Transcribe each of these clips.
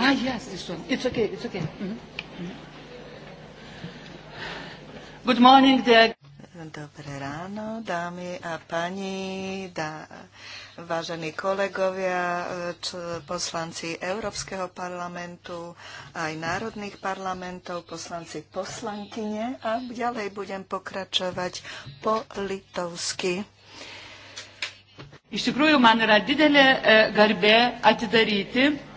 Ah, yes, this one. It's okay, it's okay. Mm-hmm. mm-hmm. Good morning, dear. Dobré ráno, dámy a pani, dá, vážení kolegovia, č, poslanci Európskeho parlamentu, aj národných parlamentov, poslanci poslankyne a ďalej budem pokračovať po litovsky. Iš tikrųjų, man yra didelė e, garbė atidaryti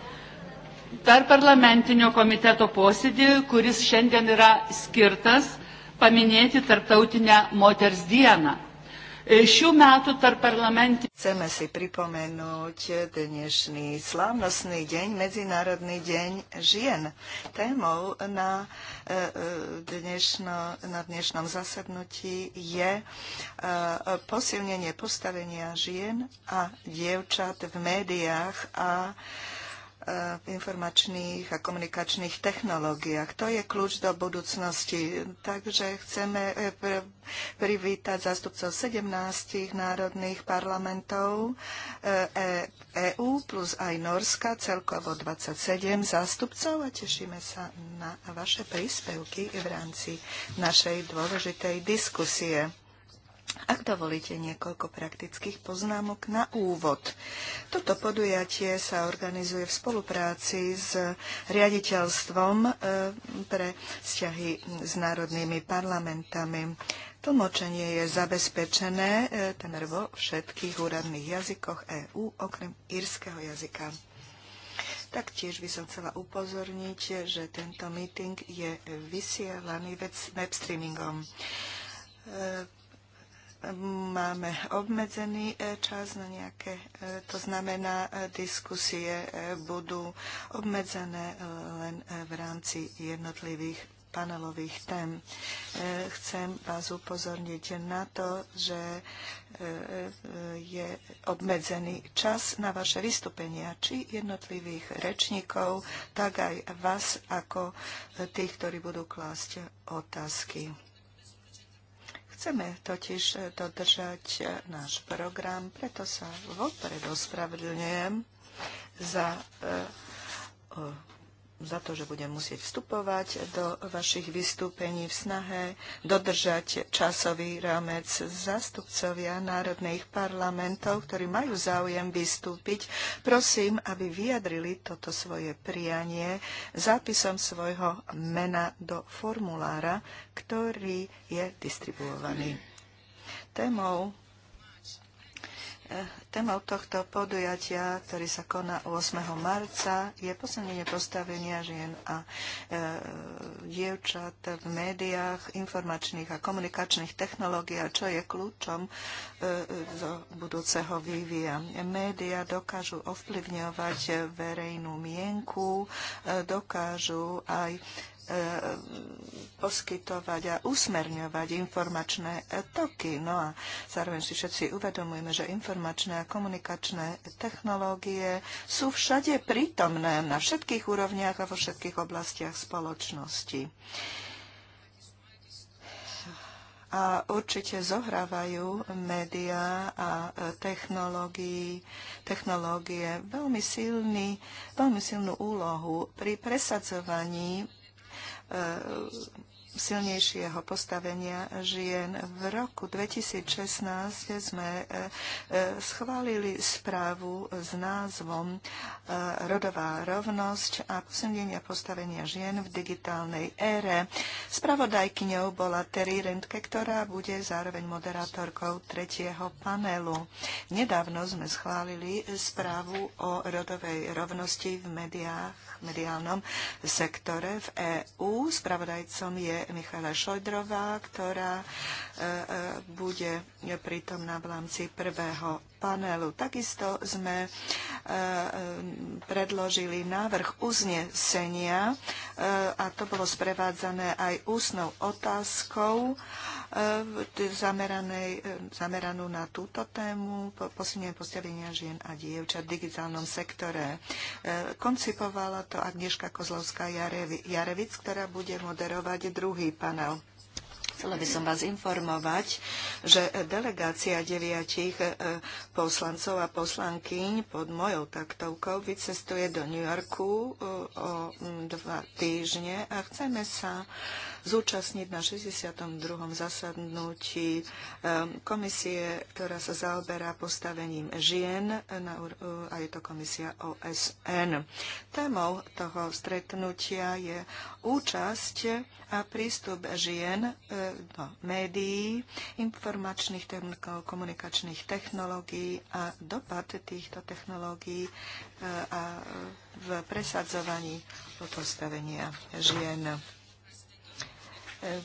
per parlamentinio komiteto posėdį, kuris šiandien yra skirtas paminėti tarptautinę moters dieną. E, šių metų tarparlamentí... Chceme si pripomenúť dnešný slávnostný deň, Medzinárodný deň žien. Témou na, e, e, dnešno, na dnešnom zasadnutí je posilnenie postavenia žien a dievčat v médiách a Eh, informačných a komunikačných technológiách. To je kľúč do budúcnosti. Takže chceme eh, privítať zástupcov 17 národných parlamentov EÚ eh, e-, e plus aj Norska, celkovo 27 zástupcov a tešíme sa na vaše príspevky v rámci našej dôležitej diskusie. Ak dovolíte niekoľko praktických poznámok na úvod. Toto podujatie sa organizuje v spolupráci s riaditeľstvom e, pre vzťahy s národnými parlamentami. Tlmočenie je zabezpečené e, temer vo všetkých úradných jazykoch EÚ, okrem írskeho jazyka. Taktiež by som chcela upozorniť, že tento meeting je vysielaný web streamingom e, máme obmedzený e, čas na nejaké, e, to znamená, e, diskusie budú obmedzené len v rámci jednotlivých panelových tém. Chcem vás upozorniť na to, že je obmedzený čas na vaše vystúpenia, či jednotlivých rečníkov, tak aj vás, ako tých, ktorí budú klásť otázky. Chceme totiž dodržať e, náš program, preto sa vopred ospravedlňujem za e, za to, že budem musieť vstupovať do vašich vystúpení v snahe dodržať časový rámec zástupcovia národných parlamentov, ktorí majú záujem vystúpiť. Prosím, aby vyjadrili toto svoje prianie zápisom svojho mena do formulára, ktorý je distribuovaný. Témou Témou tohto podujatia, ktorý sa koná 8. marca, je posilnenie postavenia žien a e, dievčat v médiách, informačných a komunikačných technológiách, čo je kľúčom e, do budúceho vývia. Média dokážu ovplyvňovať verejnú mienku, e, dokážu aj e, E, poskytovať a usmerňovať informačné toky. No a zároveň si všetci uvedomujeme, že informačné a komunikačné technológie sú všade prítomné na všetkých úrovniach a vo všetkých oblastiach spoločnosti a určite zohrávajú médiá a technológie veľmi, silný, veľmi silnú úlohu pri presadzovaní E, silnejšieho postavenia žien. V roku 2016 sme e, e, schválili správu s názvom Rodová rovnosť a posilnenia postavenia žien v digitálnej ére. Spravodajkyňou bola Terry Rentke, ktorá bude zároveň moderátorkou tretieho panelu. Nedávno sme schválili správu o rodovej rovnosti v médiách mediálnom sektore v EÚ. Spravodajcom je Michaela Šojdrová, ktorá e, e, bude pritom v rámci prvého panelu. Takisto sme e, e, predložili návrh uznesenia e, a to bolo sprevádzané aj ústnou otázkou zameranú na túto tému posilnenie postavenia žien a dievčat v digitálnom sektore. Koncipovala to Agnieszka Kozlovská-Jarevic, ktorá bude moderovať druhý panel. Chcela by som vás informovať, že delegácia deviatich e, poslancov a poslankyň pod mojou taktovkou vycestuje do New Yorku e, o dva týždne a chceme sa zúčastniť na 62. zasadnutí ehm, komisie, ktorá sa zaoberá postavením žien, e, a je to komisia OSN. Témou toho stretnutia je účasť a prístup žien e, do médií, informačných komunikačných technológií a dopad týchto technológií e, a v presadzovaní postavenia žien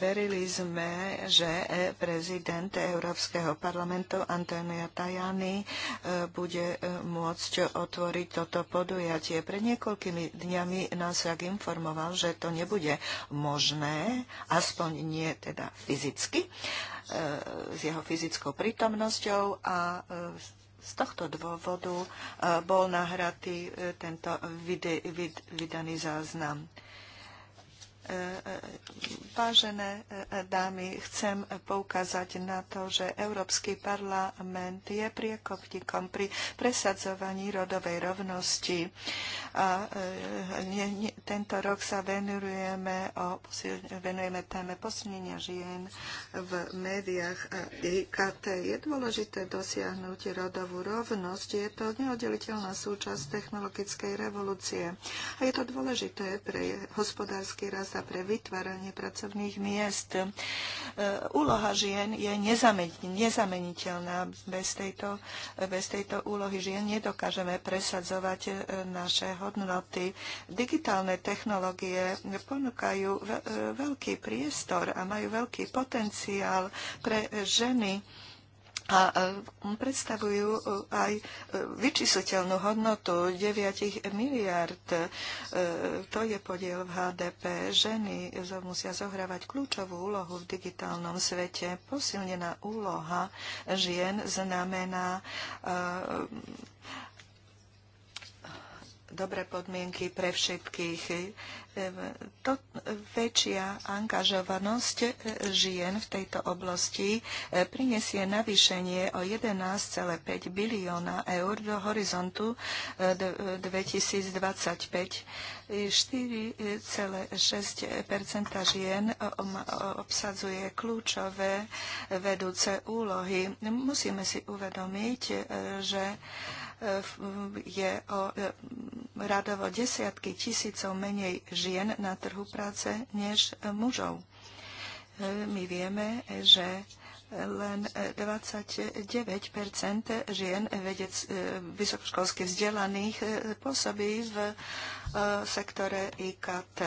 verili sme, že e, prezident Európskeho parlamentu Antonia Tajani e, bude e, môcť otvoriť toto podujatie. Pred niekoľkými dňami nás však informoval, že to nebude možné, aspoň nie teda fyzicky, s jeho fyzickou prítomnosťou a z tohto dôvodu bol nahratý tento vid, vid, vydaný záznam. Vážené e, dámy, chcem poukázať na to, že Európsky parlament je priekopníkom pri presadzovaní rodovej rovnosti. A ne, ne, tento rok sa venujeme, o, venujeme téme posunenia žien v médiách a IKT. Je dôležité dosiahnuť rodovú rovnosť. Je to neoddeliteľná súčasť technologickej revolúcie. A je to dôležité pre hospodársky rast práca pre vytváranie pracovných miest. E, úloha žien je nezameniteľná. Bez tejto, bez tejto úlohy žien nedokážeme presadzovať e, naše hodnoty. Digitálne technológie ponúkajú e, veľký priestor a majú veľký potenciál pre ženy a e, predstavujú e, aj e, vyčísliteľnú hodnotu 9 miliard. To je podiel v HDP. Ženy musia zohrávať kľúčovú úlohu v digitálnom svete. Posilnená úloha žien znamená dobré podmienky pre všetkých. To väčšia angažovanosť žien v tejto oblasti prinesie navýšenie o 11,5 bilióna eur do horizontu 2025. 4,6 žien obsadzuje kľúčové vedúce úlohy. Musíme si uvedomiť, že je o e, radovo desiatky tisícov menej žien na trhu práce než mužov. E, my vieme, že len 29 e, žien e, vedec, e, vysokoškolsky vzdelaných pôsobí v sektore IKT.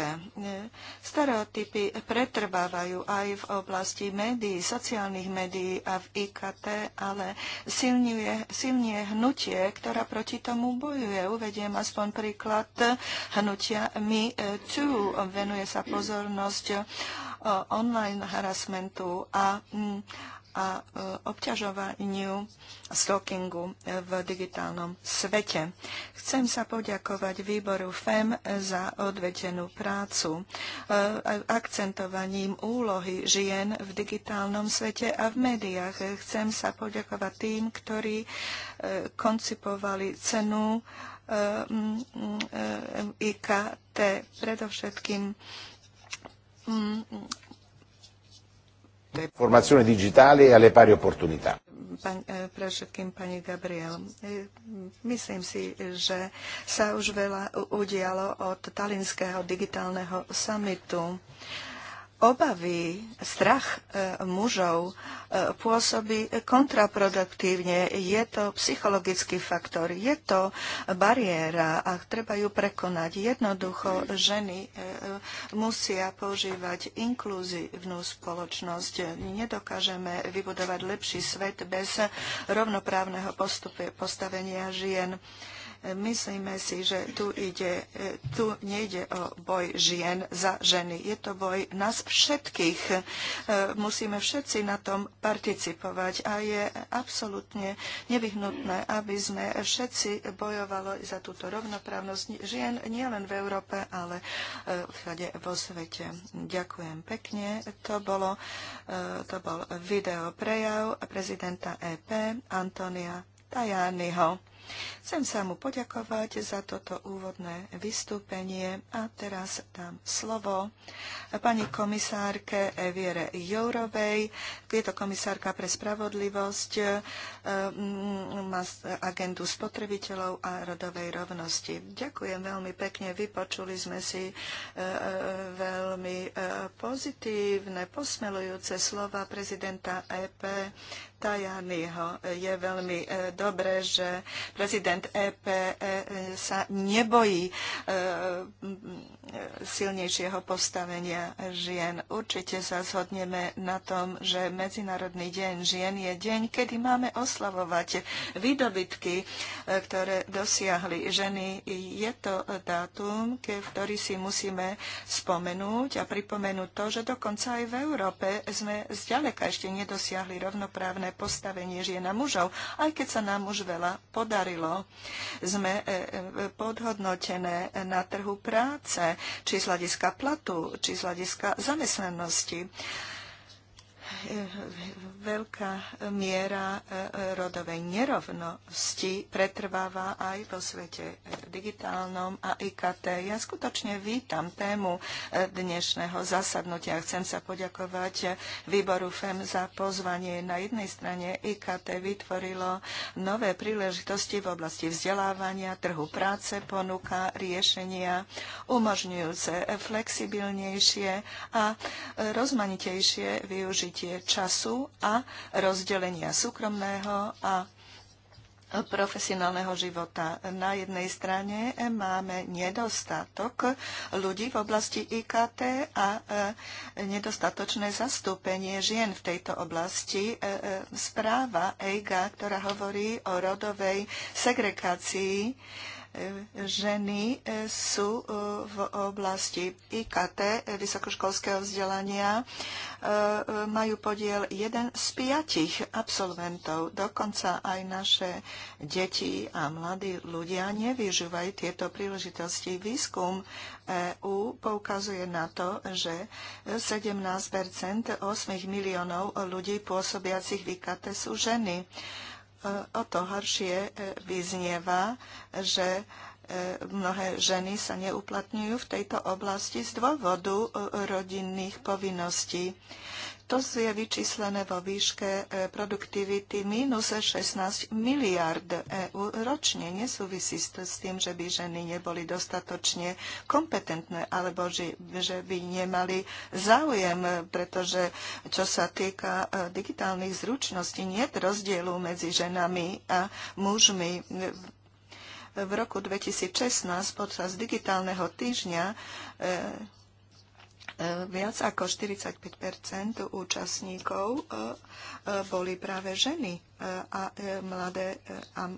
Stereotypy pretrvávajú aj v oblasti médií, sociálnych médií a v IKT, ale silnie, silnie hnutie, ktorá proti tomu bojuje. Uvediem aspoň príklad hnutia MeToo. Too. Venuje sa pozornosť online harassmentu a, mm, a e, obťažovaniu stalkingu v digitálnom svete. Chcem sa poďakovať výboru FEM za odvedenú prácu e, akcentovaním úlohy žien v digitálnom svete a v médiách. Chcem sa poďakovať tým, ktorí e, koncipovali cenu IKT, predovšetkým Formazione digitale e alle pari opportunità. Pan, eh, pre všetkým pani Gabriel. Eh, myslím si, že sa už veľa udialo od talinského digitálneho samitu. Uh, obavy, strach e, mužov e, pôsobí kontraproduktívne. Je to psychologický faktor, je to bariéra a treba ju prekonať. Jednoducho ženy e, musia používať inkluzívnu spoločnosť. Nedokážeme vybudovať lepší svet bez rovnoprávneho postupu, postavenia žien. Myslíme si, že tu, ide, e, tu nejde o boj žien za ženy. Je to boj nás všetkých. E, musíme všetci na tom participovať a je absolútne nevyhnutné, aby sme všetci bojovali za túto rovnoprávnosť žien nielen v Európe, ale e, všade vo svete. Ďakujem pekne. To, bolo, to bol video prejav prezidenta EP Antonia Tajányho. Chcem sa mu poďakovať za toto úvodné vystúpenie a teraz dám slovo pani komisárke Eviere Jourovej. Je to komisárka pre spravodlivosť, eh, má agendu spotrebiteľov a rodovej rovnosti. Ďakujem veľmi pekne, vypočuli sme si eh, eh, veľmi pozitívne, posmelujúce slova prezidenta EP Tajanyho. Je veľmi dobré, že prezident parlament EP e, sa nebojí e, silnejšieho postavenia žien. Určite sa zhodneme na tom, že Medzinárodný deň žien je deň, kedy máme oslavovať výdobytky, e, ktoré dosiahli ženy. Je to dátum, v ktorý si musíme spomenúť a pripomenúť to, že dokonca aj v Európe sme zďaleka ešte nedosiahli rovnoprávne postavenie žien a mužov, aj keď sa nám už veľa podarilo. Sme e, e, podhodnotené na trhu práce, či z hľadiska platu, či z hľadiska zamestnanosti veľká miera e, e, rodovej nerovnosti pretrváva aj vo svete digitálnom a IKT. Ja skutočne vítam tému e, dnešného zasadnutia. Chcem sa poďakovať výboru FEM za pozvanie. Na jednej strane IKT vytvorilo nové príležitosti v oblasti vzdelávania, trhu práce, ponúka riešenia umožňujúce flexibilnejšie a rozmanitejšie využitie času a rozdelenia súkromného a profesionálneho života. Na jednej strane máme nedostatok ľudí v oblasti IKT a e, nedostatočné zastúpenie žien v tejto oblasti. E, e, správa EIGA, ktorá hovorí o rodovej segregácii, E, ženy e, sú e, v oblasti IKT, vysokoškolského vzdelania, majú podiel jeden z piatich absolventov. Dokonca aj naše deti a mladí ľudia nevyžívajú tieto príležitosti. Výskum EU poukazuje na to, že 17 8 miliónov ľudí pôsobiacich v IKT sú ženy o to horšie e, vyznieva, že e, mnohé ženy sa neuplatňujú v tejto oblasti z dôvodu e, rodinných povinností. To je vyčíslené vo výške e, produktivity minus 16 miliard eur ročne. Nesúvisí s tým, že by ženy neboli dostatočne kompetentné alebo že by nemali záujem, pretože čo sa týka e, digitálnych zručností, nie je rozdielu medzi ženami a mužmi v roku 2016 počas digitálneho týždňa e, viac ako 45 účastníkov e, e, boli práve ženy e, a mladé a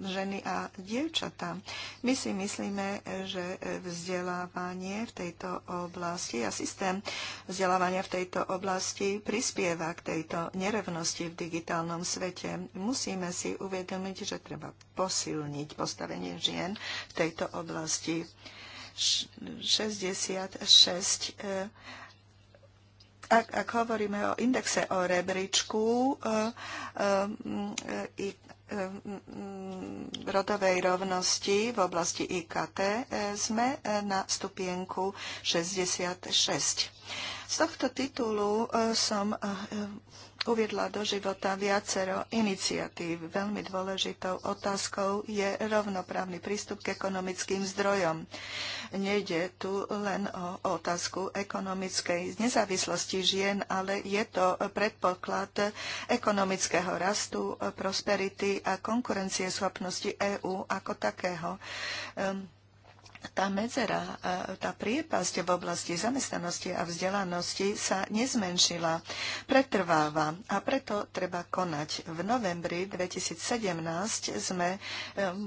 ženy a dievčatá. My si myslíme, že vzdelávanie v tejto oblasti a systém vzdelávania v tejto oblasti prispieva k tejto nerevnosti v digitálnom svete. Musíme si uvedomiť, že treba posilniť postavenie žien v tejto oblasti. 66 e, ak, ak hovoríme o indexe o rebríčku e, e, i rodovej rovnosti v oblasti IKT, sme na stupienku 66. Z tohto titulu som uviedla do života viacero iniciatív. Veľmi dôležitou otázkou je rovnoprávny prístup k ekonomickým zdrojom. Nejde tu len o otázku ekonomickej nezávislosti žien, ale je to predpoklad ekonomického rastu, prosperity a konkurencieschopnosti EÚ ako takého. Um, tá medzera, e, tá priepasť v oblasti zamestnanosti a vzdelanosti sa nezmenšila, pretrváva a preto treba konať. V novembri 2017 sme e,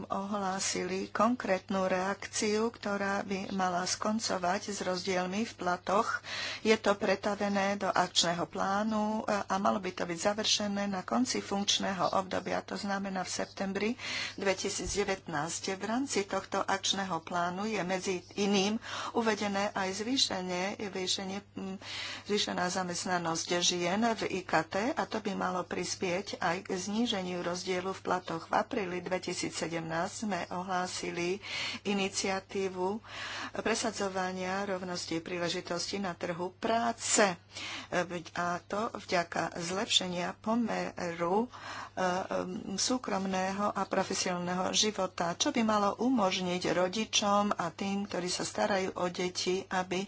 ohlásili konkrétnu reakciu, ktorá by mala skoncovať s rozdielmi v platoch. Je to pretavené do akčného plánu e, a malo by to byť završené na konci funkčného obdobia, to znamená v septembri 2019. V rámci tohto akčného plánu je medzi iným uvedené aj zvýšenie, zvýšenie, mm, zvýšená zamestnanosť žien v IKT a to by malo prispieť aj k zníženiu rozdielu v platoch. V apríli 2017 sme ohlásili iniciatívu presadzovania rovnosti príležitosti na trhu práce a to vďaka zlepšenia pomeru E, e, súkromného a profesionálneho života, čo by malo umožniť rodičom a tým, ktorí sa starajú o deti, aby e,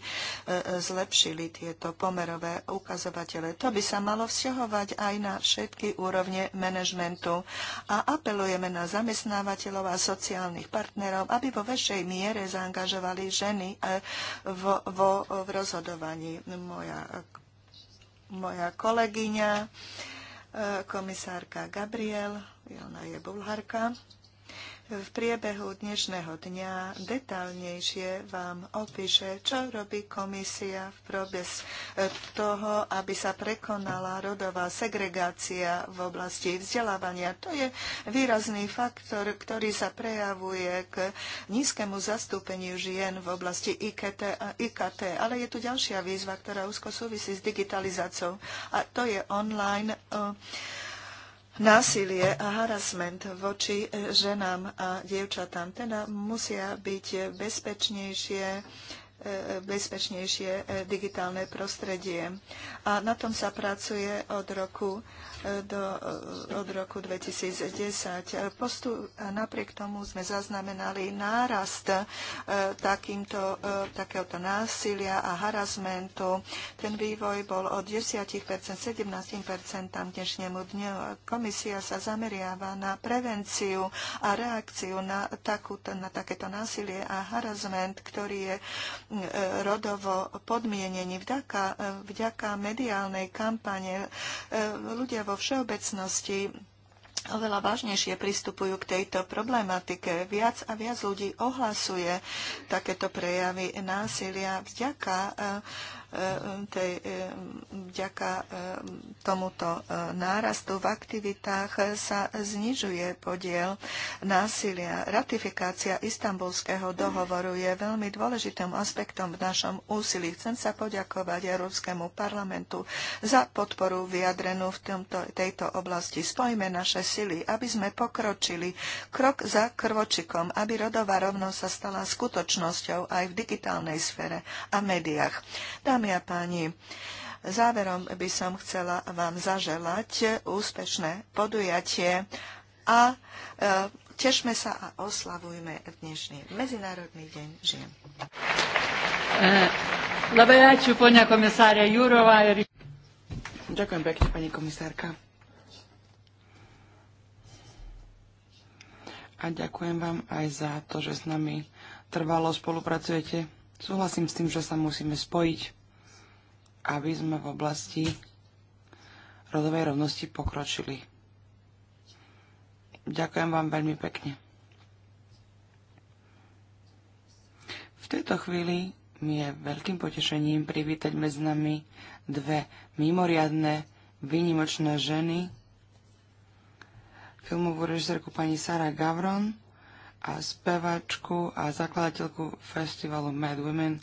zlepšili tieto pomerové ukazovatele. To by sa malo vzťahovať aj na všetky úrovne manažmentu a apelujeme na zamestnávateľov a sociálnych partnerov, aby vo väčšej miere zaangažovali ženy v, v, v rozhodovaní. Moja, moja kolegyňa komisárka Gabriel, ona je bulharka, v priebehu dnešného dňa detálnejšie vám opíše, čo robí komisia v probes eh, toho, aby sa prekonala rodová segregácia v oblasti vzdelávania. To je výrazný faktor, ktorý sa prejavuje k nízkemu zastúpeniu žien v oblasti IKT, IKT. Ale je tu ďalšia výzva, ktorá úzko súvisí s digitalizáciou a to je online uh, násilie a harassment voči e, ženám a dievčatám. Teda musia byť bezpečnejšie, e, bezpečnejšie e, digitálne prostredie. A na tom sa pracuje od roku do, e, od roku 2010. E, postu, napriek tomu sme zaznamenali nárast e, takýmto, takéhoto násilia a harazmentu. Ten vývoj bol od 10% 17% tam dnešnému dňu. Komisia sa zameriava na prevenciu a reakciu na, takúto, na takéto násilie a harazment, ktorý je rodovo podmienený. Vďaka, vďaka mediálnej kampane ľudia vo vo všeobecnosti oveľa vážnejšie pristupujú k tejto problematike. Viac a viac ľudí ohlasuje takéto prejavy násilia vďaka uh, E, tej, e, vďaka e, tomuto nárastu v aktivitách sa znižuje podiel násilia. Ratifikácia istambulského dohovoru je veľmi dôležitým aspektom v našom úsilí. Chcem sa poďakovať Európskemu parlamentu za podporu vyjadrenú v tomto, tejto oblasti. Spojme naše sily, aby sme pokročili krok za krvočikom, aby rodová rovnosť sa stala skutočnosťou aj v digitálnej sfére a médiách. Dámy Dámy a páni, záverom by som chcela vám zaželať úspešné podujatie a e, tešme sa a oslavujme dnešný Medzinárodný deň žien. E, ďakujem pekne, pani komisárka. A ďakujem vám aj za to, že s nami trvalo spolupracujete. Súhlasím s tým, že sa musíme spojiť aby sme v oblasti rodovej rovnosti pokročili. Ďakujem vám veľmi pekne. V tejto chvíli mi je veľkým potešením privítať medzi nami dve mimoriadne, výnimočné ženy, filmovú režisérku pani Sara Gavron a spevačku a zakladateľku festivalu Mad Women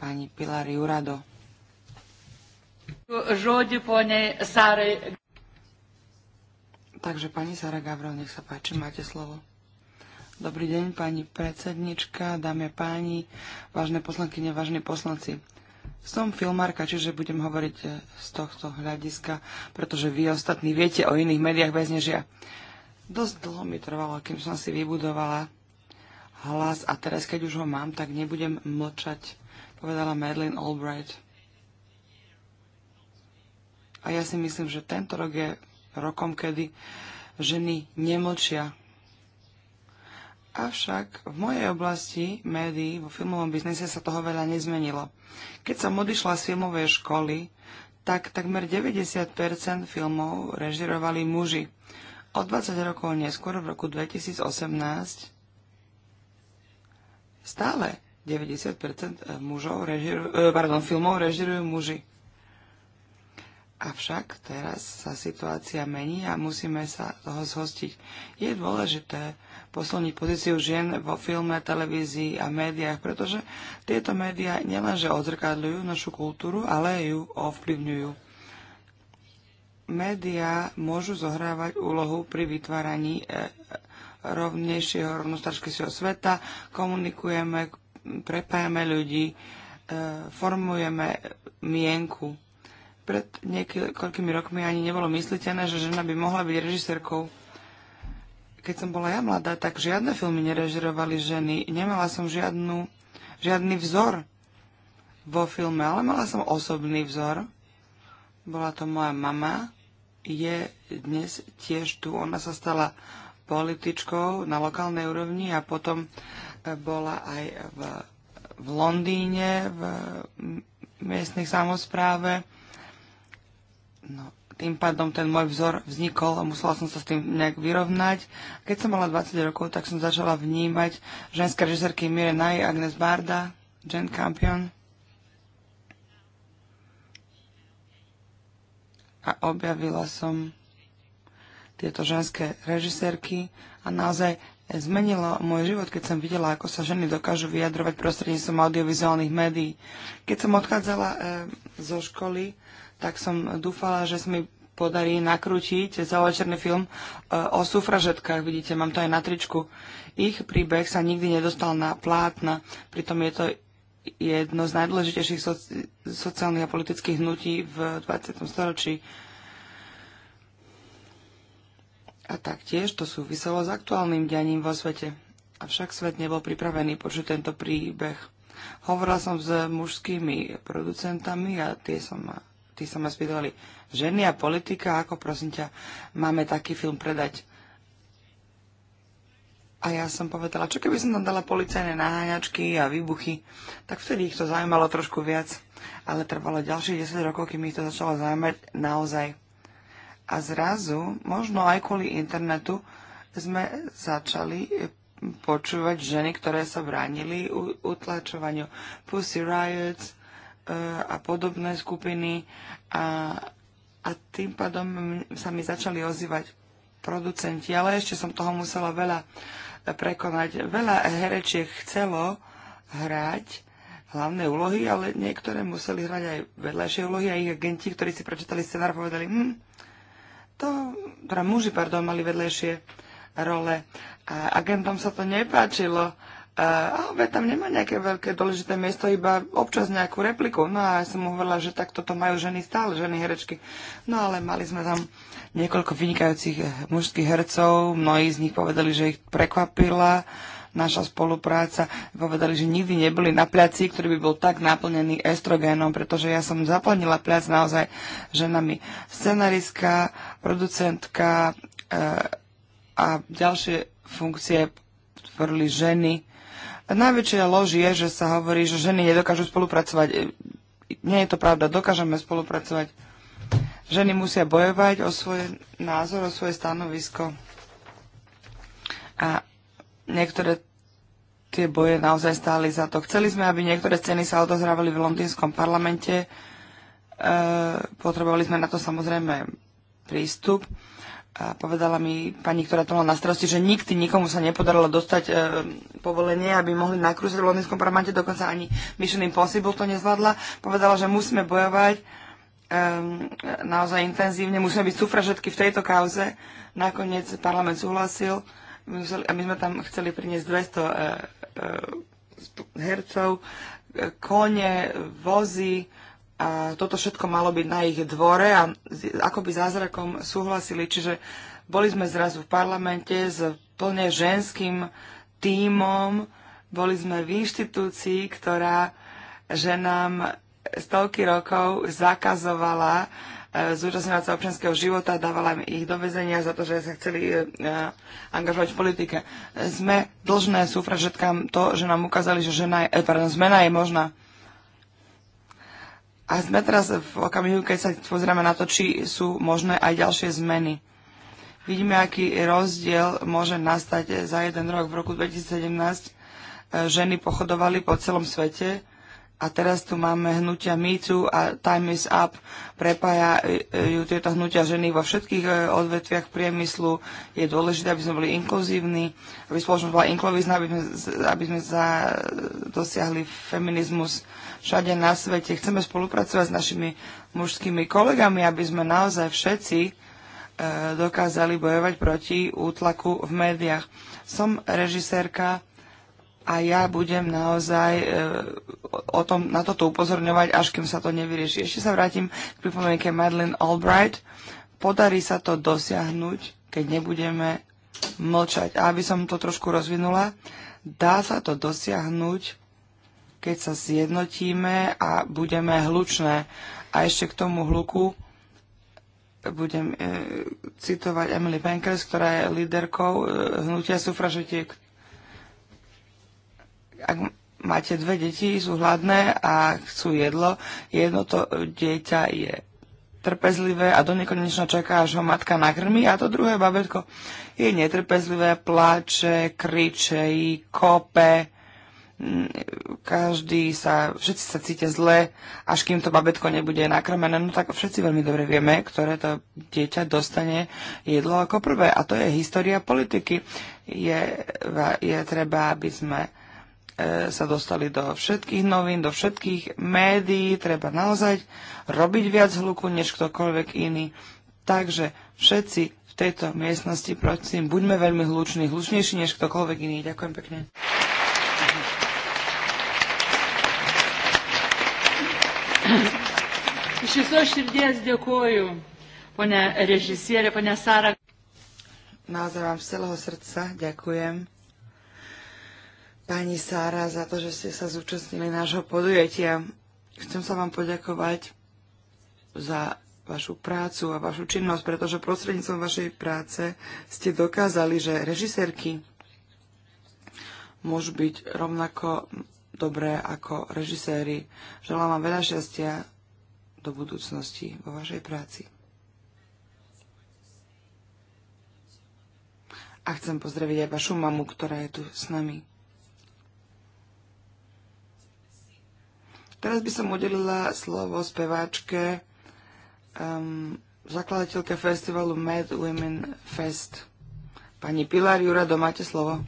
pani Pilar Jurado. Takže pani Sara Gavrov, nech sa páči, máte slovo. Dobrý deň, pani predsednička, dámy a páni, vážne poslankyne, vážni poslanci. Som filmárka, čiže budem hovoriť e, z tohto hľadiska, pretože vy ostatní viete o iných médiách bez než ja. Dosť dlho mi trvalo, kým som si vybudovala hlas a teraz, keď už ho mám, tak nebudem mlčať, povedala Madeleine Albright. A ja si myslím, že tento rok je rokom, kedy ženy nemlčia. Avšak v mojej oblasti médií, vo filmovom biznise sa toho veľa nezmenilo. Keď som odišla z filmovej školy, tak takmer 90% filmov režirovali muži. O 20 rokov neskôr, v roku 2018, stále 90% mužov režiru, eh, pardon, filmov režirujú muži. Avšak teraz sa situácia mení a musíme sa toho zhostiť. Je dôležité posilniť pozíciu žien vo filme, televízii a médiách, pretože tieto médiá nielenže odzrkadľujú našu kultúru, ale ju ovplyvňujú. Média môžu zohrávať úlohu pri vytváraní e, e, rovnejšieho, rovnostarského sveta, komunikujeme, prepájame ľudí, e, formujeme mienku pred niekoľkými rokmi ani nebolo mysliteľné, že žena by mohla byť režisérkou. Keď som bola ja mladá, tak žiadne filmy nerežirovali ženy. Nemala som žiadnu, žiadny vzor vo filme, ale mala som osobný vzor. Bola to moja mama, je dnes tiež tu. Ona sa stala političkou na lokálnej úrovni a potom eh, bola aj v, v Londýne, v miestnej samozpráve No, tým pádom ten môj vzor vznikol a musela som sa s tým nejak vyrovnať. Keď som mala 20 rokov, tak som začala vnímať ženské režisérky Mire Nye, Agnes Barda, Jen Campion. A objavila som tieto ženské režisérky a naozaj zmenilo môj život, keď som videla, ako sa ženy dokážu vyjadrovať prostredníctvom audiovizuálnych médií. Keď som odchádzala e, zo školy, tak som dúfala, že sa mi podarí nakrútiť celovečerný film eh, o sufražetkách. Vidíte, mám to aj na tričku. Ich príbeh sa nikdy nedostal na plátna, pritom je to jedno z najdôležitejších soci- sociálnych a politických hnutí v 20. storočí. A taktiež to súviselo s aktuálnym dianím vo svete. Avšak svet nebol pripravený počuť tento príbeh. Hovorila som s mužskými producentami a tie som tí sa ma spýtali, ženy a politika, ako prosím ťa, máme taký film predať. A ja som povedala, čo keby som tam dala policajné naháňačky a výbuchy, tak vtedy ich to zaujímalo trošku viac. Ale trvalo ďalších 10 rokov, kým ich to začalo zaujímať naozaj. A zrazu, možno aj kvôli internetu, sme začali počúvať ženy, ktoré sa bránili utlačovaniu. Pussy Riots, a podobné skupiny a, a tým pádom sa mi začali ozývať producenti, ale ešte som toho musela veľa prekonať. Veľa herečiek chcelo hrať hlavné úlohy, ale niektoré museli hrať aj vedľajšie úlohy a ich agenti, ktorí si prečítali scenár, povedali, hm, to, teda muži, pardon, mali vedľajšie role. A agentom sa to nepáčilo AOB tam nemá nejaké veľké dôležité miesto, iba občas nejakú repliku. No a ja som mu hovorila, že takto to majú ženy stále, ženy herečky. No ale mali sme tam niekoľko vynikajúcich eh, mužských hercov, mnohí z nich povedali, že ich prekvapila naša spolupráca. Povedali, že nikdy neboli na placi, ktorý by bol tak naplnený estrogénom, pretože ja som zaplnila plac naozaj ženami. Scenaristka, producentka e, a ďalšie funkcie tvorili ženy Najväčšia lož je, že sa hovorí, že ženy nedokážu spolupracovať. Nie je to pravda, dokážeme spolupracovať. Ženy musia bojovať o svoj názor, o svoje stanovisko. A niektoré tie boje naozaj stáli za to. Chceli sme, aby niektoré scény sa odozrávali v londýnskom parlamente. E, potrebovali sme na to samozrejme prístup a povedala mi pani, ktorá to mala na starosti, že nikdy nikomu sa nepodarilo dostať e, povolenie, aby mohli nakrúsiť v Londýnskom parlamente, dokonca ani Mission Impossible to nezvládla. Povedala, že musíme bojovať e, naozaj intenzívne, musíme byť sufražetky v tejto kauze. Nakoniec parlament súhlasil a my sme tam chceli priniesť 200 e, e, hercov, e, kone, vozy, a toto všetko malo byť na ich dvore a akoby zázrakom súhlasili, čiže boli sme zrazu v parlamente s plne ženským tímom, boli sme v inštitúcii, ktorá že nám stovky rokov zakazovala e, zúčastňovať sa občianského života, dávala im ich do vezenia za to, že sa chceli e, e, angažovať v politike. Sme dlžné súfražetkám to, že nám ukázali, že žena je, pardon, zmena je možná. A sme teraz v okamihu, keď sa pozrieme na to, či sú možné aj ďalšie zmeny. Vidíme, aký rozdiel môže nastať za jeden rok. V roku 2017 e, ženy pochodovali po celom svete a teraz tu máme hnutia MeToo a Time is Up. Prepájajú tieto hnutia ženy vo všetkých e, odvetviach priemyslu. Je dôležité, aby sme boli inkluzívni, aby spoločnosť bola inkluzívna, aby sme, aby sme za, dosiahli feminizmus všade na svete. Chceme spolupracovať s našimi mužskými kolegami, aby sme naozaj všetci e, dokázali bojovať proti útlaku v médiách. Som režisérka a ja budem naozaj e, o tom, na toto upozorňovať, až kým sa to nevyrieši. Ešte sa vrátim k pripomienke Madeleine Albright. Podarí sa to dosiahnuť, keď nebudeme mlčať. A aby som to trošku rozvinula, dá sa to dosiahnuť, keď sa zjednotíme a budeme hlučné. A ešte k tomu hluku budem e, citovať Emily Pankers, ktorá je líderkou e, hnutia sufražitiek, ak máte dve deti, sú hladné a chcú jedlo, jedno to dieťa je trpezlivé a do nekonečno čaká, až ho matka nakrmi a to druhé babetko je netrpezlivé, plače, kriče, kope, mm, každý sa, všetci sa cítia zle, až kým to babetko nebude nakrmené, no tak všetci veľmi dobre vieme, ktoré to dieťa dostane jedlo ako prvé. A to je história politiky. Je, je treba, aby sme E, sa dostali do všetkých novín, do všetkých médií, treba naozaj robiť viac hluku než ktokoľvek iný. Takže všetci v tejto miestnosti, prosím, buďme veľmi hluční, hlučnejší než ktokoľvek iný. Ďakujem pekne. Iš visos širdies dėkuoju, ponia režisierė, ponia Sara. vám z celého srdca ďakujem pani Sára za to, že ste sa zúčastnili nášho podujatia. Chcem sa vám poďakovať za vašu prácu a vašu činnosť, pretože prostredníctvom vašej práce ste dokázali, že režisérky môžu byť rovnako dobré ako režiséri. Želám vám veľa šťastia do budúcnosti vo vašej práci. A chcem pozdraviť aj vašu mamu, ktorá je tu s nami. Teraz by som udelila slovo speváčke, um, zakladateľke festivalu Mad Women Fest. Pani Pilar Jurado, máte slovo.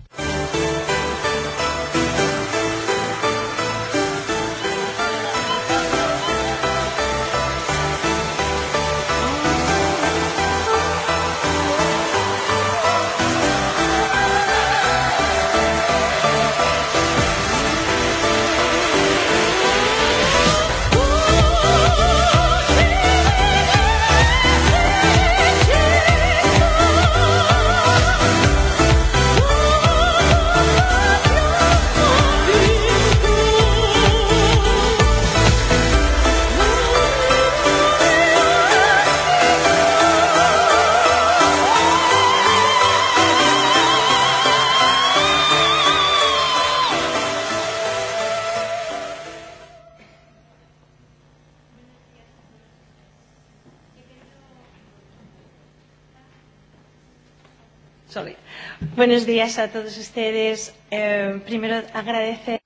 Buenos días a todos ustedes. Eh, primero agradecer.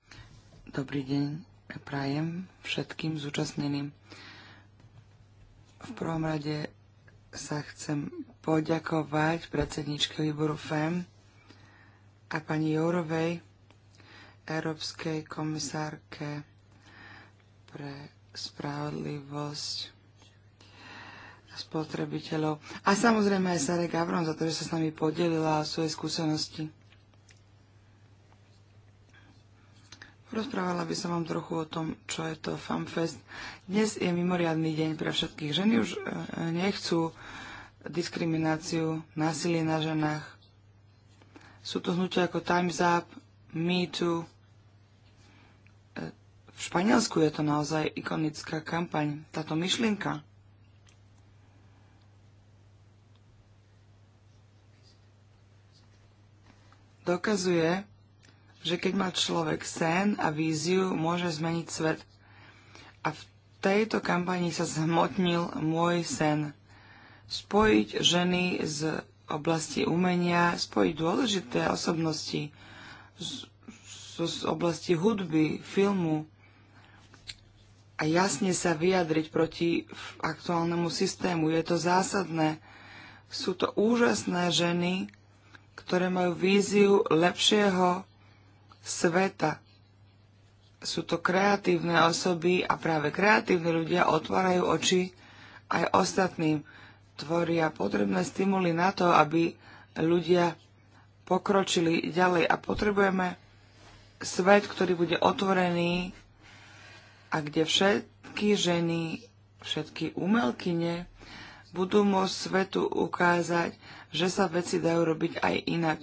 Dobrý deň, prajem všetkým zúčastneným. V prvom rade sa chcem poďakovať predsedničke výboru FEM a pani Jourovej, Európskej komisárke pre spravodlivosť spotrebiteľov. A samozrejme aj Sare Gavron za to, že sa s nami podelila o svoje skúsenosti. Rozprávala by som vám trochu o tom, čo je to FAMFest. Dnes je mimoriadný deň pre všetkých. Ženy už e, nechcú diskrimináciu, násilie na ženách. Sú to hnutia ako Time's Up, Me Too. E, v Španielsku je to naozaj ikonická kampaň, táto myšlienka dokazuje, že keď má človek sen a víziu, môže zmeniť svet. A v tejto kampani sa zhmotnil môj sen. Spojiť ženy z oblasti umenia, spojiť dôležité osobnosti z, z, z oblasti hudby, filmu a jasne sa vyjadriť proti aktuálnemu systému. Je to zásadné. Sú to úžasné ženy, ktoré majú víziu lepšieho sveta. Sú to kreatívne osoby a práve kreatívni ľudia otvárajú oči aj ostatným. Tvoria potrebné stimuly na to, aby ľudia pokročili ďalej a potrebujeme svet, ktorý bude otvorený a kde všetky ženy, všetky umelkyne budú môcť svetu ukázať, že sa veci dajú robiť aj inak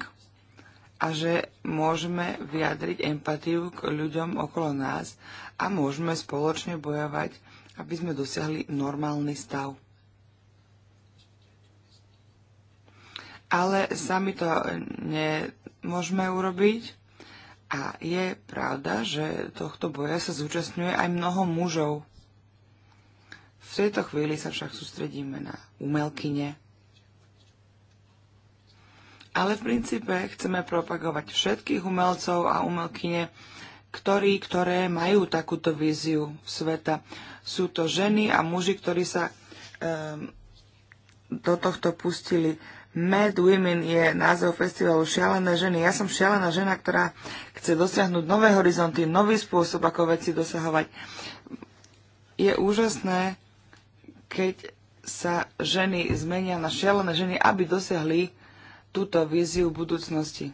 a že môžeme vyjadriť empatiu k ľuďom okolo nás a môžeme spoločne bojovať, aby sme dosiahli normálny stav. Ale sami to nemôžeme urobiť a je pravda, že tohto boja sa zúčastňuje aj mnoho mužov. V tejto chvíli sa však sústredíme na umelkyne, ale v princípe chceme propagovať všetkých umelcov a umelkyne, ktorí, ktoré majú takúto víziu sveta. Sú to ženy a muži, ktorí sa um, do tohto pustili. Mad Women je názov festivalu Šialené ženy. Ja som šialená žena, ktorá chce dosiahnuť nové horizonty, nový spôsob, ako veci dosahovať. Je úžasné, keď sa ženy zmenia na šialené ženy, aby dosiahli túto víziu budúcnosti.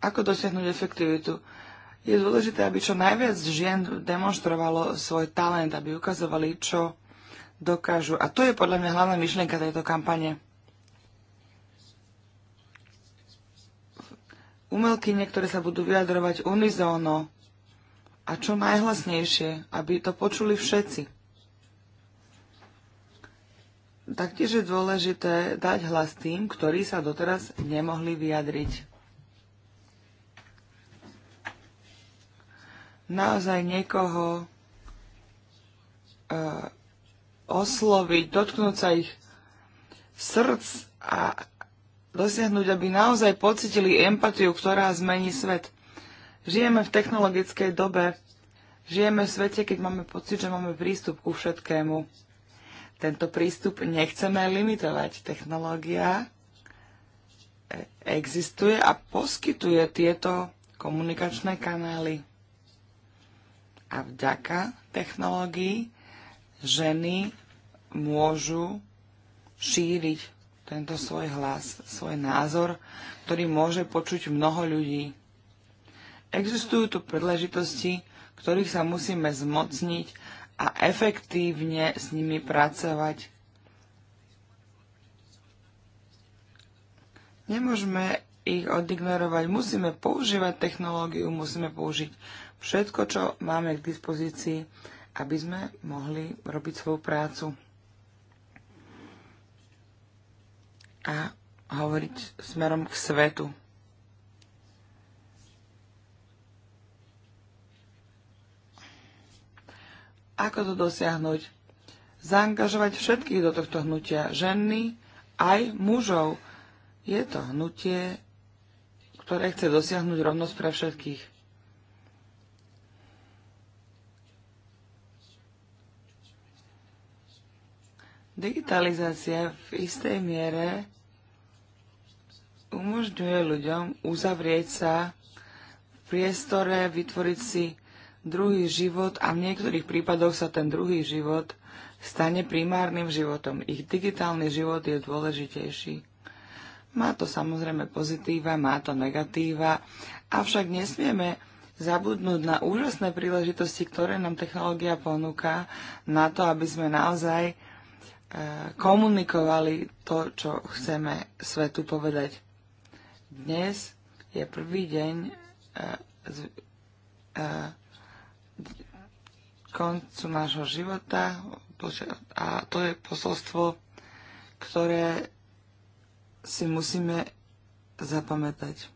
Ako dosiahnuť efektivitu? Je dôležité, aby čo najviac žien demonstrovalo svoj talent, aby ukazovali, čo dokážu. A to je podľa mňa hlavná myšlienka tejto kampane. Umelky, ktoré sa budú vyjadrovať unizóno, a čo najhlasnejšie, aby to počuli všetci. Taktiež je dôležité dať hlas tým, ktorí sa doteraz nemohli vyjadriť. Naozaj niekoho e, osloviť, dotknúť sa ich srdc a dosiahnuť, aby naozaj pocitili empatiu, ktorá zmení svet. Žijeme v technologickej dobe, žijeme v svete, keď máme pocit, že máme prístup ku všetkému. Tento prístup nechceme limitovať. Technológia e, existuje a poskytuje tieto komunikačné kanály. A vďaka technológii, ženy môžu šíriť tento svoj hlas, svoj názor, ktorý môže počuť mnoho ľudí. Existujú tu príležitosti, ktorých sa musíme zmocniť a efektívne s nimi pracovať. Nemôžeme ich odignorovať. Musíme používať technológiu, musíme použiť všetko, čo máme k dispozícii, aby sme mohli robiť svoju prácu. A hovoriť smerom k svetu. Ako to dosiahnuť? Zaangažovať všetkých do tohto hnutia, ženy aj mužov. Je to hnutie, ktoré chce dosiahnuť rovnosť pre všetkých. Digitalizácia v istej miere umožňuje ľuďom uzavrieť sa v priestore, vytvoriť si druhý život a v niektorých prípadoch sa ten druhý život stane primárnym životom. Ich digitálny život je dôležitejší. Má to samozrejme pozitíva, má to negatíva, avšak nesmieme zabudnúť na úžasné príležitosti, ktoré nám technológia ponúka na to, aby sme naozaj e, komunikovali to, čo chceme svetu povedať. Dnes je prvý deň e, e, koncu nášho života a to je posolstvo, ktoré si musíme zapamätať.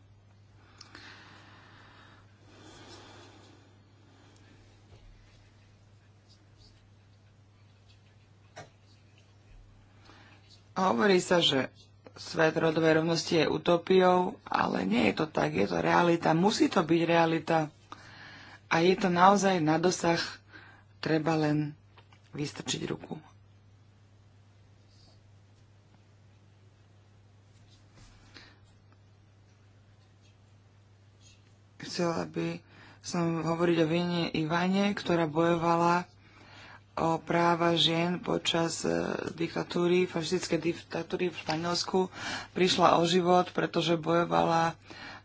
Hovorí sa, že svet rodovej rovnosti je utopiou, ale nie je to tak, je to realita. Musí to byť realita a je to naozaj na dosah, treba len vystrčiť ruku. Chcela by som hovoriť o Vine Ivane, ktorá bojovala o práva žien počas e, diktatúry, fašistickej diktatúry v Španielsku. Prišla o život, pretože bojovala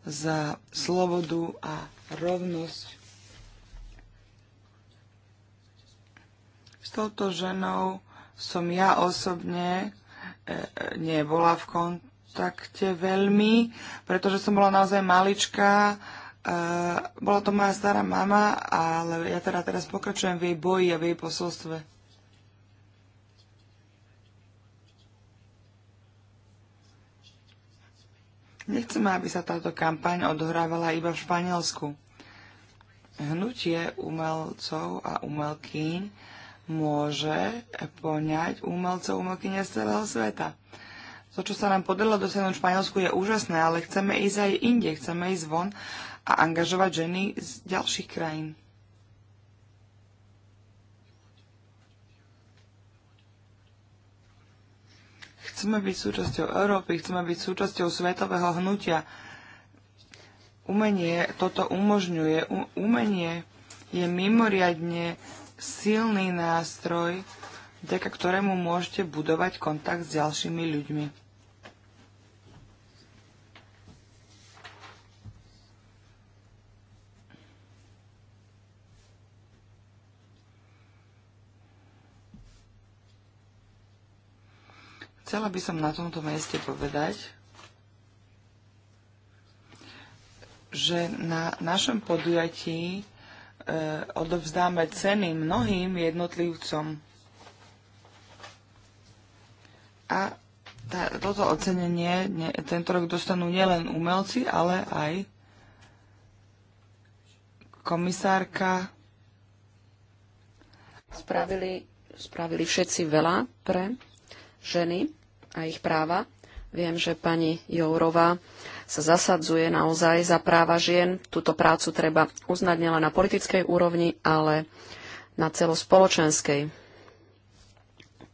za slobodu a rovnosť S touto ženou som ja osobne e, nebola v kontakte veľmi, pretože som bola naozaj E, Bola to moja stará mama, ale ja teda teraz pokračujem v jej boji a v jej posolstve. Nechceme, aby sa táto kampaň odohrávala iba v Španielsku. Hnutie umelcov a umelkyň môže poňať umelcov, umelkyne z celého sveta. To, čo sa nám podarilo dosiahnuť v Španielsku, je úžasné, ale chceme ísť aj inde, chceme ísť von a angažovať ženy z ďalších krajín. Chceme byť súčasťou Európy, chceme byť súčasťou svetového hnutia. Umenie toto umožňuje. umenie je mimoriadne silný nástroj, vďaka ktorému môžete budovať kontakt s ďalšími ľuďmi. Chcela by som na tomto mieste povedať, že na našom podujatí E, odovzdáme ceny mnohým jednotlivcom. A tá, toto ocenenie ne, tento rok dostanú nielen umelci, ale aj komisárka. Spravili, spravili všetci veľa pre ženy a ich práva. Viem, že pani Jourová sa zasadzuje naozaj za práva žien. Túto prácu treba uznať nielen na politickej úrovni, ale na celospoločenskej.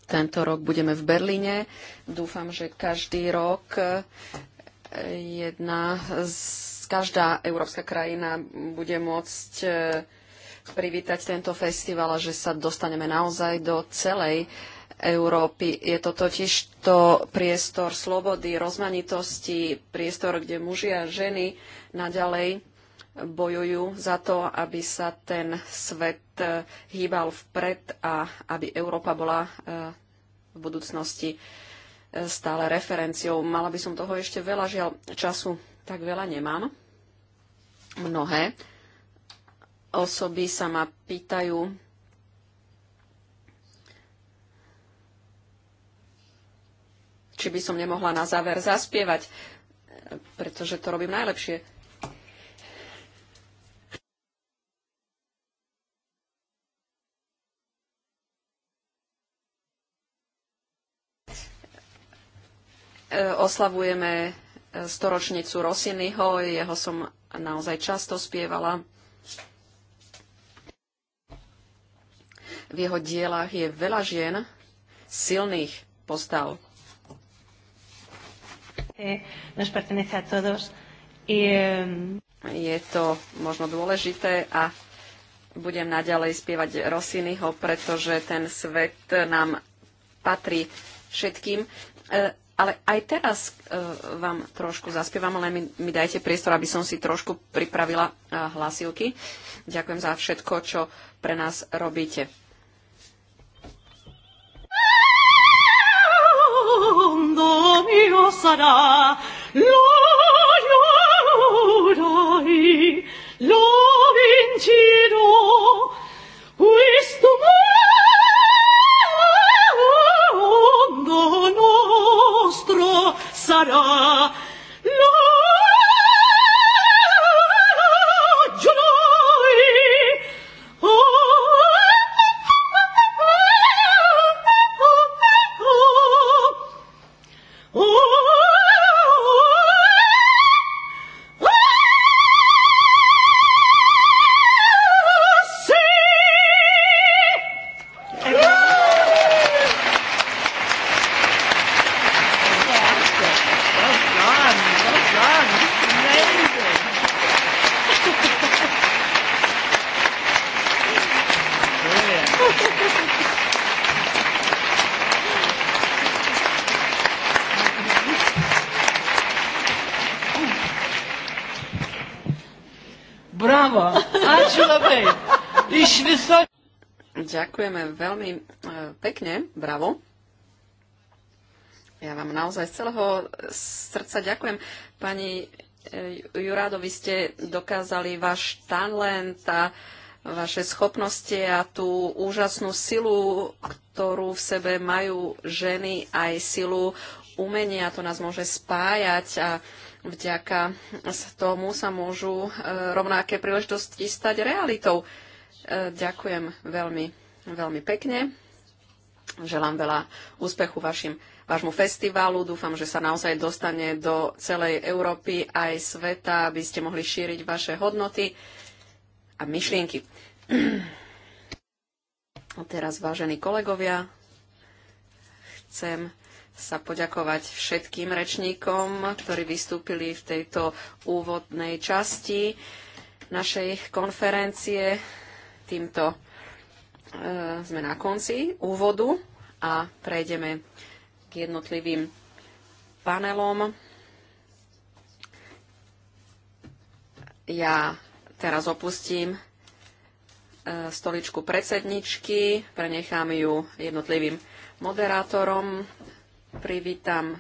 Tento rok budeme v Berlíne. Dúfam, že každý rok e, jedna z, každá európska krajina bude môcť e, privítať tento festival a že sa dostaneme naozaj do celej Európy. Je to totiž to priestor slobody, rozmanitosti, priestor, kde muži a ženy naďalej bojujú za to, aby sa ten svet e, hýbal vpred a aby Európa bola e, v budúcnosti e, stále referenciou. Mala by som toho ešte veľa, žiaľ času tak veľa nemám. Mnohé osoby sa ma pýtajú, či by som nemohla na záver zaspievať, pretože to robím najlepšie. E, oslavujeme storočnicu Rosinyho, jeho som naozaj často spievala. V jeho dielach je veľa žien, silných postav. Nos pertenece a todos. Je to možno dôležité a budem naďalej spievať Rosinyho, pretože ten svet nám patrí všetkým. E, ale aj teraz e, vám trošku zaspievam, ale mi, mi dajte priestor, aby som si trošku pripravila e, hlasivky. Ďakujem za všetko, čo pre nás robíte. io sarà lo ignorai lo vincerò questo mondo nostro sarà Ďakujeme veľmi e, pekne, bravo. Ja vám naozaj z celého srdca ďakujem. Pani e, Jurado, vy ste dokázali váš talent a vaše schopnosti a tú úžasnú silu, ktorú v sebe majú ženy, aj silu umenia, to nás môže spájať a vďaka tomu sa môžu e, rovnaké príležitosti stať realitou. Ďakujem veľmi veľmi pekne. Želám veľa úspechu vašim, vášmu festivalu. Dúfam, že sa naozaj dostane do celej Európy aj sveta, aby ste mohli šíriť vaše hodnoty a myšlienky. A teraz, vážení kolegovia, chcem sa poďakovať všetkým rečníkom, ktorí vystúpili v tejto úvodnej časti našej konferencie. Týmto E, sme na konci úvodu a prejdeme k jednotlivým panelom. Ja teraz opustím e, stoličku predsedničky, prenechám ju jednotlivým moderátorom. Privítam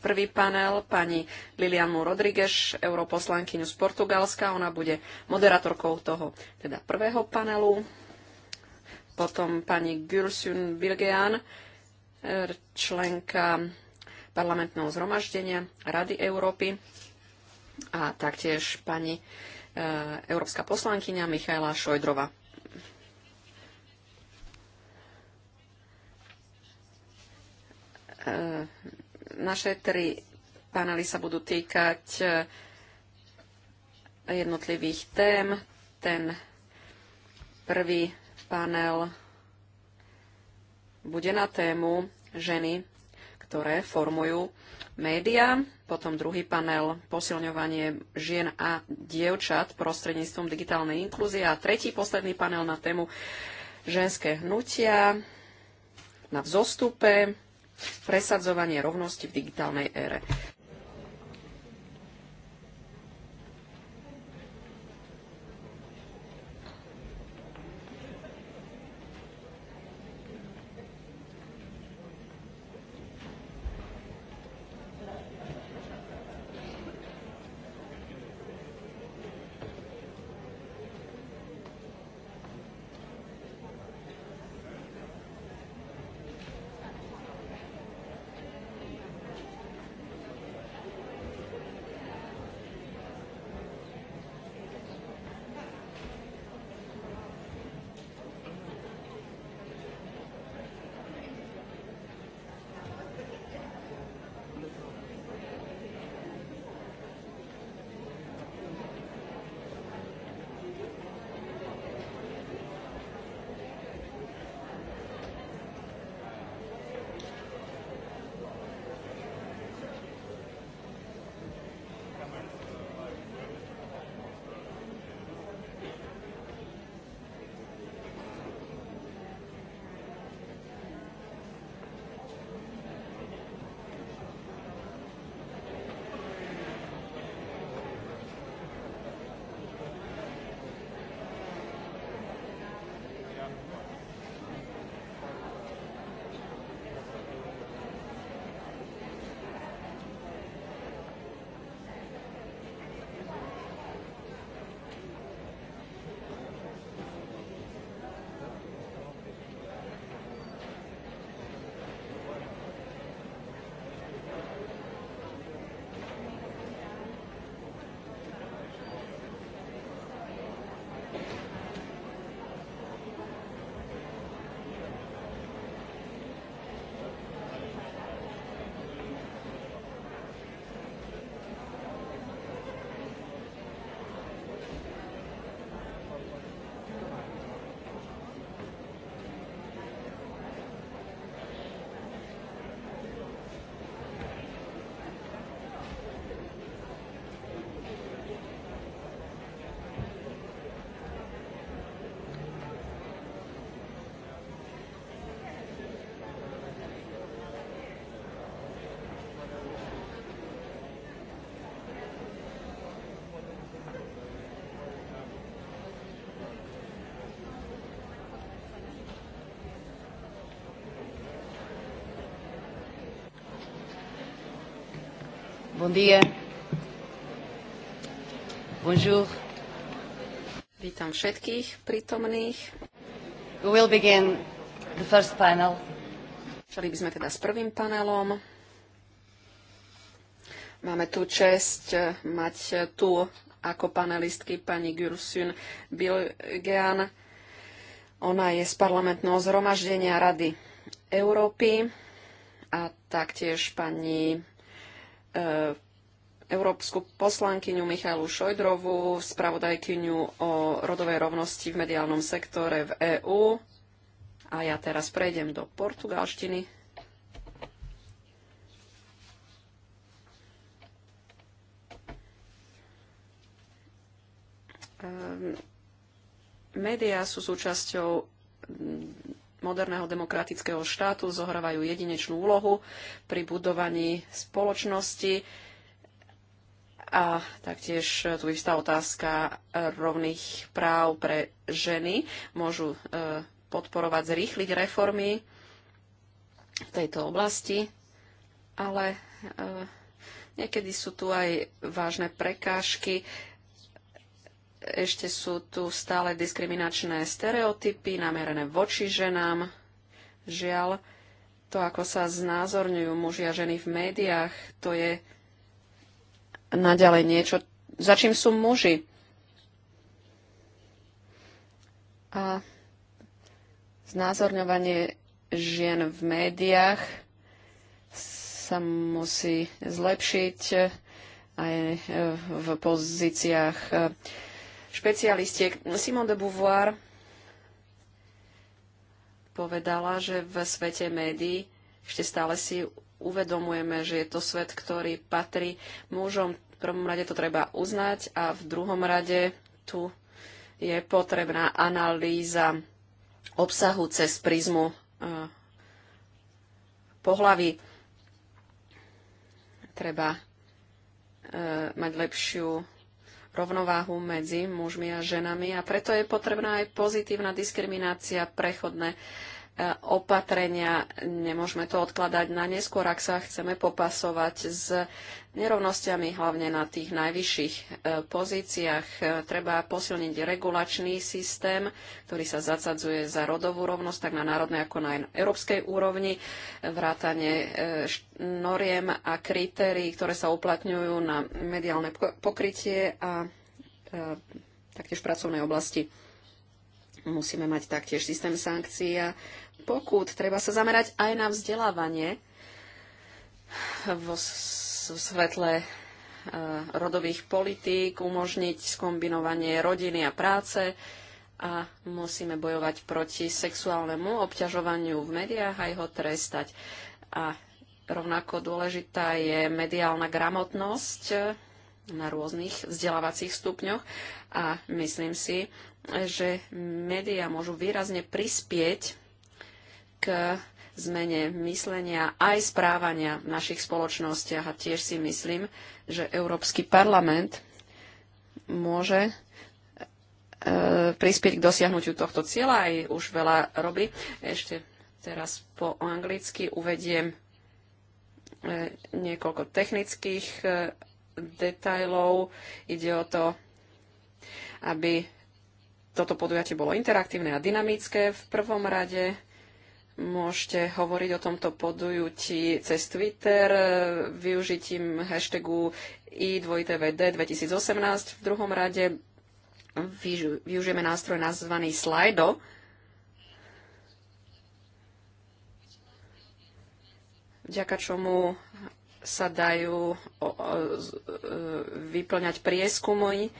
prvý panel pani Lilianu Rodriguez, europoslankyňu z Portugalska. Ona bude moderátorkou toho teda prvého panelu potom pani Gürsün Birgean, eh, členka parlamentného zhromaždenia Rady Európy a taktiež pani eh, európska poslankyňa Michaela Šojdrova. Eh, naše tri panely sa budú týkať jednotlivých tém. Ten prvý panel bude na tému ženy, ktoré formujú médiá. Potom druhý panel posilňovanie žien a dievčat prostredníctvom digitálnej inklúzie. A tretí, posledný panel na tému ženské hnutia na vzostupe, presadzovanie rovnosti v digitálnej ére. Bom dia. Bonjour. Vítam všetkých prítomných. We will begin the first panel. Začali by sme teda s prvým panelom. Máme tu čest eh, mať tu ako panelistky pani Gursun Bilgean. Ona je z parlamentného zhromaždenia Rady Európy a taktiež pani E, európsku poslankyňu Michalu Šojdrovú, spravodajkyňu o rodovej rovnosti v mediálnom sektore v EÚ. A ja teraz prejdem do portugalštiny. Média ehm, sú súčasťou moderného demokratického štátu zohrávajú jedinečnú úlohu pri budovaní spoločnosti. A taktiež tu vyvstá otázka rovných práv pre ženy. Môžu e, podporovať, zrýchliť reformy v tejto oblasti, ale e, niekedy sú tu aj vážne prekážky ešte sú tu stále diskriminačné stereotypy namerené voči ženám. Žiaľ, to, ako sa znázorňujú muži a ženy v médiách, to je naďalej niečo, za čím sú muži. A znázorňovanie žien v médiách sa musí zlepšiť aj v pozíciách špecialistiek. Simone de Beauvoir povedala, že v svete médií ešte stále si uvedomujeme, že je to svet, ktorý patrí mužom. V prvom rade to treba uznať a v druhom rade tu je potrebná analýza obsahu cez prízmu e, pohlavy. Treba e, mať lepšiu rovnováhu medzi mužmi a ženami a preto je potrebná aj pozitívna diskriminácia, prechodné opatrenia. Nemôžeme to odkladať na neskôr, ak sa chceme popasovať s nerovnostiami, hlavne na tých najvyšších e, pozíciách. E, treba posilniť regulačný systém, ktorý sa zasadzuje za rodovú rovnosť, tak na národnej ako na európskej úrovni, vrátanie e, noriem a kritérií, ktoré sa uplatňujú na mediálne pokrytie a taktiež v pracovnej oblasti. Musíme mať taktiež systém sankcií a pokút. Treba sa zamerať aj na vzdelávanie vo svetle e, rodových politík, umožniť skombinovanie rodiny a práce a musíme bojovať proti sexuálnemu obťažovaniu v médiách a ho trestať. A rovnako dôležitá je mediálna gramotnosť na rôznych vzdelávacích stupňoch a myslím si, že médiá môžu výrazne prispieť k zmene myslenia aj správania v našich spoločnostiach. A tiež si myslím, že Európsky parlament môže e, prispieť k dosiahnutiu tohto cieľa, aj už veľa robí. Ešte teraz po anglicky uvediem e, niekoľko technických e, detajlov. Ide o to, aby toto podujatie bolo interaktívne a dynamické v prvom rade Môžete hovoriť o tomto podujutí cez Twitter využitím hashtagu i 2 tvd 2018. V druhom rade využijeme nástroj nazvaný Slido, vďaka čomu sa dajú e, vyplňať prieskumy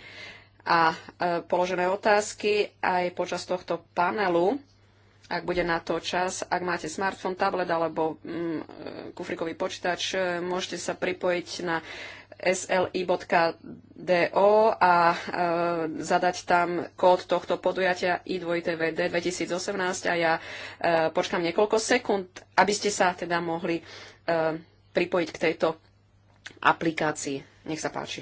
a e, položené otázky aj počas tohto panelu ak bude na to čas. Ak máte smartfón, tablet alebo mm, e, kufrikový počítač, e, môžete sa pripojiť na sli.do a e, zadať tam kód tohto podujatia i 2 tvd 2018 a ja e, počkám niekoľko sekúnd, aby ste sa teda mohli e, pripojiť k tejto aplikácii. Nech sa páči.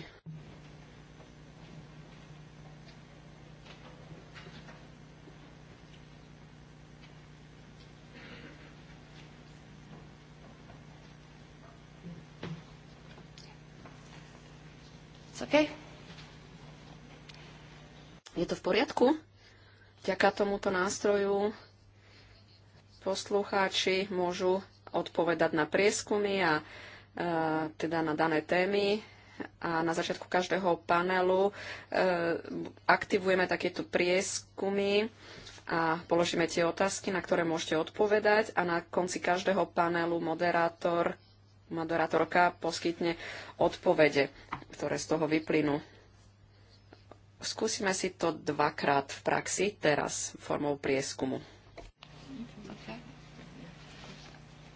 OK? Je to v poriadku? Vďaka tomuto nástroju poslucháči môžu odpovedať na prieskumy a e, teda na dané témy a na začiatku každého panelu e, aktivujeme takéto prieskumy a položíme tie otázky, na ktoré môžete odpovedať a na konci každého panelu moderátor moderátorka poskytne odpovede, ktoré z toho vyplynú. Skúsime si to dvakrát v praxi, teraz formou prieskumu. Okay.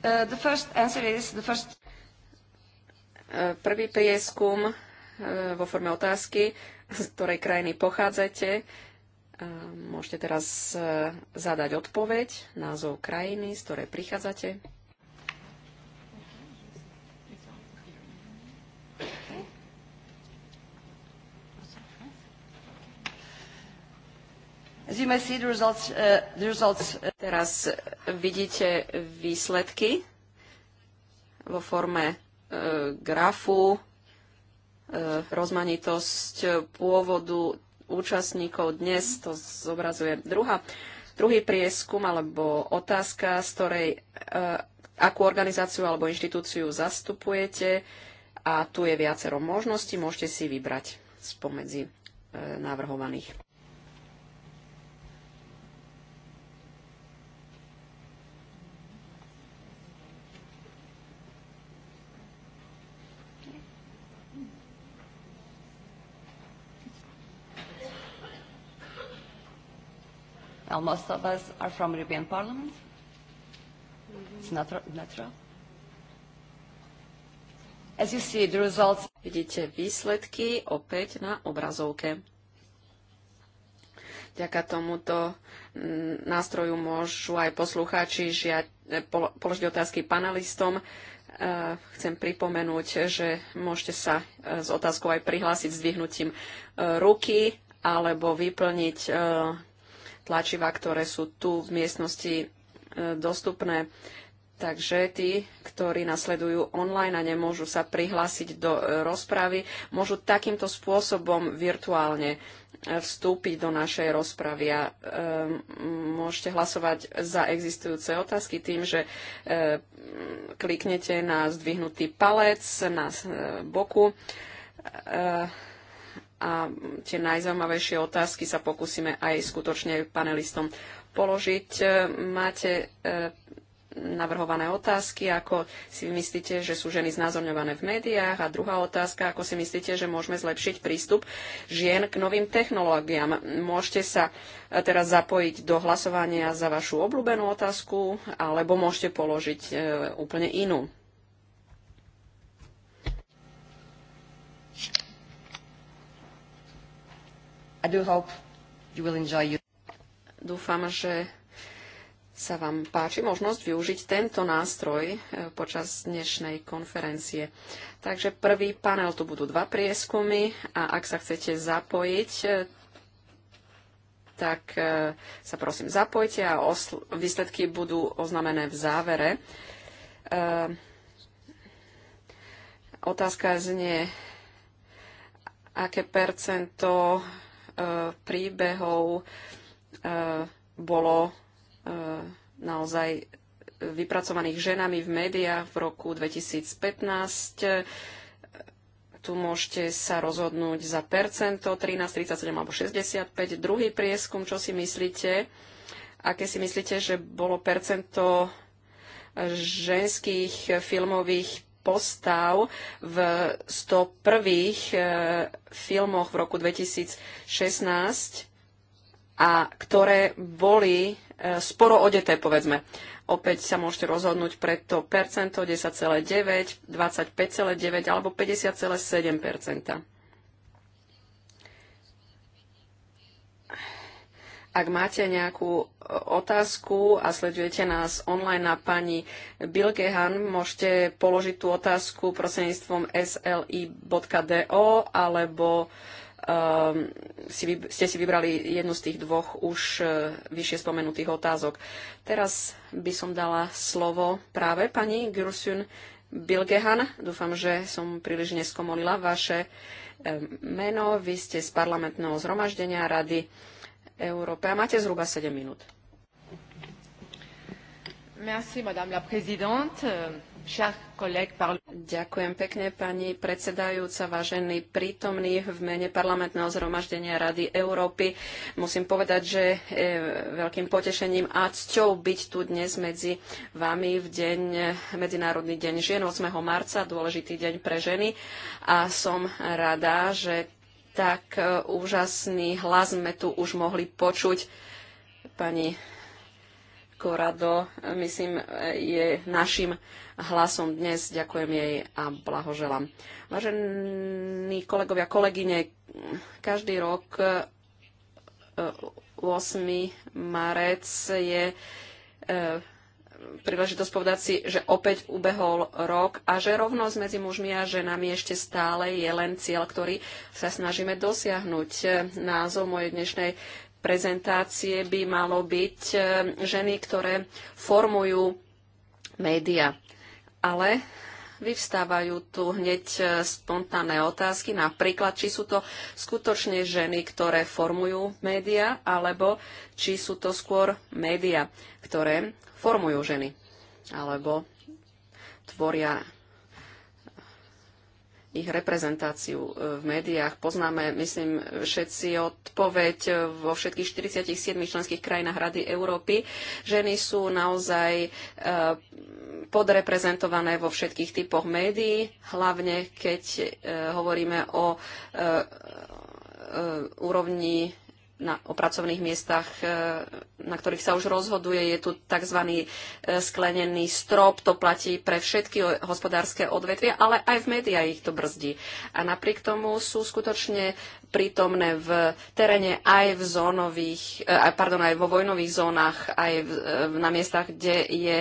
Uh, first... uh, prvý prieskum uh, vo forme otázky, z ktorej krajiny pochádzate. Uh, môžete teraz uh, zadať odpoveď, názov krajiny, z ktorej prichádzate. Results, uh, results, uh, Teraz vidíte výsledky vo forme e, grafu, e, rozmanitosť pôvodu účastníkov dnes, to zobrazuje druhá. Druhý prieskum alebo otázka, z ktorej e, akú organizáciu alebo inštitúciu zastupujete a tu je viacero možností, môžete si vybrať spomedzi navrhovaných. Well, most of us are from European Parliament. Mm-hmm. It's not natural. As you see, the results... Vidíte výsledky opäť na obrazovke. Ďaká tomuto mm, nástroju môžu aj poslucháči žiať, e, položiť otázky panelistom. E, chcem pripomenúť, že môžete sa e, s otázkou aj prihlásiť s dvihnutím ruky alebo vyplniť tlačiva, ktoré sú tu v miestnosti e, dostupné. Takže tí, ktorí nasledujú online a nemôžu sa prihlásiť do e, rozpravy, môžu takýmto spôsobom virtuálne e, vstúpiť do našej rozpravy a môžete hlasovať za existujúce otázky tým, že kliknete na zdvihnutý palec na boku a tie najzaujímavejšie otázky sa pokúsime aj skutočne panelistom položiť. E, máte e, navrhované otázky, ako si myslíte, že sú ženy znázorňované v médiách a druhá otázka, ako si myslíte, že môžeme zlepšiť prístup žien k novým technológiám. Môžete sa e, teraz zapojiť do hlasovania za vašu obľúbenú otázku alebo môžete položiť úplne inú. I do hope you will enjoy Dúfam, že sa vám páči možnosť využiť tento nástroj e, počas dnešnej konferencie. Takže prvý panel tu budú dva prieskumy a ak sa chcete zapojiť, e, tak e, sa prosím zapojte a výsledky budú oznamené v závere. Otázka znie, aké percento príbehov e, bolo e, naozaj vypracovaných ženami v médiách v roku 2015. E, tu môžete sa rozhodnúť za percento 13, 37 alebo 65. Druhý prieskum, čo si myslíte? Aké si myslíte, že bolo percento ženských filmových postav v 101. E, filmoch v roku 2016 a ktoré boli e, sporo odeté, povedzme. Opäť sa môžete rozhodnúť pre to percento 10,9, 25,9 alebo 50,7 Ak máte nejakú e, otázku a sledujete nás online na pani Bilgehan, môžete položiť tú otázku prostredníctvom sli.do alebo um, si, ste si vybrali jednu z tých dvoch už uh, vyššie spomenutých otázok. Teraz by som dala slovo práve pani Gursun Bilgehan. Dúfam, že som príliš neskomolila vaše um, meno. Vy ste z parlamentného zhromaždenia Rady Európe. A máte zhruba 7 minút. Merci, madame la présidente. Ďakujem pekne, pani predsedajúca, vážení prítomní v mene parlamentného zhromaždenia Rady Európy. Musím povedať, že je veľkým potešením a cťou byť tu dnes medzi vami v deň Medzinárodný deň žien 8. marca, dôležitý deň pre ženy. A som rada, že tak e, úžasný hlas sme tu už mohli počuť. Pani Korado, e, myslím, e, je našim hlasom dnes. Ďakujem jej a blahoželám. Vážení kolegovia, kolegyne, každý rok 8. marec je príležitosť povedať si, že opäť ubehol rok a že rovnosť medzi mužmi a ženami ešte stále je len cieľ, ktorý sa snažíme dosiahnuť. Názov mojej dnešnej prezentácie by malo byť eh, ženy, ktoré formujú média. Ale vyvstávajú tu hneď e, spontánne otázky, napríklad, či sú to skutočne ženy, ktoré formujú média, alebo či sú to skôr média, ktoré formujú ženy, alebo tvoria ich reprezentáciu e, v médiách. Poznáme, myslím, všetci odpoveď e, vo všetkých 47 členských krajinách Rady Európy. Ženy sú naozaj e, podreprezentované vo všetkých typoch médií, hlavne keď hovoríme o úrovni na, o pracovných miestach, e, na ktorých sa už rozhoduje. Je tu tzv. E, sklenený strop, to platí pre všetky hospodárske odvetvia, ale aj v médiách ich to brzdí. A napriek tomu sú skutočne prítomné v teréne aj v zónových, e, pardon, aj vo vojnových zónach, aj v, na miestach, kde je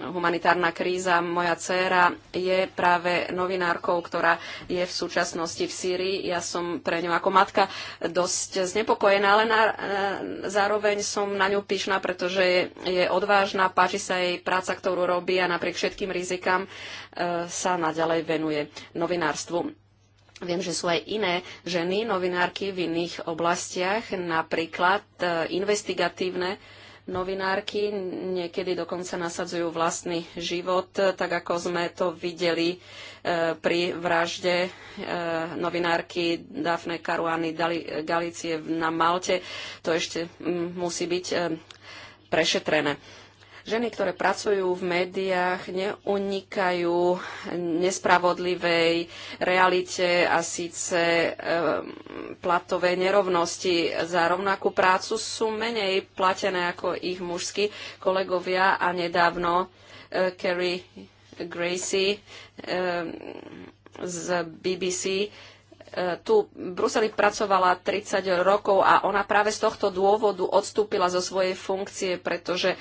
humanitárna kríza. Moja dcéra je práve novinárkou, ktorá je v súčasnosti v Sýrii. Ja som pre ňu ako matka dosť znepokojená, ale na, e, zároveň som na ňu pyšná, pretože je, je odvážna, páči sa jej práca, ktorú robí a napriek všetkým rizikám e, sa naďalej venuje novinárstvu. Viem, že sú aj iné ženy, novinárky v iných oblastiach, napríklad e, investigatívne novinárky niekedy dokonca nasadzujú vlastný život, tak ako sme to videli e, pri vražde e, novinárky Dafne Karuany Galície na Malte. To ešte mm, musí byť e, prešetrené. Ženy, ktoré pracujú v médiách, neunikajú nespravodlivej realite a síce platové nerovnosti. Za rovnakú prácu sú menej platené ako ich mužskí kolegovia a nedávno Kerry Gracie z BBC E, tu v Bruseli pracovala 30 rokov a ona práve z tohto dôvodu odstúpila zo svojej funkcie, pretože e,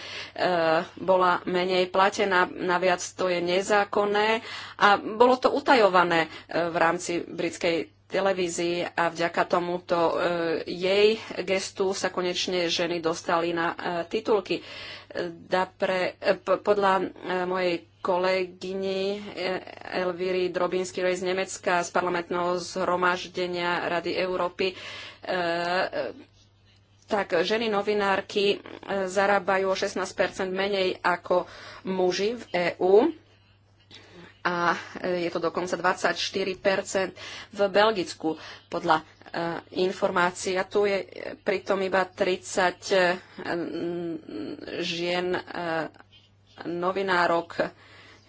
bola menej platená, naviac to je nezákonné a bolo to utajované e, v rámci britskej televízii a vďaka tomuto e, jej gestu sa konečne ženy dostali na e, titulky. E, podľa mojej kolegyni Elviry drobinsky z Nemecka z parlamentného zhromaždenia Rady Európy. E, tak ženy novinárky zarábajú o 16 menej ako muži v EÚ a e, je to dokonca 24 v Belgicku podľa e, informácií. A tu je e, pritom iba 30 žien novinárok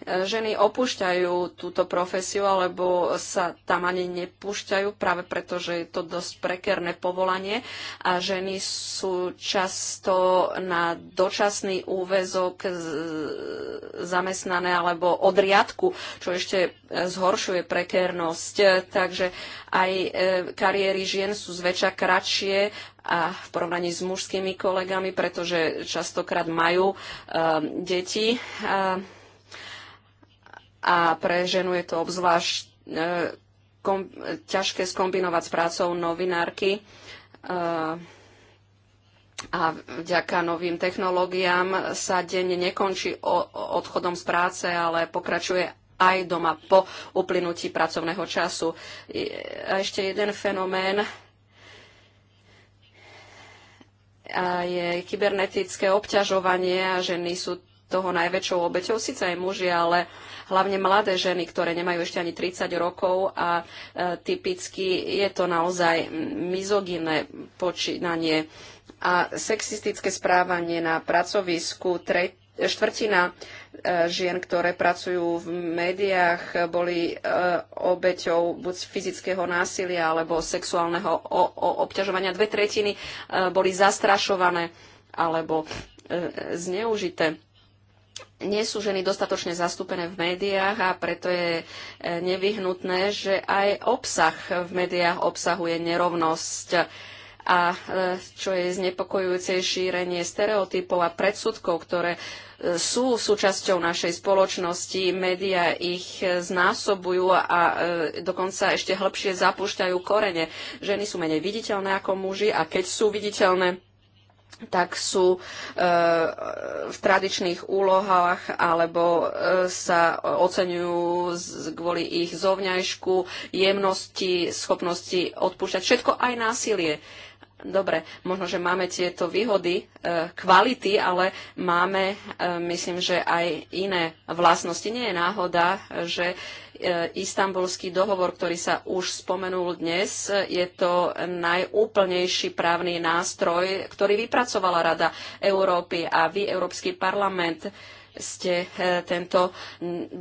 ženy opúšťajú túto profesiu alebo sa tam ani nepúšťajú práve preto, že je to dosť prekerné povolanie a ženy sú často na dočasný úvezok zamestnané alebo odriadku, čo ešte e, zhoršuje prekernosť. Takže aj e, kariéry žien sú zväčša kratšie a v porovnaní s mužskými kolegami, pretože častokrát majú e, deti a pre ženu je to obzvlášť e, kom, ťažké skombinovať s prácou novinárky. E, a vďaka novým technológiám sa deň nekončí o, odchodom z práce, ale pokračuje aj doma po uplynutí pracovného času. A ešte jeden fenomén, a je kybernetické obťažovanie a ženy sú toho najväčšou obeťou síce aj muži, ale hlavne mladé ženy, ktoré nemajú ešte ani 30 rokov a e, typicky je to naozaj mizogínne počínanie a sexistické správanie na pracovisku. Tre, štvrtina e, žien, ktoré pracujú v médiách, boli e, obeťou buď fyzického násilia alebo sexuálneho o, o, obťažovania. Dve tretiny e, boli zastrašované alebo e, e zneužité nie sú ženy dostatočne zastúpené v médiách a preto je e, nevyhnutné, že aj obsah v médiách obsahuje nerovnosť a e, čo je znepokojujúce šírenie stereotypov a predsudkov, ktoré e, sú súčasťou našej spoločnosti. Média ich znásobujú a dokonca ešte hĺbšie zapúšťajú korene. Ženy sú menej viditeľné ako muži a keď sú viditeľné, tak sú e, v tradičných úlohách alebo e, sa oceňujú kvôli ich zovňajšku, jemnosti, schopnosti odpúšťať všetko, aj násilie. Dobre, možno, že máme tieto výhody, e, kvality, ale máme, myslím, že aj iné vlastnosti. Nie je náhoda, že E, istambulský dohovor, ktorý sa už spomenul dnes. E, je to najúplnejší právny nástroj, ktorý vypracovala Rada Európy a vy, Európsky parlament, ste e, tento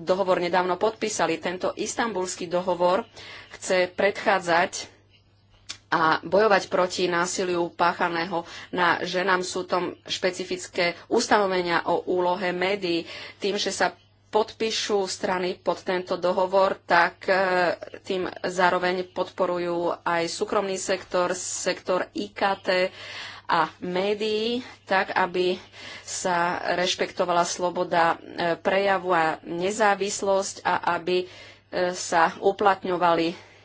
dohovor nedávno podpísali. Tento istambulský dohovor chce predchádzať a bojovať proti násiliu páchaného na ženám sú tam špecifické ustanovenia o úlohe médií. Tým, že sa podpíšu strany pod tento dohovor, tak e, tým zároveň podporujú aj súkromný sektor, sektor IKT a médií, tak aby sa rešpektovala sloboda e, prejavu a nezávislosť a aby e, sa uplatňovali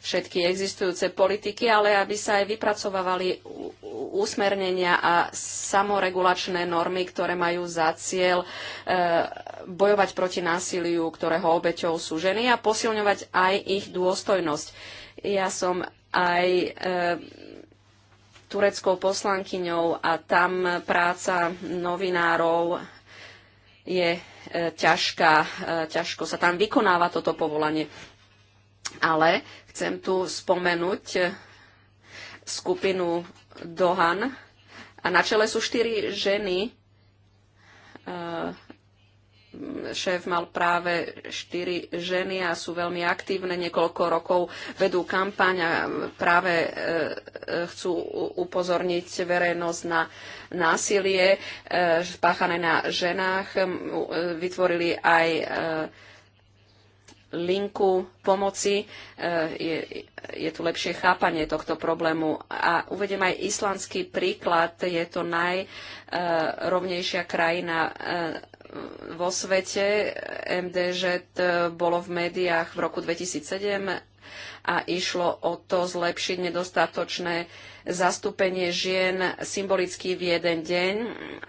všetky existujúce politiky, ale aby sa aj vypracovávali úsmernenia a samoregulačné normy, ktoré majú za cieľ e, bojovať proti násiliu, ktorého obeťou sú ženy a posilňovať aj ich dôstojnosť. Ja som aj e, tureckou poslankyňou a tam práca novinárov je e, ťažká, ťažko sa tam vykonáva toto povolanie ale chcem tu spomenúť eh, skupinu Dohan a na čele sú štyri ženy. Eh, šéf mal práve štyri ženy a sú veľmi aktívne, niekoľko rokov vedú kampaň a práve eh, chcú upozorniť verejnosť na násilie páchané na ženách. Vytvorili aj linku pomoci, e, je, je tu lepšie chápanie tohto problému. A uvedem aj islandský príklad, je to najrovnejšia e, krajina e, vo svete. MDŽ bolo v médiách v roku 2007 a išlo o to zlepšiť nedostatočné zastúpenie žien symbolicky v jeden deň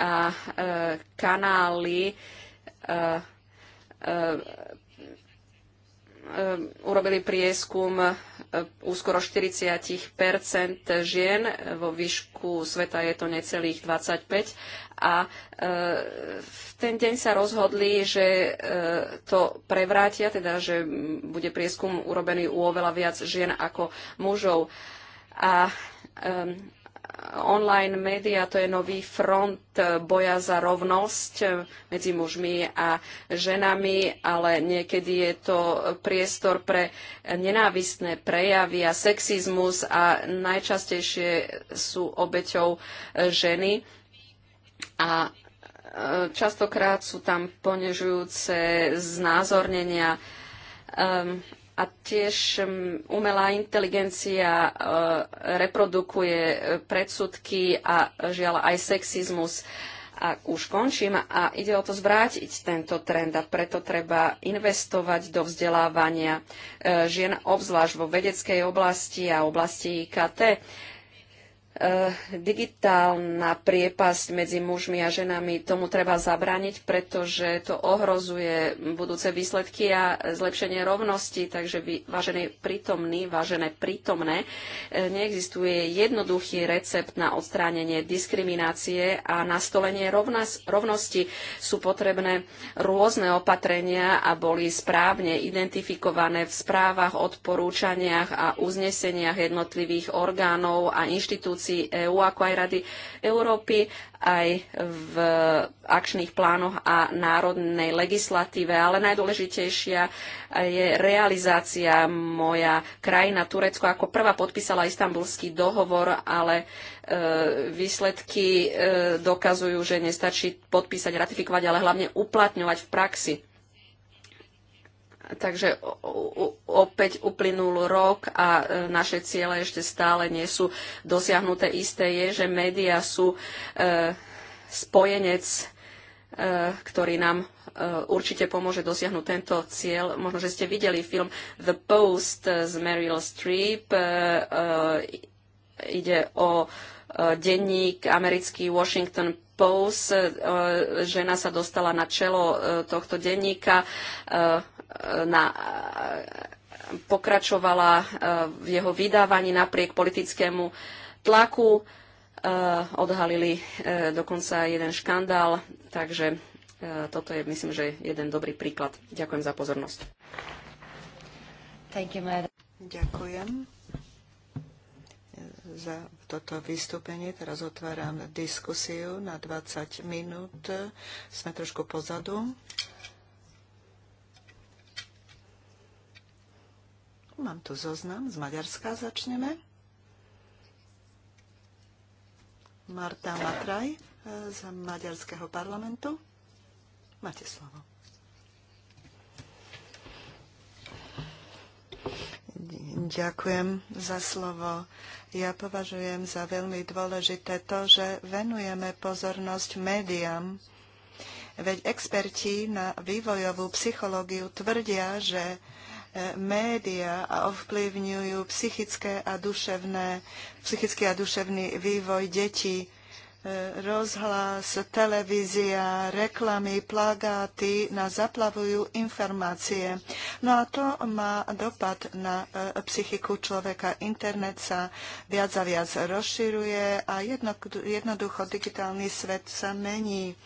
a kanály Um, urobili prieskum úskoro uh, 40 žien, vo výšku sveta je to necelých 25 a uh, v ten deň sa rozhodli, že uh, to prevrátia, teda že bude prieskum urobený u oveľa viac žien ako mužov. A um, online média, to je nový front boja za rovnosť medzi mužmi a ženami, ale niekedy je to priestor pre nenávistné prejavy a sexizmus a najčastejšie sú obeťou ženy. A e, častokrát sú tam ponežujúce znázornenia ehm, a tiež mm, umelá inteligencia e, reprodukuje e, predsudky a žiaľ aj sexizmus. A už končím a ide o to zvrátiť tento trend a preto treba investovať do vzdelávania e, žien, obzvlášť vo vedeckej oblasti a oblasti IKT Eh, digitálna priepasť medzi mužmi a ženami, tomu treba zabrániť, pretože to ohrozuje budúce výsledky a zlepšenie rovnosti. Takže vy, vážené prítomní, vážené prítomné, eh, neexistuje jednoduchý recept na odstránenie diskriminácie a nastolenie rovnas, rovnosti. Sú potrebné rôzne opatrenia a boli správne identifikované v správach, odporúčaniach a uzneseniach jednotlivých orgánov a inštitúcií inštitúcií EÚ, ako aj Rady Európy, aj v akčných plánoch a národnej legislatíve. Ale najdôležitejšia je realizácia. Moja krajina Turecko ako prvá podpísala istambulský dohovor, ale e, výsledky e, dokazujú, že nestačí podpísať, ratifikovať, ale hlavne uplatňovať v praxi. Takže opäť uplynul rok a e, naše ciele ešte stále nie sú dosiahnuté. Isté je, že médiá sú e, spojenec, e, ktorý nám určite pomôže dosiahnuť tento cieľ. Možno, že ste videli film The Post z Meryl Streep. Ide o denník americký Washington Post. Žena sa dostala na čelo tohto denníka na, pokračovala e, v jeho vydávaní napriek politickému tlaku. E, odhalili e, dokonca jeden škandál, takže toto je, myslím, že jeden dobrý príklad. Ďakujem za pozornosť. You, Ďakujem za toto vystúpenie. Teraz otváram diskusiu na 20 minút. Sme trošku pozadu. Mám tu zoznam, z Maďarska začneme. Marta Matraj eh, z Maďarského parlamentu. Máte slovo. Ďakujem za slovo. Ja považujem za veľmi dôležité to, že venujeme pozornosť médiám. Veď experti na vývojovú psychológiu tvrdia, že média a ovplyvňujú psychické a duševné, psychický a duševný vývoj detí rozhlas, televízia, reklamy, plagáty nás zaplavujú informácie. No a to má dopad na e, psychiku človeka. Internet sa viac a viac rozširuje a jednoducho digitálny svet sa mení.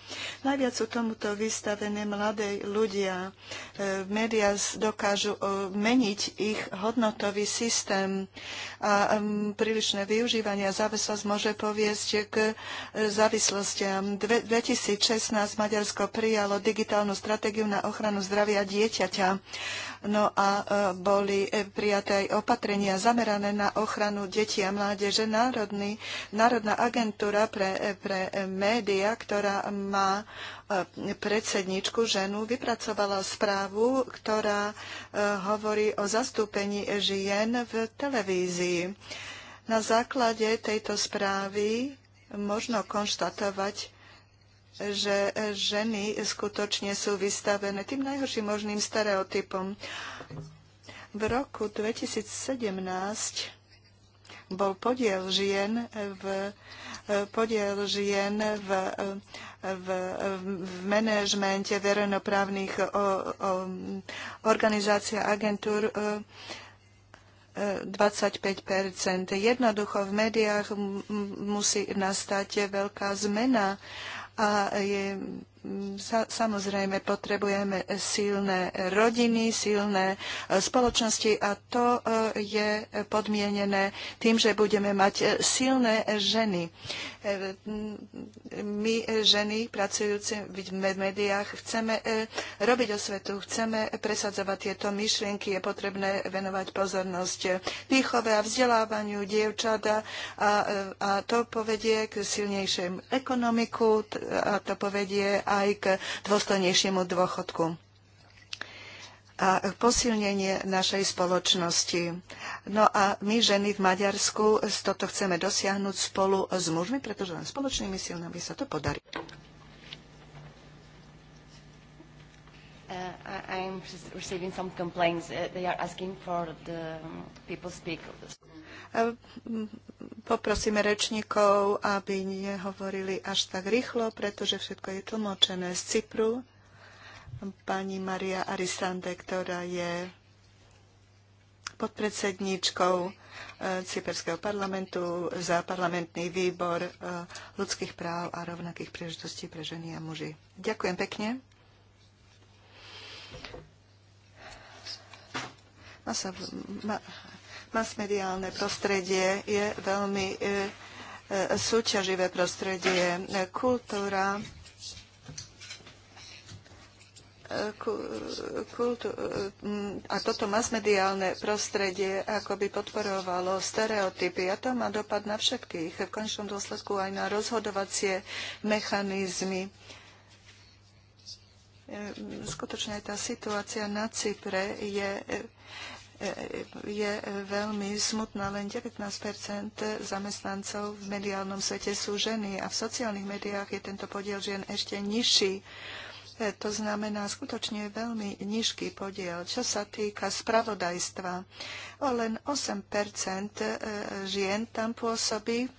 Najviac sú tomuto vystavené mladé ľudia. E, Média dokážu e, meniť ich hodnotový systém a prílišné využívanie a závislosť môže poviesť k závislostiam. 2016 Maďarsko prijalo digitálnu stratégiu na ochranu zdravia dieťaťa. No a e, boli e, prijaté aj opatrenia zamerané na ochranu detí a mládeže. Národný, Národná agentúra pre, e, pre média, ktorá má predsedničku ženu, vypracovala správu, ktorá hovorí o zastúpení žien v televízii. Na základe tejto správy možno konštatovať, že ženy skutočne sú vystavené tým najhorším možným stereotypom. V roku 2017 bol podiel žien v, podiel žien v, v, v manažmente verejnoprávnych organizácií a agentúr 25 Jednoducho v médiách musí nastať veľká zmena a je, sa, samozrejme potrebujeme silné rodiny, silné e, spoločnosti a to e, je podmienené tým, že budeme mať e, silné ženy. My, ženy pracujúce v médiách, chceme robiť osvetu, chceme presadzovať tieto myšlienky, je potrebné venovať pozornosť výchove a vzdelávaniu dievčata a, a to povedie k silnejším ekonomiku a to povedie a aj k dôstojnejšiemu dôchodku a posilnenie našej spoločnosti. No a my ženy v Maďarsku toto chceme dosiahnuť spolu s mužmi, pretože len spoločnými silnami sa to podarí. Uh, I, I'm receiving some complaints. Uh, they are asking for the um, people speak. Poprosíme rečníkov, aby nehovorili až tak rýchlo, pretože všetko je tlmočené z Cypru. Pani Maria Arisande, ktorá je podpredsedníčkou e, Cyperského parlamentu za parlamentný výbor e, ľudských práv a rovnakých príležitostí pre ženy a muži. Ďakujem pekne. Masmediálne prostredie je veľmi e, e, súťaživé prostredie. Kultúra e, kultú, a toto masmediálne prostredie akoby podporovalo stereotypy a to má dopad na všetkých, v končnom dôsledku aj na rozhodovacie mechanizmy. Uh, Ehm, skutočne tá situácia na Cypre je e, e, je veľmi smutná. Len 19 zamestnancov v mediálnom svete sú ženy a v sociálnych médiách je tento podiel žien ešte nižší. E, to znamená skutočne veľmi nižký podiel, čo sa týka spravodajstva. O len 8 žien tam pôsobí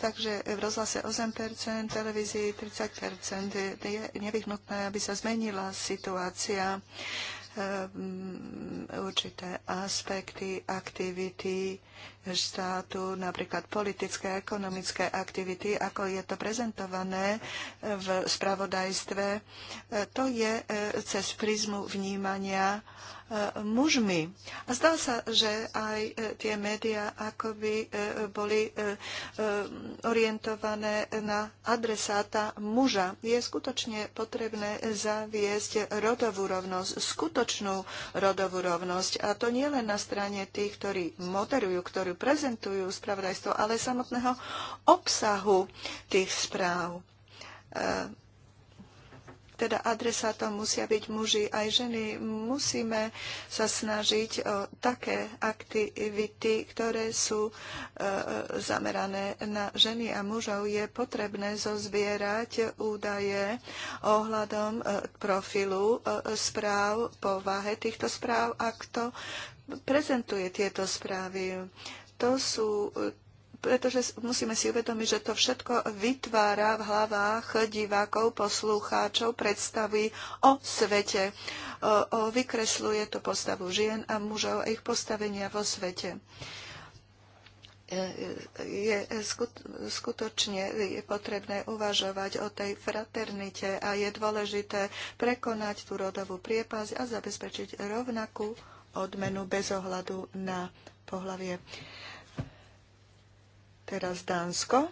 takže v rozhlase 8%, televízii 30%. Je nevyhnutné, aby sa zmenila situácia ehm, určité aspekty, aktivity štátu, napríklad politické, ekonomické aktivity, ako je to prezentované v spravodajstve. E, to je e, cez prizmu vnímania E, mužmi. A zdá sa, že aj e, tie médiá akoby e, boli orientované na adresáta muža. Je skutočne potrebné zaviesť rodovú rovnosť, skutočnú rodovú rovnosť. A to nie len na strane tých, ktorí moderujú, ktorí prezentujú spravodajstvo, ale samotného obsahu tých správ teda adresátom musia byť muži aj ženy. Musíme sa snažiť o také aktivity, ktoré sú e, zamerané na ženy a mužov. Je potrebné zozbierať údaje ohľadom e, profilu e, správ, povahe týchto správ a kto prezentuje tieto správy. To sú pretože musíme si uvedomiť, že to všetko vytvára v hlavách divákov, poslucháčov predstavy o svete. O, o, vykresluje to postavu žien a mužov a ich postavenia vo svete e, e, je skutočne je potrebné uvažovať o tej fraternite a je dôležité prekonať tú rodovú priepasť a zabezpečiť rovnakú odmenu bez ohľadu na pohlavie. Teraz Dánsko.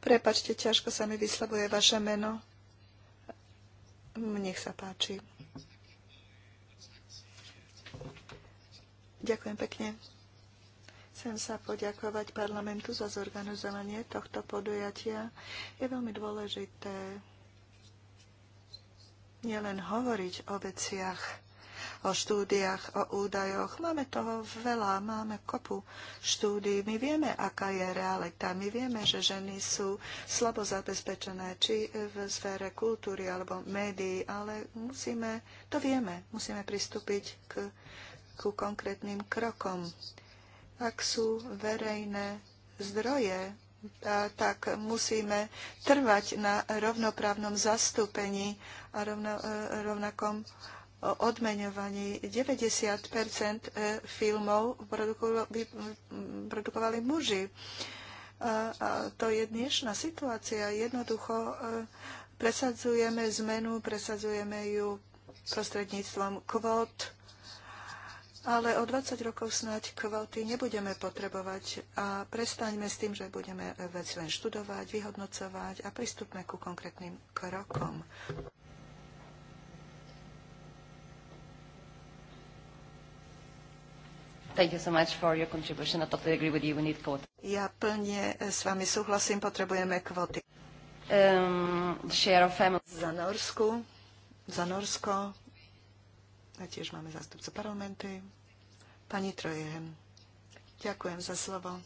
Prepačte, ťažko sa mi vyslovuje vaše meno. Nech sa páči. Ďakujem pekne. Chcem sa poďakovať parlamentu za zorganizovanie tohto podujatia. Je veľmi dôležité nielen hovoriť o veciach, o štúdiách, o údajoch. Máme toho veľa, máme kopu štúdií. My vieme, aká je realita. My vieme, že ženy sú slabo zabezpečené, či v sfére kultúry alebo médií, ale musíme, to vieme, musíme pristúpiť k, ku konkrétnym krokom. Ak sú verejné zdroje tak musíme trvať na rovnoprávnom zastúpení a e, rovnakom odmeňovaní. 90 e, filmov produkovali muži. A to je dnešná situácia. Jednoducho e, presadzujeme zmenu, presadzujeme ju prostredníctvom kvót, ale o 20 rokov snáď kvóty nebudeme potrebovať a prestaňme s tým, že budeme veci len študovať, vyhodnocovať a pristupme ku konkrétnym krokom. Thank you so much for your contribution. I totally agree with you. We need quota. Ja plne s vami súhlasím, potrebujeme kvoty. Um, share of family. Za Norsku, za Norsko. A tiež máme zástupcu parlamenty. Pani Trojehen, ďakujem za slovo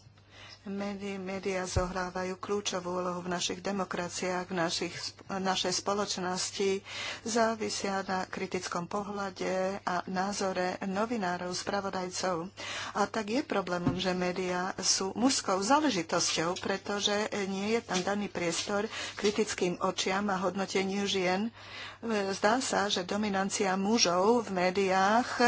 média zohrávajú kľúčovú úlohu v našich demokraciách, v našich, našej spoločnosti, závisia na kritickom pohľade a názore novinárov, spravodajcov. A tak je problémom, že médiá sú mužskou záležitosťou, pretože nie je tam daný priestor kritickým očiam a hodnoteniu žien Zdá sa, že dominancia mužov v médiách e,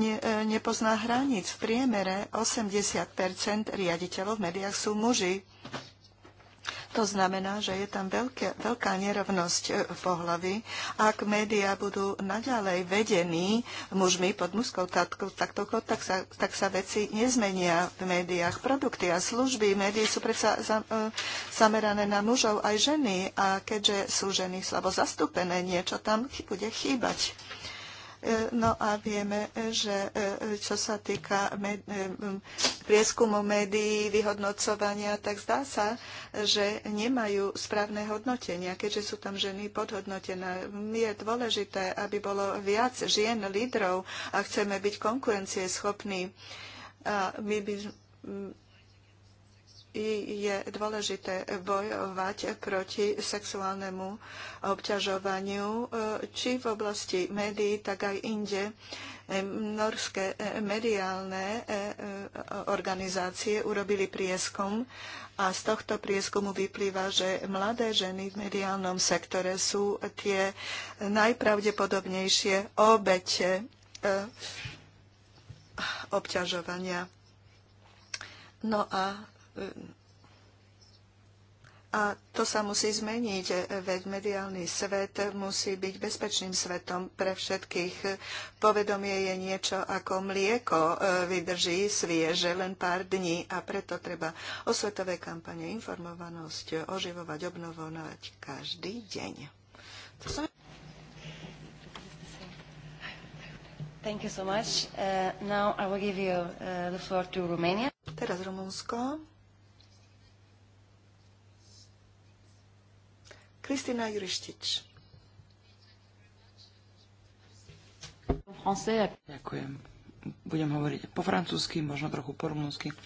ne, e, nepozná hranic. V priemere 80 riaditeľov v médiách sú muži. To znamená, že je tam veľké, veľká nerovnosť e, pohlavy. Ak médiá budú naďalej vedení mužmi pod mužskou taktovkou, tak sa, tak sa veci nezmenia v médiách. Produkty a služby médií sú predsa e, zamerané na mužov aj ženy a keďže sú ženy slabo zastúpené, niečo tam bude chýbať. E, no a vieme, že e, čo sa týka e, prieskumu médií, vyhodnocovania, tak zdá sa, že nemajú správne hodnotenia, keďže sú tam ženy podhodnotené. Je dôležité, aby bolo viac žien lídrov a chceme byť konkurencieschopní. A my by i je dôležité bojovať proti sexuálnemu obťažovaniu, e, či v oblasti médií, tak aj inde. E, norské e, mediálne organizácie urobili prieskum a z tohto prieskumu vyplýva, že mladé ženy v mediálnom sektore sú tie najpravdepodobnejšie obete obťažovania. No a a to sa musí zmeniť, veď mediálny svet musí byť bezpečným svetom pre všetkých. Povedomie je niečo ako mlieko, e, vydrží svieže len pár dní a preto treba o svetové kampane informovanosť oživovať, obnovovať každý deň. To som... Thank you so much. Uh, now I will give you uh, the floor to Romania. Teraz Rumunsko. Kristina Jurištič. Ďakujem. Budem hovoriť po francúzsky, možno trochu po rumúnsky.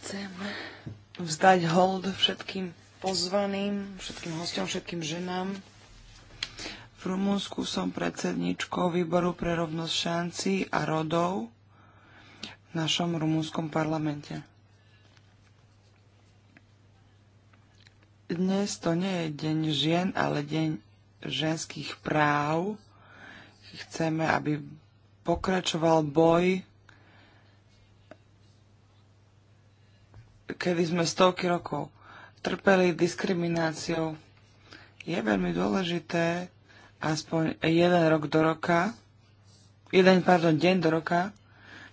Chcem vzdať hold všetkým pozvaným, všetkým hostom, všetkým ženám. V Rumunsku som predsedničkou výboru pre rovnosť šanci a rodov v našom rumúnskom parlamente. Dnes to nie je deň žien, ale deň ženských práv. Chceme, aby pokračoval boj, kedy sme stovky rokov trpeli diskrimináciou. Je veľmi dôležité aspoň jeden rok do roka, jeden, pardon, deň do roka,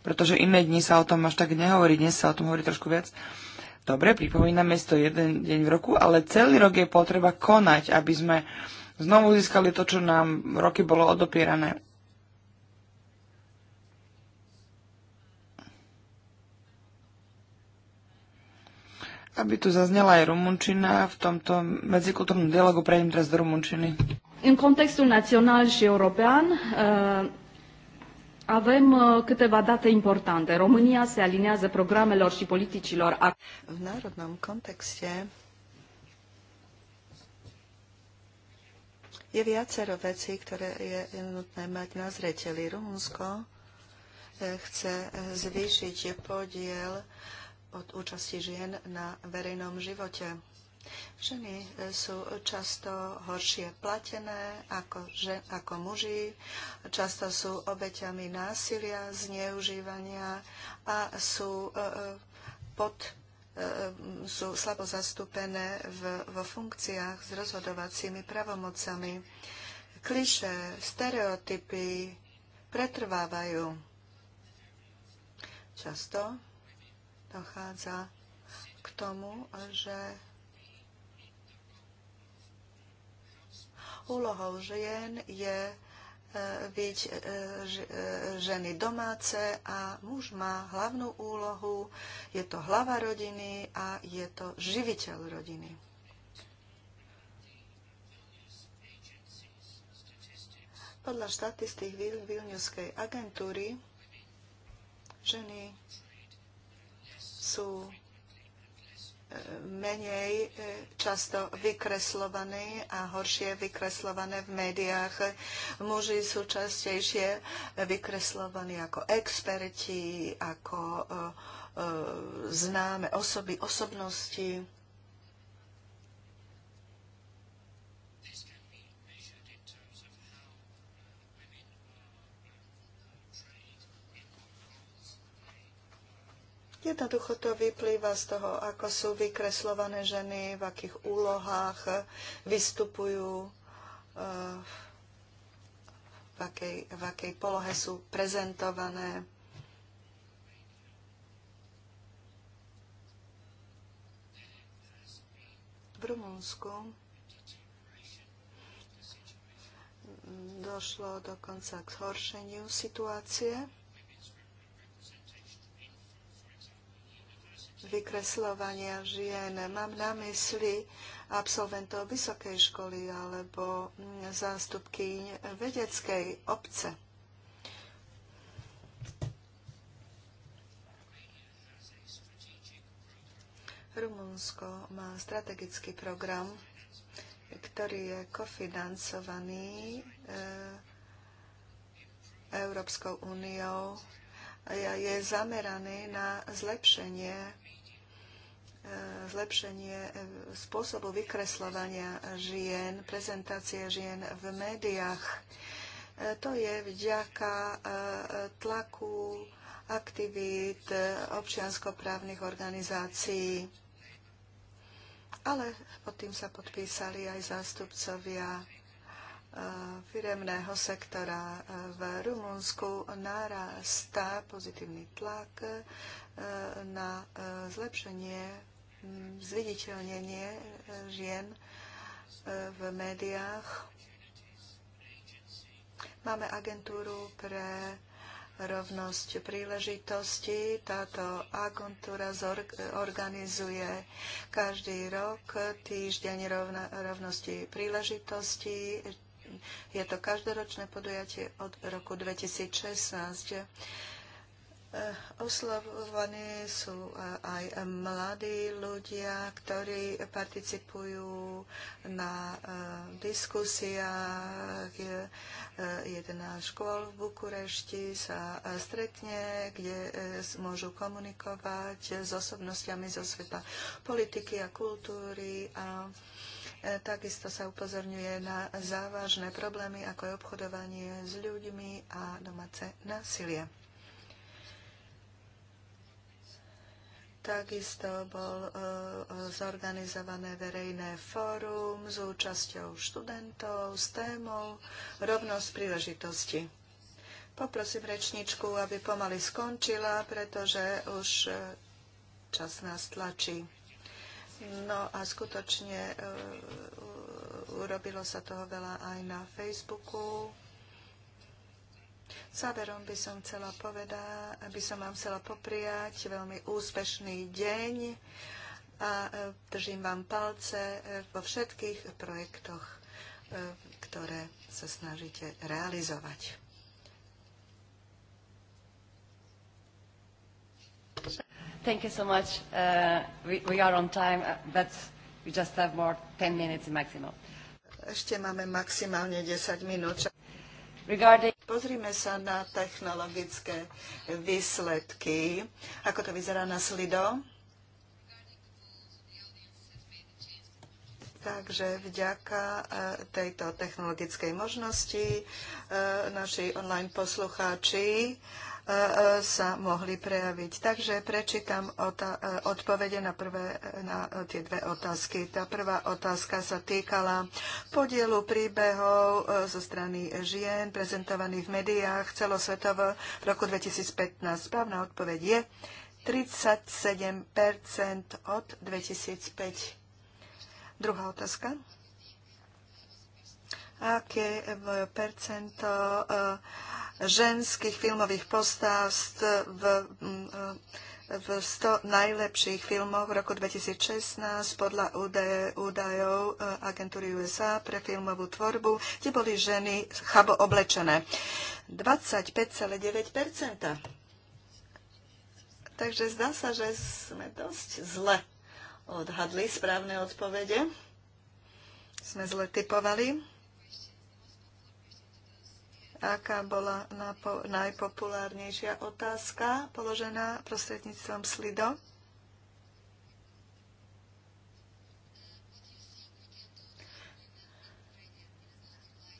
pretože iné dni sa o tom až tak nehovorí, dnes sa o tom hovorí trošku viac, Dobre, pripomíname si to jeden deň v roku, ale celý rok je potreba konať, aby sme znovu získali to, čo nám roky bolo odopierané. Aby tu zaznela aj rumunčina v tomto medzikultúrnom dialogu, prejdem teraz do rumunčiny. În kontextu național european, uh... Avem uh, câteva date importante. România se alinează programelor și politicilor. V národnom kontexte je viacero vecí, ktoré je nutné mať na zreteli. Rumunsko eh, chce eh, zvýšiť podiel od účasti žien na verejnom živote. Ženy e, sú často horšie platené ako, žen, ako muži, často sú obeťami násilia, zneužívania a sú, e, e, pod, sú slabo zastúpené v, vo funkciách s rozhodovacími pravomocami. Kliše, stereotypy pretrvávajú. Často dochádza k tomu, že úlohou žien je e, byť e, e, ženy domáce a muž má hlavnú úlohu, je to hlava rodiny a je to živiteľ rodiny. Podľa štatistík Vilniuskej agentúry ženy sú menej e, často vykreslované a horšie vykreslované v médiách. Muži sú častejšie vykreslovaní ako experti, ako e, e, známe osoby, osobnosti Jednoducho to vyplýva z toho, ako sú vykreslované ženy, v akých úlohách vystupujú, eh, v akej, v akej polohe sú prezentované. V Rumunsku došlo dokonca k zhoršeniu situácie. vykreslovania žien. Mám na mysli absolventov vysokej školy alebo zástupky vedeckej obce. Rumunsko má strategický program, ktorý je kofinancovaný e, Európskou úniou je zameraný na zlepšenie zlepšenie eh, spôsobu vykreslovania žien, prezentácie žien v médiách. Eh, to je vďaka eh, tlaku aktivít občianskoprávnych organizácií. Ale pod tým sa podpísali aj zástupcovia firemného sektora v Rumunsku narastá pozitívny tlak na zlepšenie zviditeľnenie eh, žien eh, v médiách. Máme agentúru pre rovnosť príležitosti. Táto agentúra organizuje každý rok týždeň rovnosti príležitosti. Je to každoročné podujatie od roku 2016. Eh, Oslovovaní sú eh, aj mladí ľudia, ktorí participujú na eh, diskusiách. Jedna škôl v Bukurešti sa stretne, kde môžu komunikovať s osobnostiami zo sveta politiky a kultúry a Takisto sa upozorňuje na závažné problémy, ako je obchodovanie s ľuďmi a domáce násilie. Takisto bol e, e, zorganizované verejné fórum s účasťou študentov s témou rovnosť príležitosti. Poprosím rečničku, aby pomaly skončila, pretože už e, čas nás tlačí. No a skutočne urobilo sa toho veľa aj na Facebooku Záverom by som, chcela povedať, aby som vám chcela popriať veľmi úspešný deň a e, držím vám palce e, vo všetkých projektoch, e, ktoré sa snažíte realizovať. Thank you so much. Uh, we, we are on time, uh, but we just have more 10 minutes maximum. Ešte máme maximálne 10 minút. Regarding... Pozrime sa na technologické výsledky. Ako to vyzerá na Slido? Takže vďaka e, tejto technologickej možnosti e, naši online poslucháči E, e, sa mohli prejaviť. Takže prečítam e, odpovede na, prvé, na tie dve otázky. Tá prvá otázka sa týkala podielu príbehov zo strany žien prezentovaných v médiách celosvetovo v roku 2015. Správna odpoveď je 37 od 2005. Druhá otázka aké percento ženských filmových postáv v, mm, v 100 najlepších filmov v roku 2016 podľa údaje, údajov e, agentúry USA pre filmovú tvorbu, kde boli ženy chabo oblečené. 25,9 Takže zdá sa, že sme dosť zle odhadli správne odpovede. Sme zle typovali aká bola najpopulárnejšia otázka položená prostredníctvom SLIDO.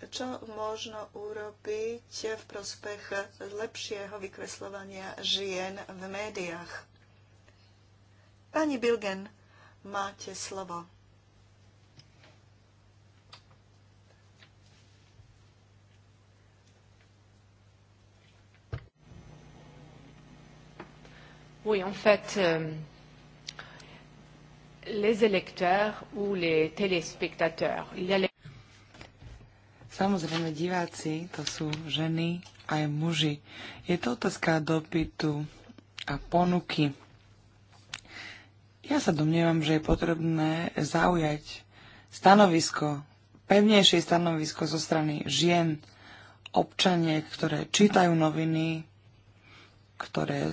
Čo možno urobiť v prospech lepšieho vykreslovania žien v médiách? Pani Bilgen, máte slovo. Oui, en fait, euh, les électeurs ou les téléspectateurs, il y a les... Samozrejme, diváci, to sú ženy aj muži. Je to otázka dopytu a ponuky. Ja sa domnievam, že je potrebné zaujať stanovisko, pevnejšie stanovisko zo strany žien, občaniek, ktoré čítajú noviny, ktoré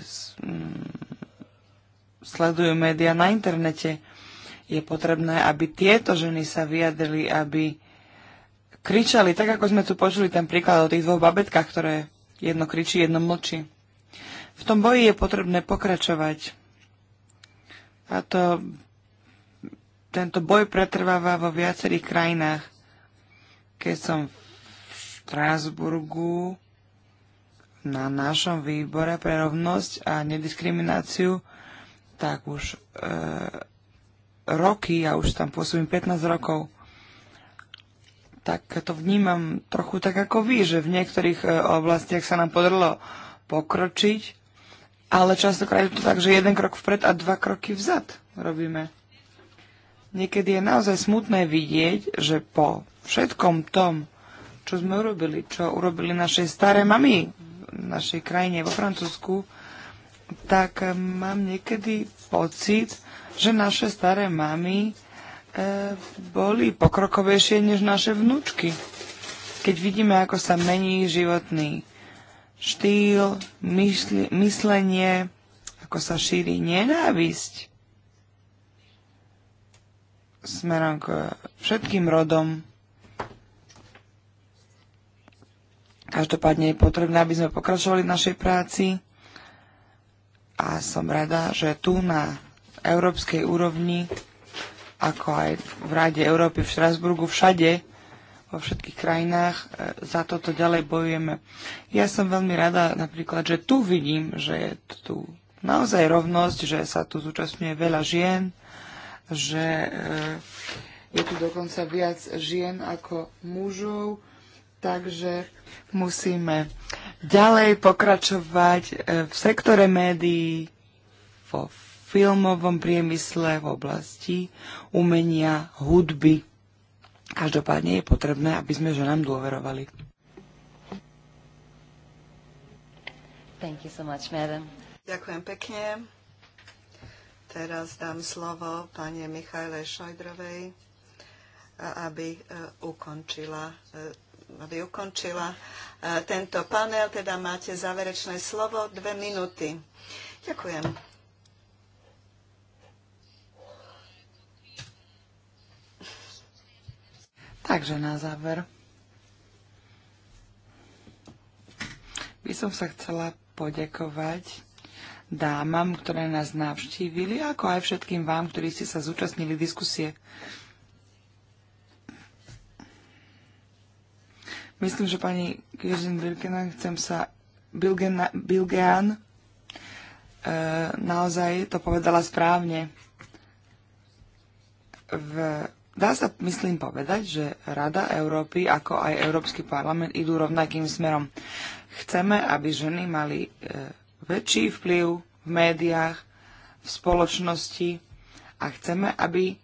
sledujú médiá na internete. Je potrebné, aby tieto ženy sa vyjadrili, aby kričali, tak ako sme tu počuli ten príklad o tých dvoch babetkách, ktoré jedno kričí, jedno mlčí. V tom boji je potrebné pokračovať. A to, tento boj pretrváva vo viacerých krajinách. Keď som v Strasburgu na našom výbore pre rovnosť a nediskrimináciu tak už e, roky, ja už tam pôsobím 15 rokov, tak to vnímam trochu tak ako vy, že v niektorých e, oblastiach sa nám podarilo pokročiť, ale častokrát je to tak, že jeden krok vpred a dva kroky vzad robíme. Niekedy je naozaj smutné vidieť, že po všetkom tom, čo sme urobili, čo urobili naše staré mamy v našej krajine, vo Francúzsku, tak mám niekedy pocit, že naše staré mamy e, boli pokrokovejšie než naše vnúčky. Keď vidíme, ako sa mení životný štýl, myšli, myslenie, ako sa šíri nenávisť smerom k všetkým rodom. Každopádne je potrebné, aby sme pokračovali v našej práci a som rada, že tu na európskej úrovni, ako aj v Rade Európy v Štrasburgu, všade, vo všetkých krajinách, e, za toto ďalej bojujeme. Ja som veľmi rada napríklad, že tu vidím, že je tu naozaj rovnosť, že sa tu zúčastňuje veľa žien, že e, je tu dokonca viac žien ako mužov, takže musíme ďalej pokračovať e, v sektore médií, vo filmovom priemysle, v oblasti umenia, hudby. Každopádne je potrebné, aby sme ženám dôverovali. Thank you so much, madam. Ďakujem pekne. Teraz dám slovo pani Michajle Šojdrovej, aby e, ukončila e, aby ukončila e, tento panel. Teda máte záverečné slovo, dve minúty. Ďakujem. Takže na záver by som sa chcela poďakovať dámam, ktoré nás navštívili, ako aj všetkým vám, ktorí ste sa zúčastnili diskusie. Myslím, že pani Kirsten Bilgean, chcem sa Bilgena, Bilgean e, naozaj to povedala správne. V, dá sa, myslím, povedať, že Rada Európy, ako aj Európsky parlament, idú rovnakým smerom. Chceme, aby ženy mali e, väčší vplyv v médiách, v spoločnosti a chceme, aby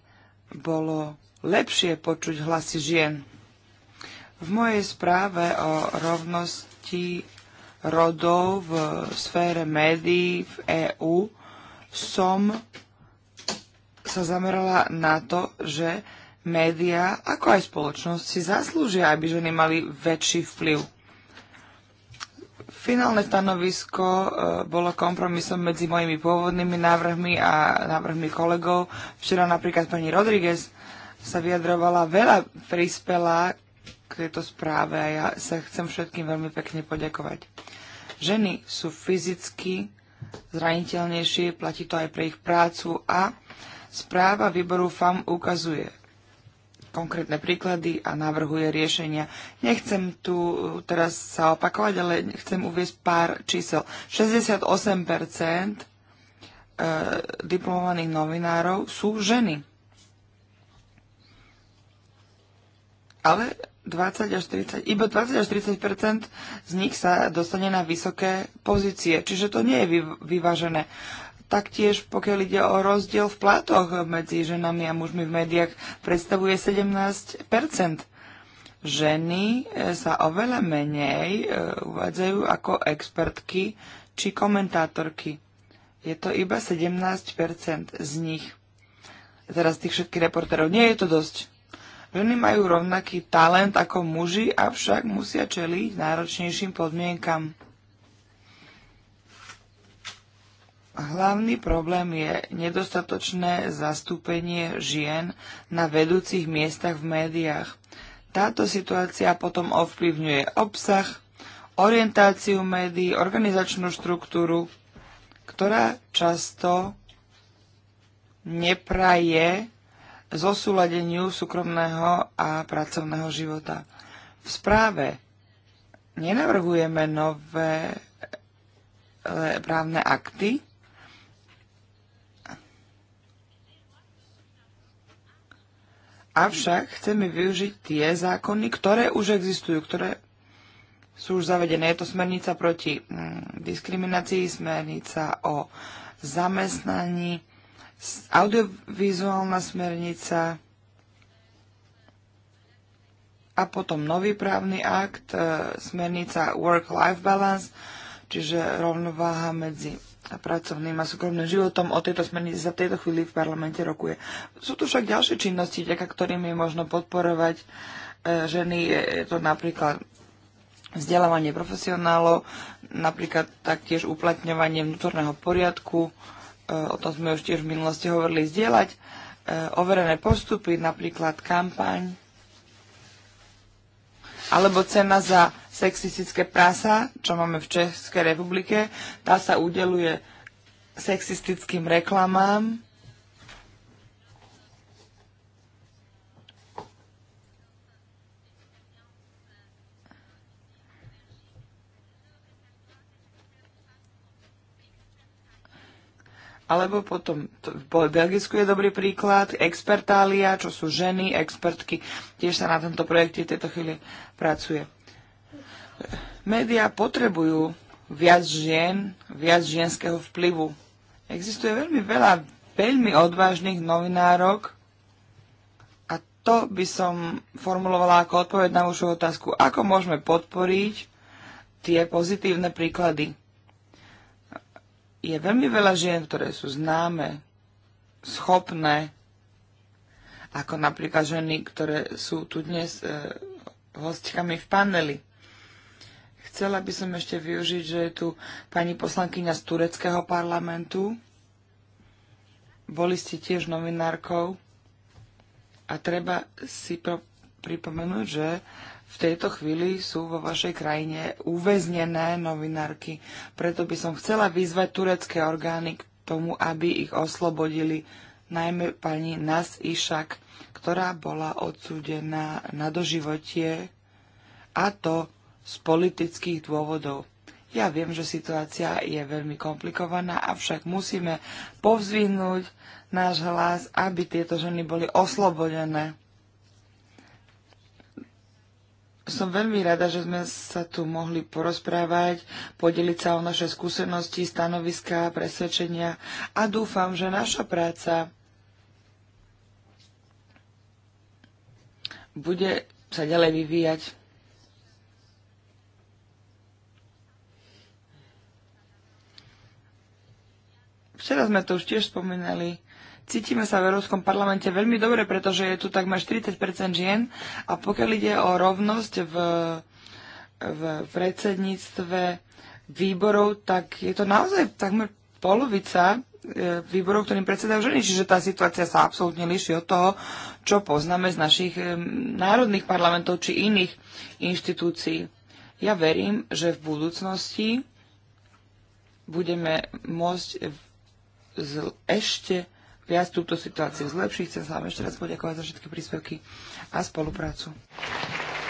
bolo lepšie počuť hlasy žien. V mojej správe o rovnosti rodov v sfére médií v EÚ som sa zamerala na to, že médiá, ako aj spoločnosť, si zaslúžia, aby ženy mali väčší vplyv. Finálne stanovisko e, bolo kompromisom medzi mojimi pôvodnými návrhmi a návrhmi kolegov. Včera napríklad pani Rodriguez sa vyjadrovala, veľa prispela k tejto správe a ja sa chcem všetkým veľmi pekne poďakovať. Ženy sú fyzicky zraniteľnejšie, platí to aj pre ich prácu a správa výboru FAM ukazuje konkrétne príklady a navrhuje riešenia. Nechcem tu teraz sa opakovať, ale chcem uvieť pár čísel. 68% e, diplomovaných novinárov sú ženy. Ale 20 až 30, iba 20 až 30 z nich sa dostane na vysoké pozície, čiže to nie je vyvážené. Taktiež, pokiaľ ide o rozdiel v platoch medzi ženami a mužmi v médiách, predstavuje 17 Ženy e, sa oveľa menej e, uvádzajú ako expertky či komentátorky. Je to iba 17 z nich. Teraz tých všetkých reportérov. Nie je to dosť. Ženy majú rovnaký talent ako muži, avšak musia čeliť náročnejším podmienkam. Hlavný problém je nedostatočné zastúpenie žien na vedúcich miestach v médiách. Táto situácia potom ovplyvňuje obsah, orientáciu médií, organizačnú štruktúru, ktorá často nepraje zosúladeniu súkromného a pracovného života. V správe nenavrhujeme nové e, právne akty, avšak chceme využiť tie zákony, ktoré už existujú, ktoré sú už zavedené. Je to smernica proti mm, diskriminácii, smernica o zamestnaní, audiovizuálna smernica a potom nový právny akt, e, smernica Work-Life Balance, čiže rovnováha medzi pracovným a súkromným životom. O tejto smernici sa v tejto chvíli v parlamente rokuje. Sú tu však ďalšie činnosti, ďaká ktorým je možno podporovať e, ženy. Je to napríklad vzdelávanie profesionálov, napríklad taktiež uplatňovanie vnútorného poriadku, E, o tom sme už tiež v minulosti hovorili, zdieľať e, overené postupy, napríklad kampaň alebo cena za sexistické prasa, čo máme v Českej republike, tá sa udeluje sexistickým reklamám Alebo potom v Belgicku je dobrý príklad, expertália, čo sú ženy, expertky, tiež sa na tomto projekte v tejto chvíli pracuje. Média potrebujú viac žien, viac ženského vplyvu. Existuje veľmi veľa veľmi odvážnych novinárok a to by som formulovala ako odpoveď na vašu otázku. Ako môžeme podporiť tie pozitívne príklady? je veľmi veľa žien, ktoré sú známe, schopné, ako napríklad ženy, ktoré sú tu dnes e, hostkami v paneli. Chcela by som ešte využiť, že je tu pani poslankyňa z tureckého parlamentu. Boli ste tiež novinárkou a treba si pripomenúť, že v tejto chvíli sú vo vašej krajine uväznené novinárky. Preto by som chcela vyzvať turecké orgány k tomu, aby ich oslobodili, najmä pani Nas Išak, ktorá bola odsúdená na doživotie a to z politických dôvodov. Ja viem, že situácia je veľmi komplikovaná, avšak musíme povzvinúť náš hlas, aby tieto ženy boli oslobodené. Som veľmi rada, že sme sa tu mohli porozprávať, podeliť sa o naše skúsenosti, stanoviská, presvedčenia a dúfam, že naša práca bude sa ďalej vyvíjať. Včera sme to už tiež spomínali. Cítime sa v Európskom parlamente veľmi dobre, pretože je tu takmer 40 žien a pokiaľ ide o rovnosť v, v predsedníctve výborov, tak je to naozaj takmer polovica e, výborov, ktorým predsedajú ženy, čiže tá situácia sa absolútne líši od toho, čo poznáme z našich e, národných parlamentov či iných inštitúcií. Ja verím, že v budúcnosti budeme môcť ešte viac túto situáciu zlepšiť. Chcem sa vám ešte raz poďakovať za všetky príspevky a spoluprácu.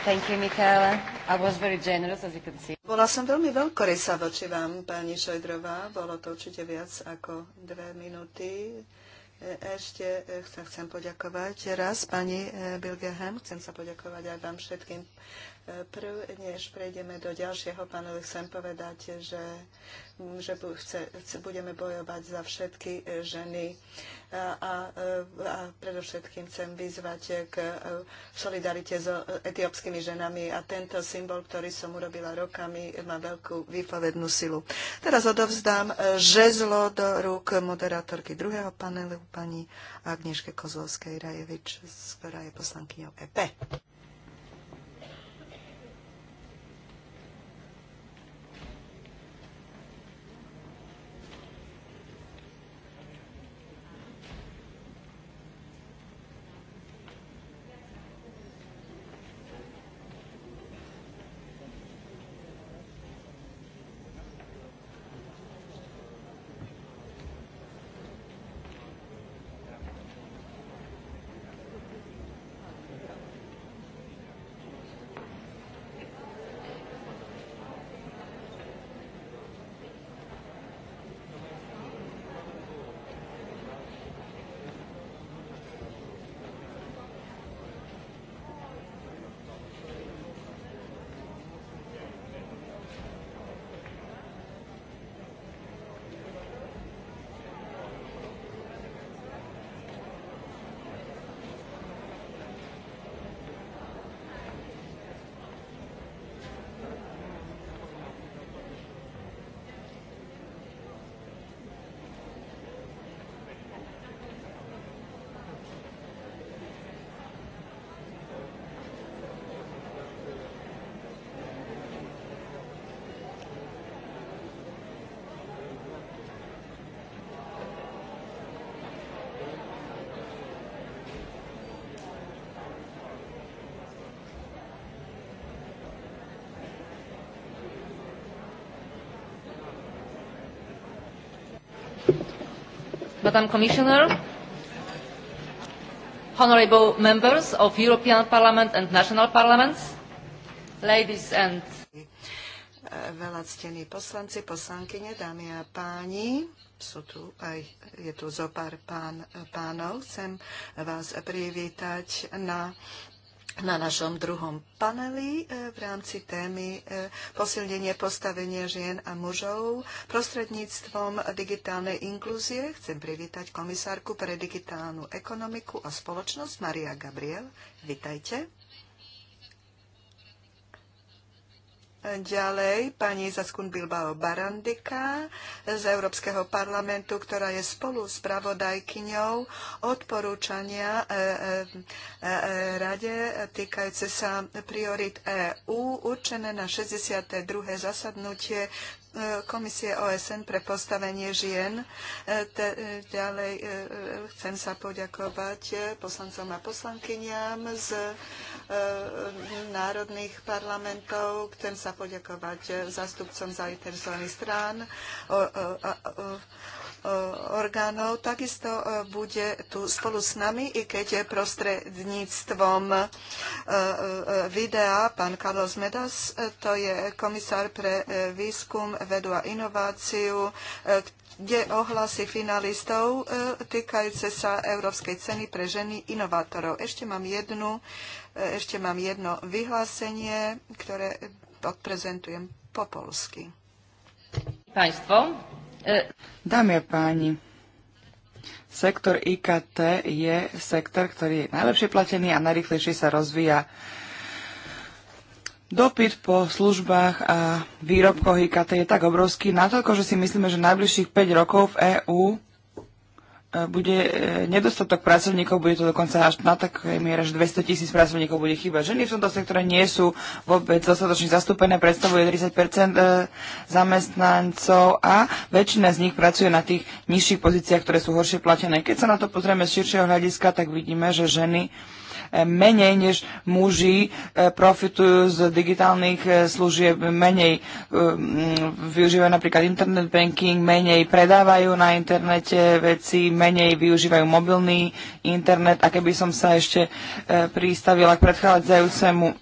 Thank you, Michaela. I was very generous, as you can see. Bola som veľmi veľkorysá voči vám, pani Šojdrová. Bolo to určite viac ako dve minúty. E, ešte e, sa chcem poďakovať raz pani e, Bilgehem. Chcem sa poďakovať aj vám všetkým Prv, než prejdeme do ďalšieho panelu, chcem povedať, že, že chce, budeme bojovať za všetky eh, ženy a, a, eh, a predovšetkým chcem vyzvať k eh, solidarite s so etiópskymi ženami a tento symbol, ktorý som urobila rokami, má veľkú výpovednú silu. Teraz odovzdám žezlo do rúk moderátorky druhého panelu, pani Agnieszke Kozlovskej-Rajevič, ktorá je poslankyňou EP. Madam Commissioner, honorable members of European Parliament and national parliaments, ladies and veľa ctení poslanci, poslankyne, dámy a páni. Sú tu aj, je tu zo pár pán, pánov. Chcem vás privítať na na našom druhom paneli e, v rámci témy e, posilnenie postavenia žien a mužov prostredníctvom digitálnej inklúzie. Chcem privítať komisárku pre digitálnu ekonomiku a spoločnosť Maria Gabriel. Vitajte. Ďalej pani Zaskun Bilbao Barandika z Európskeho parlamentu, ktorá je spolu s pravodajkyňou odporúčania e, e, e, rade týkajúce sa priorit EÚ určené na 62. zasadnutie Komisie OSN pre postavenie žien. E, e, ďalej e, chcem sa poďakovať poslancom a poslankyniam z národných parlamentov. Chcem sa poďakovať zástupcom zainteresovaných strán, orgánov. Takisto e, bude tu spolu s nami, i keď je prostredníctvom e, e, videa pán Carlos Medas, to je komisár pre výskum, vedu a inováciu, kde ohlasy finalistov týkajúce sa Európskej ceny pre ženy inovátorov. Ešte mám, jednu, ešte mám jedno vyhlásenie, ktoré odprezentujem po polsky. Państwo, E, Dámy a páni, sektor IKT je sektor, ktorý je najlepšie platený a najrychlejšie sa rozvíja. Dopyt po službách a výrobkoch IKT je tak obrovský, natoľko, že si myslíme, že najbližších 5 rokov v EÚ bude e, nedostatok pracovníkov, bude to dokonca až na takej miere, že 200 tisíc pracovníkov bude chyba. Ženy v tomto sektore nie sú vôbec dostatočne zastúpené, predstavuje 30 e, zamestnancov a väčšina z nich pracuje na tých nižších pozíciách, ktoré sú horšie platené. Keď sa na to pozrieme z širšieho hľadiska, tak vidíme, že ženy menej než muži e, profitujú z digitálnych e, služieb, menej e, využívajú napríklad internet banking, menej predávajú na internete veci, menej využívajú mobilný internet. A keby som sa ešte pristavila k predchádzajúcemu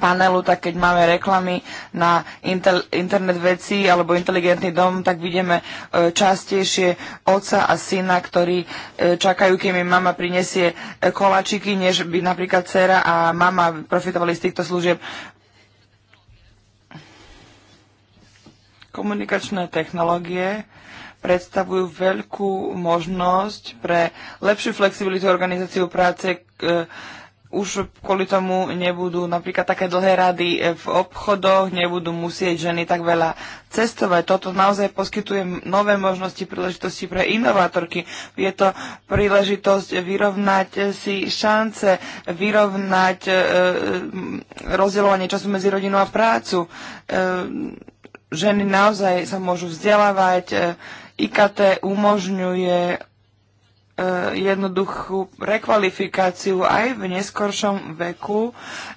panelu, tak keď máme reklamy na intel, internet veci alebo inteligentný dom, tak vidíme e, častejšie oca a syna, ktorí e, čakajú, kým im mama prinesie e, kolačiky, než by napríklad dcera a mama profitovali z týchto služieb. Komunikačné technológie predstavujú veľkú možnosť pre lepšiu flexibilitu organizáciu práce, k, už kvôli tomu nebudú napríklad také dlhé rady eh, v obchodoch, nebudú musieť ženy tak veľa cestovať. Toto naozaj poskytuje nové možnosti, príležitosti pre inovátorky. Je to príležitosť vyrovnať eh, si šance, vyrovnať e, eh, rozdielovanie času medzi rodinou a prácu. E, ženy naozaj sa môžu vzdelávať, e, IKT umožňuje Eh, jednoduchú rekvalifikáciu aj v neskoršom veku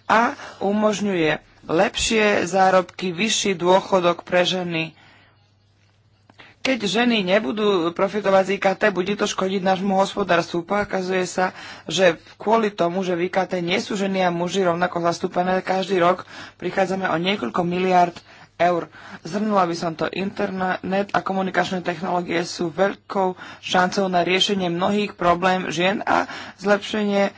a umožňuje lepšie zárobky, vyšší dôchodok pre ženy. Keď ženy nebudú profitovať z IKT, bude to škodiť nášmu hospodárstvu. Pokazuje sa, že kvôli tomu, že v IKT nie sú ženy a muži rovnako zastúpené, každý rok prichádzame o niekoľko miliard eur. Zhrnula by som to. Internet a komunikačné technológie sú veľkou šancou na riešenie mnohých problém žien a zlepšenie e,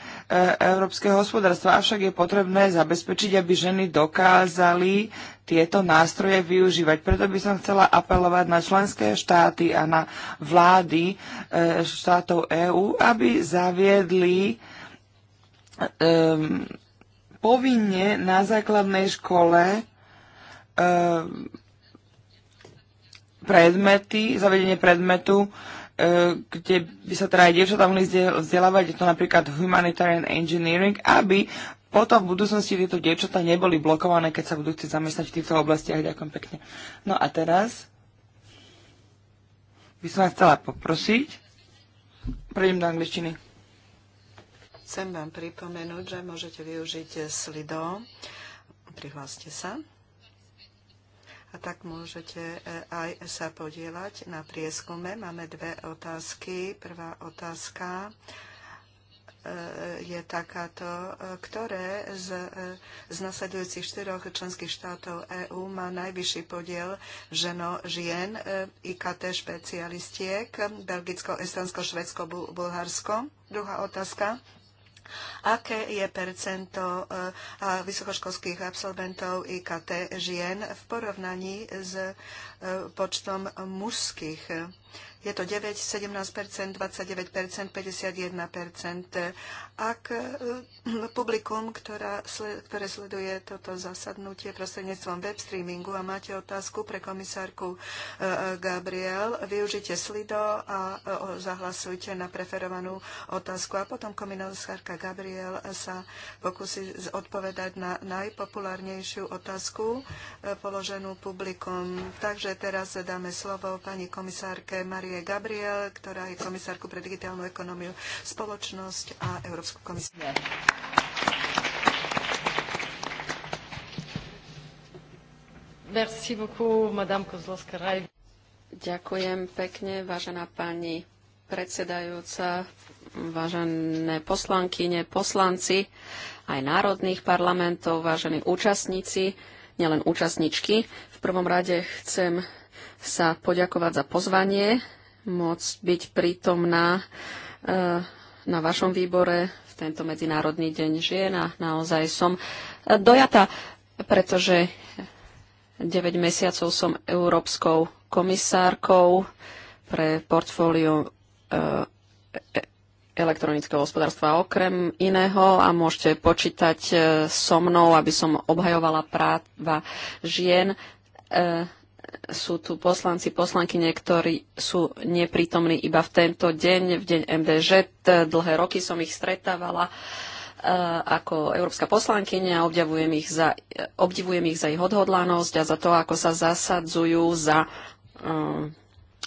európskeho hospodárstva. Avšak je potrebné zabezpečiť, aby ženy dokázali tieto nástroje využívať. Preto by som chcela apelovať na členské štáty a na vlády e, štátov EÚ, aby zaviedli e, povinne na základnej škole Ehm, predmety, zavedenie predmetu, ehm, kde by sa teda aj dievčatá mohli vzdelávať, je to napríklad humanitarian engineering, aby potom v budúcnosti tieto dievčatá neboli blokované, keď sa budú chcieť zamestnať v týchto oblastiach. Ďakujem pekne. No a teraz by som vás chcela poprosiť. Prejdem do angličtiny. Chcem vám pripomenúť, že môžete využiť slido. Prihláste sa a tak môžete e, aj sa podielať na prieskume. Máme dve otázky. Prvá otázka e, je takáto, e, ktoré z, z nasledujúcich štyroch členských štátov EÚ má najvyšší podiel ženo, žien, IKT špecialistiek, Belgicko, Estonsko, Švedsko, Bulharsko. Druhá otázka Aké je percento eh, vysokoškolských absolventov IKT žien v porovnaní s počtom mužských. Je to 9, 17 29 51 Ak e, publikum, ktorá, ktoré sleduje toto zasadnutie prostredníctvom web streamingu a máte otázku pre komisárku e, Gabriel, využite Slido a e, zahlasujte na preferovanú otázku. A potom komisárka Gabriel sa pokusí odpovedať na najpopulárnejšiu otázku položenú publikom. Takže Takže teraz dáme slovo pani komisárke Marie Gabriel, ktorá je komisárku pre digitálnu ekonomiu, spoločnosť a Európsku komisiu. Merci beaucoup, Madame Kozlovská. Ďakujem pekne, vážená pani predsedajúca, vážené poslankyne, poslanci aj národných parlamentov, vážení účastníci, nielen účastničky. V prvom rade chcem sa poďakovať za pozvanie, môcť byť prítomná e, na vašom výbore v tento Medzinárodný deň žien a naozaj som e, dojata, pretože 9 mesiacov som európskou komisárkou pre portfólio e, elektronického hospodárstva okrem iného a môžete počítať so mnou, aby som obhajovala práva žien E, sú tu poslanci, poslanky, niektorí sú neprítomní iba v tento deň, v deň MDŽ. Dlhé roky som ich stretávala e, ako európska poslankyňa, obdivujem ich, za, obdivujem ich za ich odhodlanosť a za to, ako sa zasadzujú za e,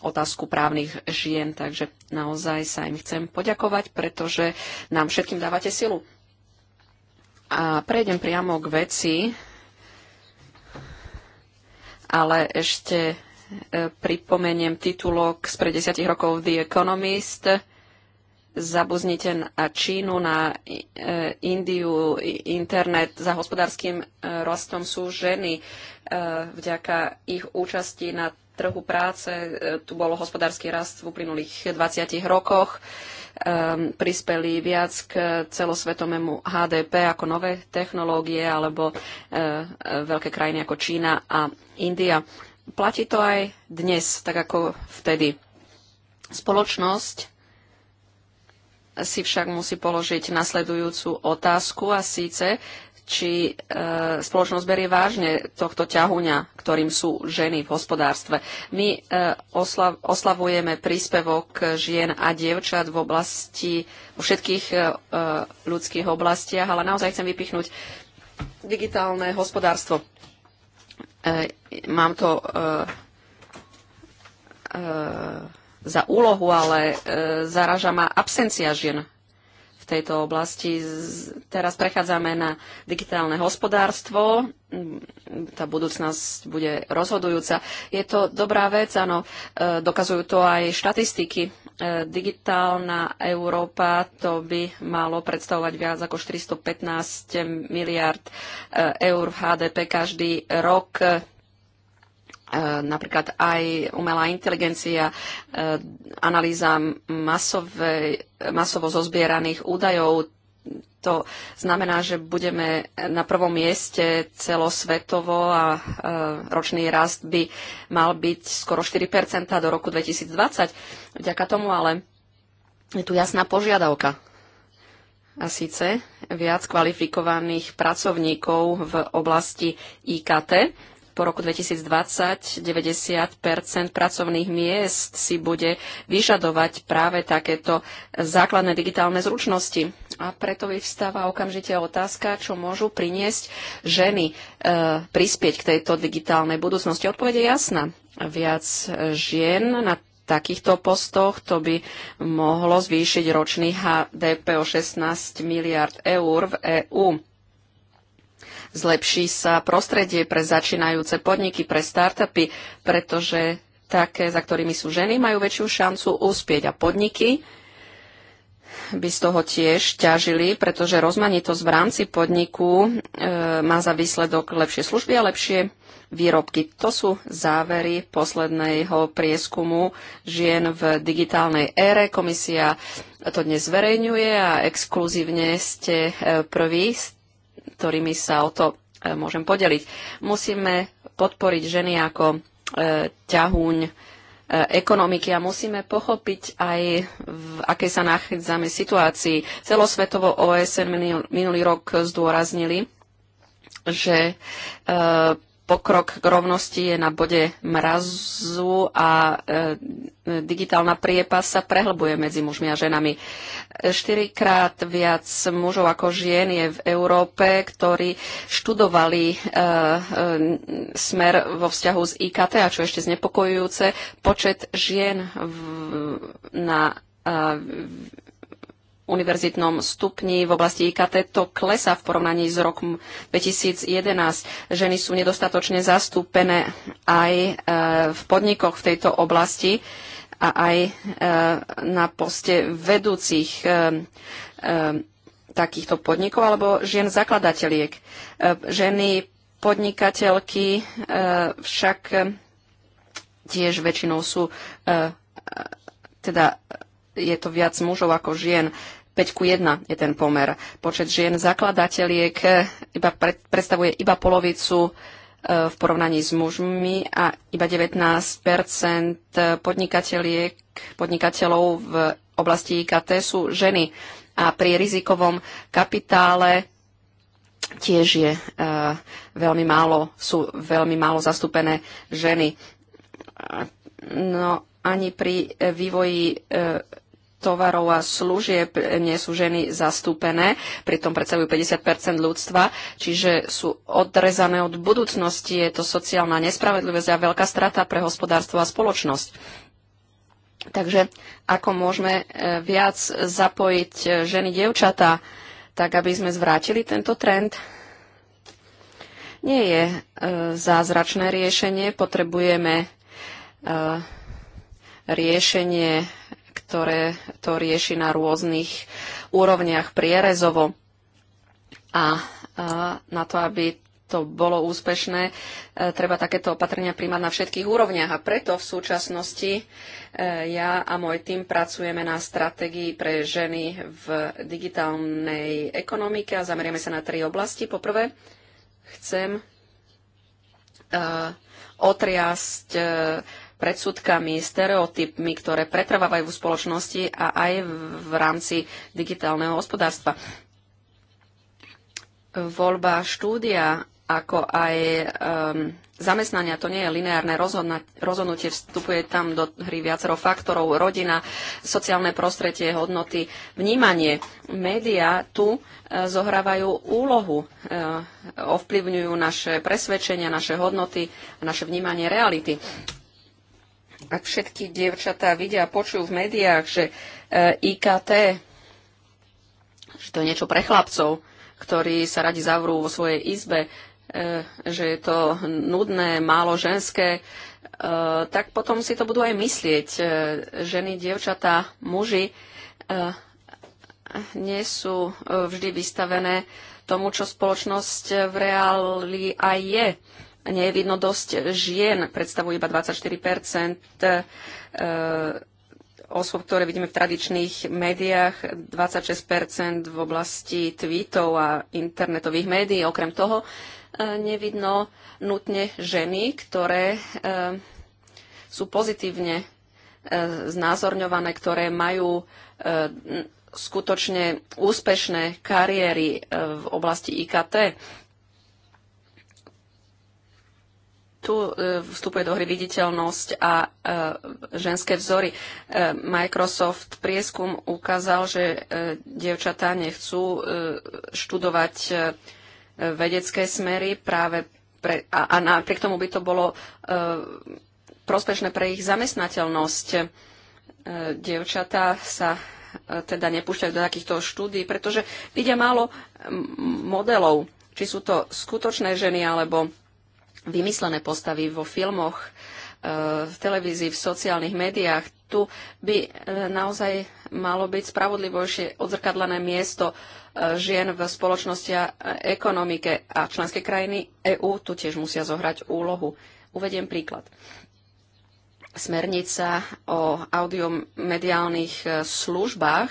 otázku právnych žien. Takže naozaj sa im chcem poďakovať, pretože nám všetkým dávate silu. A prejdem priamo k veci ale ešte e, pripomeniem titulok z pred desiatich rokov The Economist. Zabuznite na Čínu, na e, Indiu, internet za hospodárským e, rastom sú ženy. Vďaka ich účasti na trhu práce tu bol hospodársky rast v uplynulých 20 rokoch um, prispeli viac k celosvetovému HDP ako nové technológie alebo uh, veľké krajiny ako Čína a India. Platí to aj dnes, tak ako vtedy. Spoločnosť si však musí položiť nasledujúcu otázku a síce, či e, spoločnosť berie vážne tohto ťahuňa, ktorým sú ženy v hospodárstve. My e, oslav, oslavujeme príspevok žien a dievčat v oblasti, vo všetkých e, e, ľudských oblastiach, ale naozaj chcem vypichnúť digitálne hospodárstvo. E, mám to e, e, za úlohu, ale e, zaraža ma absencia žien v tejto oblasti. Teraz prechádzame na digitálne hospodárstvo. Tá budúcnosť bude rozhodujúca. Je to dobrá vec, áno, e, dokazujú to aj štatistiky. E, digitálna Európa to by malo predstavovať viac ako 415 miliard e, eur v HDP každý rok E, napríklad aj umelá inteligencia, e, analýza masové, masovo zozbieraných údajov. To znamená, že budeme na prvom mieste celosvetovo a e, ročný rast by mal byť skoro 4 do roku 2020. Vďaka tomu ale je tu jasná požiadavka. A síce viac kvalifikovaných pracovníkov v oblasti IKT po roku 2020 90 pracovných miest si bude vyžadovať práve takéto základné digitálne zručnosti. A preto vyvstáva okamžite otázka, čo môžu priniesť ženy e, prispieť k tejto digitálnej budúcnosti. Odpovede je jasná. Viac žien na takýchto postoch, to by mohlo zvýšiť ročný HDP o 16 miliard eur v EÚ zlepší sa prostredie pre začínajúce podniky, pre startupy, pretože také, za ktorými sú ženy, majú väčšiu šancu uspieť a podniky by z toho tiež ťažili, pretože rozmanitosť v rámci podniku e, má za výsledok lepšie služby a lepšie výrobky. To sú závery posledného prieskumu žien v digitálnej ére. Komisia to dnes zverejňuje a exkluzívne ste e, prví s ktorými sa o to e, môžem podeliť. Musíme podporiť ženy ako e, ťahuň e, ekonomiky a musíme pochopiť aj, v akej sa nachádzame situácii. Celosvetovo OSN minulý rok zdôraznili, že pokrok k rovnosti je na bode mrazu a e, digitálna priepas sa prehlbuje medzi mužmi a ženami. Štyrikrát viac mužov ako žien je v Európe, ktorí študovali e, e, smer vo vzťahu s IKT a čo ešte znepokojujúce, počet žien v, na e, univerzitnom stupni v oblasti IKT to klesa v porovnaní s rokom 2011. Ženy sú nedostatočne zastúpené aj e, v podnikoch v tejto oblasti a aj e, na poste vedúcich e, takýchto podnikov alebo žien zakladateliek. Ženy podnikateľky však tiež väčšinou sú teda je to viac mužov ako žien. 5 ku 1 je ten pomer. Počet žien zakladateliek eh, iba pred, predstavuje iba polovicu eh, v porovnaní s mužmi a iba 19 eh, podnikateľiek, podnikateľov v oblasti IKT sú ženy. A pri rizikovom kapitále tiež je veľmi málo, sú veľmi málo zastúpené ženy. No ani pri vývoji tovarov a služieb nie sú ženy zastúpené, pritom predstavujú 50 ľudstva, čiže sú odrezané od budúcnosti. Je to sociálna nespravedlivosť a veľká strata pre hospodárstvo a spoločnosť. Takže ako môžeme e, viac zapojiť e, ženy, dievčatá, tak aby sme zvrátili tento trend? Nie je e, zázračné riešenie, potrebujeme riešenie ktoré to rieši na rôznych úrovniach prierezovo. A na to, aby to bolo úspešné, e, treba takéto opatrenia príjmať na všetkých úrovniach. A preto v súčasnosti e, ja a môj tým pracujeme na stratégii pre ženy v digitálnej ekonomike a zamerieme sa na tri oblasti. Poprvé, chcem e, otriasť predsudkami, stereotypmi, ktoré pretrvávajú v spoločnosti a aj v rámci digitálneho hospodárstva. Voľba štúdia, ako aj um, zamestnania, to nie je lineárne rozhodnutie, vstupuje tam do hry viacero faktorov, rodina, sociálne prostredie, hodnoty, vnímanie. Média tu e, zohrávajú úlohu, e, ovplyvňujú naše presvedčenia, naše hodnoty a naše vnímanie reality ak všetky dievčatá vidia a počujú v médiách, že eh, IKT, že to je niečo pre chlapcov, ktorí sa radi zavrú vo svojej izbe, eh, že je to nudné, málo ženské, eh, tak potom si to budú aj myslieť. Ženy, dievčatá, muži nie sú vždy vystavené tomu, čo spoločnosť v reáli aj je nie je vidno dosť žien, predstavujú iba 24 e, osôb, ktoré vidíme v tradičných médiách, 26 v oblasti tweetov a internetových médií. Okrem toho e, nevidno nutne ženy, ktoré e, sú pozitívne znázorňované, ktoré majú skutočne úspešné kariéry v oblasti IKT. tu e, vstupuje do hry viditeľnosť a e, ženské vzory. E, Microsoft prieskum ukázal, že dievčatá nechcú študovať vedecké smery práve pre, a, a napriek tomu by to bolo prospešné pre ich zamestnateľnosť. Dievčatá sa teda nepúšťajú do takýchto štúdí, pretože vidia málo modelov, či sú to skutočné ženy alebo vymyslené postavy vo filmoch, e, v televízii, v sociálnych médiách. Tu by e, naozaj malo byť spravodlivejšie odzrkadlené miesto e, žien v spoločnosti a ekonomike a členské krajiny EÚ tu tiež musia zohrať úlohu. Uvediem príklad. Smernica o audiomediálnych službách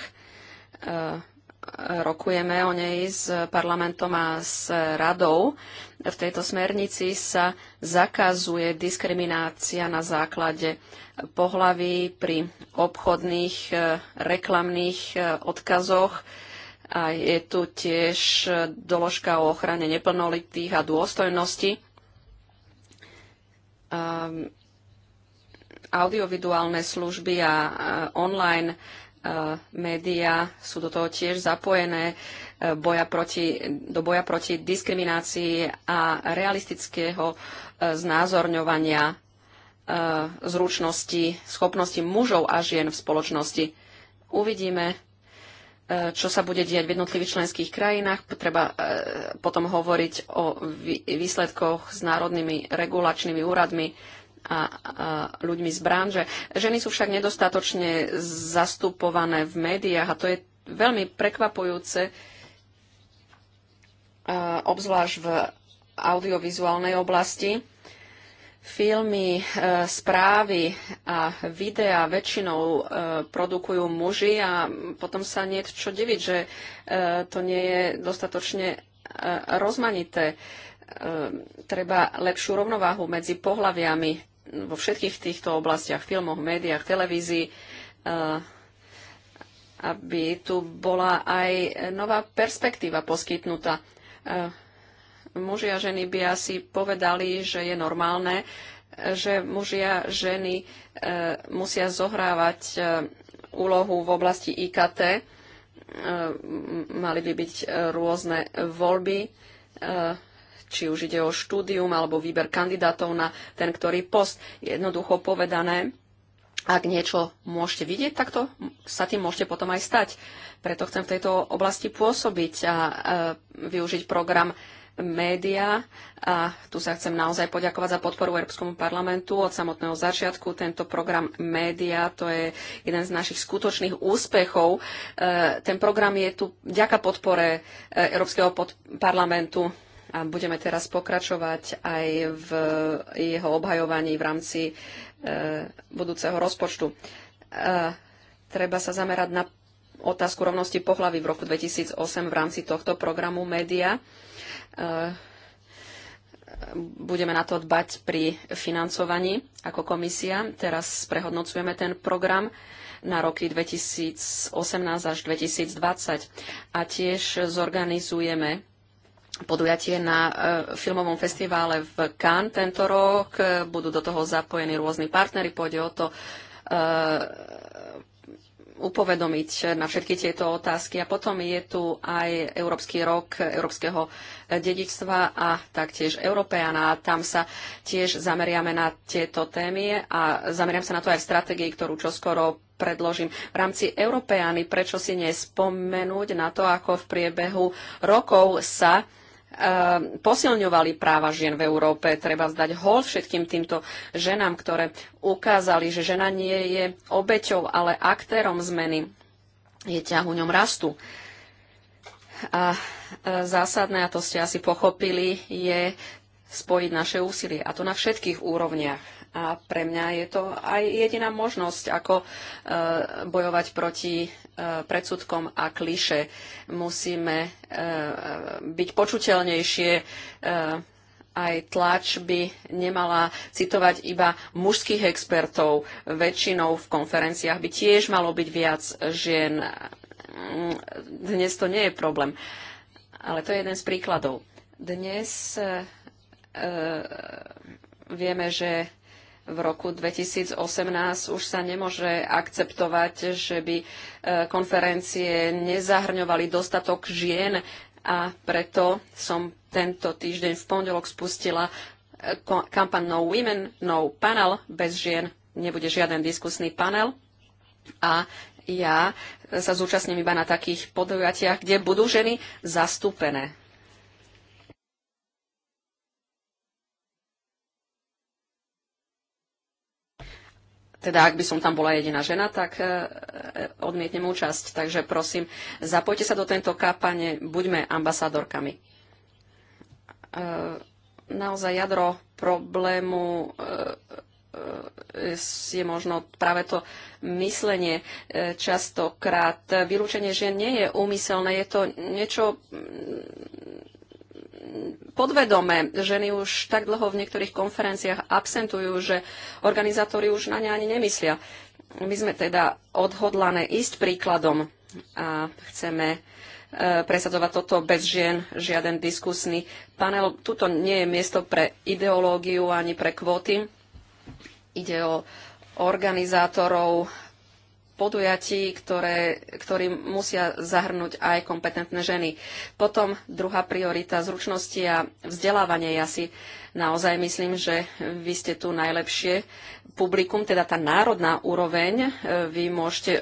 rokujeme o nej s parlamentom a s radou. V tejto smernici sa zakazuje diskriminácia na základe pohlaví pri obchodných e, reklamných e, odkazoch. A je tu tiež doložka o ochrane neplnolitých a dôstojnosti. Um, audiovizuálne služby a online Eh, médiá sú do toho tiež zapojené eh, boja proti, do boja proti diskriminácii a realistického eh, znázorňovania zručnosti, schopnosti mužov a žien v spoločnosti. Uvidíme, čo sa bude diať v jednotlivých členských krajinách. Treba potom hovoriť o výsledkoch s národnými regulačnými úradmi a, a ľuďmi z branže. Ženy sú však nedostatočne zastupované v médiách a to je veľmi prekvapujúce, obzvlášť v audiovizuálnej oblasti. Filmy, e, správy a videá väčšinou e, produkujú muži a potom sa nie čo diviť, že e, to nie je dostatočne rozmanité. Treba lepšiu rovnováhu medzi pohľaviami vo všetkých týchto oblastiach, filmoch, médiách, televízii, eh, aby tu bola aj nová perspektíva poskytnutá. Eh, muži a ženy by asi povedali, že je normálne, že muži a ženy eh, musia zohrávať úlohu v oblasti IKT. Mali by byť rôzne voľby či už ide o štúdium alebo výber kandidátov na ten, ktorý post. Jednoducho povedané, ak niečo môžete vidieť, tak to sa tým môžete potom aj stať. Preto chcem v tejto oblasti pôsobiť a e, využiť program média a tu sa chcem naozaj poďakovať za podporu Európskomu parlamentu od samotného začiatku. Tento program média to je jeden z našich skutočných úspechov. E, ten program je tu ďaka podpore e, Európskeho parlamentu a budeme teraz pokračovať aj v jeho obhajovaní v rámci e, budúceho rozpočtu. E, treba sa zamerať na otázku rovnosti pohlavy v roku 2008 v rámci tohto programu Média. E, budeme na to dbať pri financovaní ako komisia. Teraz prehodnocujeme ten program na roky 2018 až 2020 a tiež zorganizujeme podujatie na e, filmovom festivále v Cannes tento rok. E, budú do toho zapojení rôzni partnery. Pôjde o to e, upovedomiť na všetky tieto otázky. A potom je tu aj Európsky rok európskeho dedičstva a taktiež Európeana. Tam sa tiež zameriame na tieto témy a zameriam sa na to aj v stratégii, ktorú čoskoro predložím. V rámci Európeány, prečo si nespomenúť na to, ako v priebehu rokov sa Ehm, posilňovali práva žien v Európe. Treba zdať hol všetkým týmto ženám, ktoré ukázali, že žena nie je obeťou, ale aktérom zmeny. Je ťahuňom rastu. A e, zásadné, a to ste asi pochopili, je spojiť naše úsilie. A to na všetkých úrovniach a pre mňa je to aj jediná možnosť, ako e, bojovať proti e, predsudkom a kliše. Musíme e, byť počuteľnejšie, aj tlač by nemala citovať iba mužských expertov. Väčšinou v konferenciách by tiež malo byť viac žien. Dnes to nie je problém. Ale to je jeden z príkladov. Dnes vieme, že v roku 2018 už sa nemôže akceptovať, že by e, konferencie nezahrňovali dostatok žien a preto som tento týždeň v pondelok spustila e, kampaň No Women, No Panel. Bez žien nebude žiaden diskusný panel. A ja sa zúčastním iba na takých podujatiach, kde budú ženy zastúpené. teda ak by som tam bola jediná žena, tak e, e, odmietnem účasť. Takže prosím, zapojte sa do tento kápane, buďme ambasádorkami. E, naozaj jadro problému je možno práve to myslenie častokrát. Vylúčenie žien nie je úmyselné, je to niečo podvedome. Ženy už tak dlho v niektorých konferenciách absentujú, že organizátori už na ne ani nemyslia. My sme teda odhodlané ísť príkladom a chceme e, presadzovať toto bez žien, žiaden diskusný panel. Tuto nie je miesto pre ideológiu ani pre kvóty. Ide o organizátorov podujatí, ktoré, ktorým musia zahrnúť aj kompetentné ženy. Potom druhá priorita zručnosti a vzdelávanie. Ja si naozaj myslím, že vy ste tu najlepšie publikum, teda tá národná úroveň. E, vy môžete e,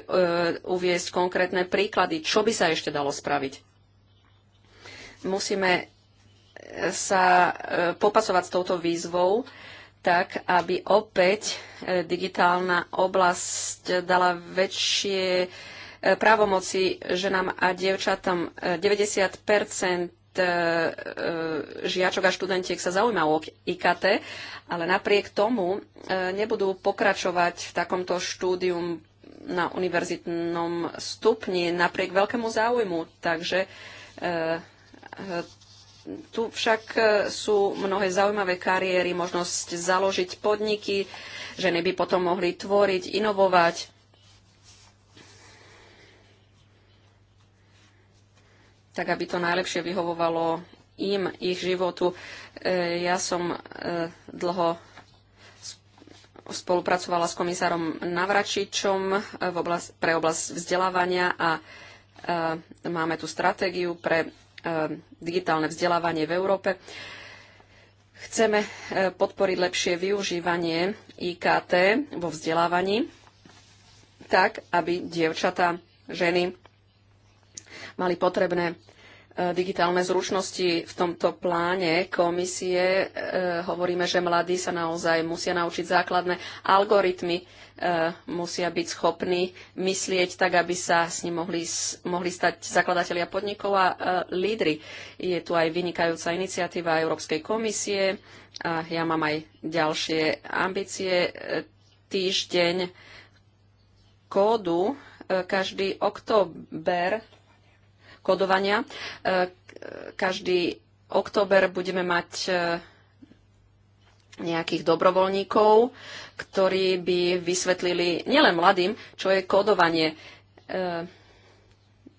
uviesť konkrétne príklady, čo by sa ešte dalo spraviť. Musíme sa e, popasovať s touto výzvou tak, aby opäť e, digitálna oblasť dala väčšie e, právomoci ženám a dievčatom. 90 e, žiačok a študentiek sa zaujíma o IKT, ale napriek tomu nebudú pokračovať v takomto štúdium na univerzitnom stupni napriek veľkému záujmu. Takže tu však e, sú mnohé zaujímavé kariéry, možnosť založiť podniky, ženy by potom mohli tvoriť, inovovať. tak aby to najlepšie vyhovovalo im, ich životu. E, ja som e, dlho spolupracovala s komisárom Navračičom v oblast, pre oblasť vzdelávania a máme tu stratégiu pre Eh, digitálne vzdelávanie v Európe. Chceme eh, podporiť lepšie využívanie IKT vo vzdelávaní, tak aby dievčatá, ženy mali potrebné E, digitálne zručnosti v tomto pláne komisie. E, hovoríme, že mladí sa naozaj musia naučiť základné algoritmy, e, musia byť schopní myslieť tak, aby sa s ním mohli, mohli stať zakladatelia podnikov a e, lídry. Je tu aj vynikajúca iniciatíva Európskej komisie a ja mám aj ďalšie ambície. E, týždeň kódu e, každý október kodovania. E, každý október budeme mať e, nejakých dobrovoľníkov, ktorí by vysvetlili nielen mladým, čo je kodovanie. E,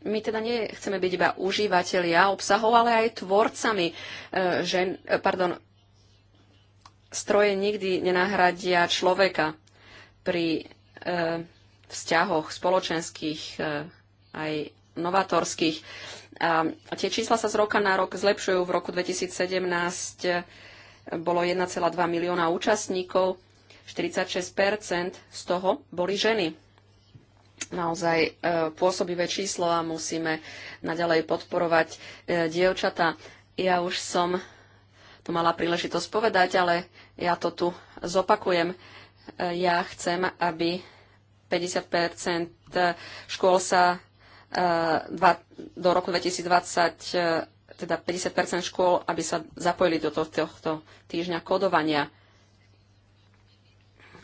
my teda nechceme byť iba užívateľia obsahov, ale aj tvorcami. Žen, pardon, stroje nikdy nenahradia človeka pri vzťahoch spoločenských aj novatorských. A tie čísla sa z roka na rok zlepšujú. V roku 2017 bolo 1,2 milióna účastníkov, 46 z toho boli ženy. Naozaj e, pôsobivé číslo a musíme naďalej podporovať e, Ja už som to mala príležitosť povedať, ale ja to tu zopakujem. E, ja chcem, aby 50 škôl sa Eh, dva, do roku 2020 eh, teda 50 škôl, aby sa zapojili do tohto týždňa kodovania.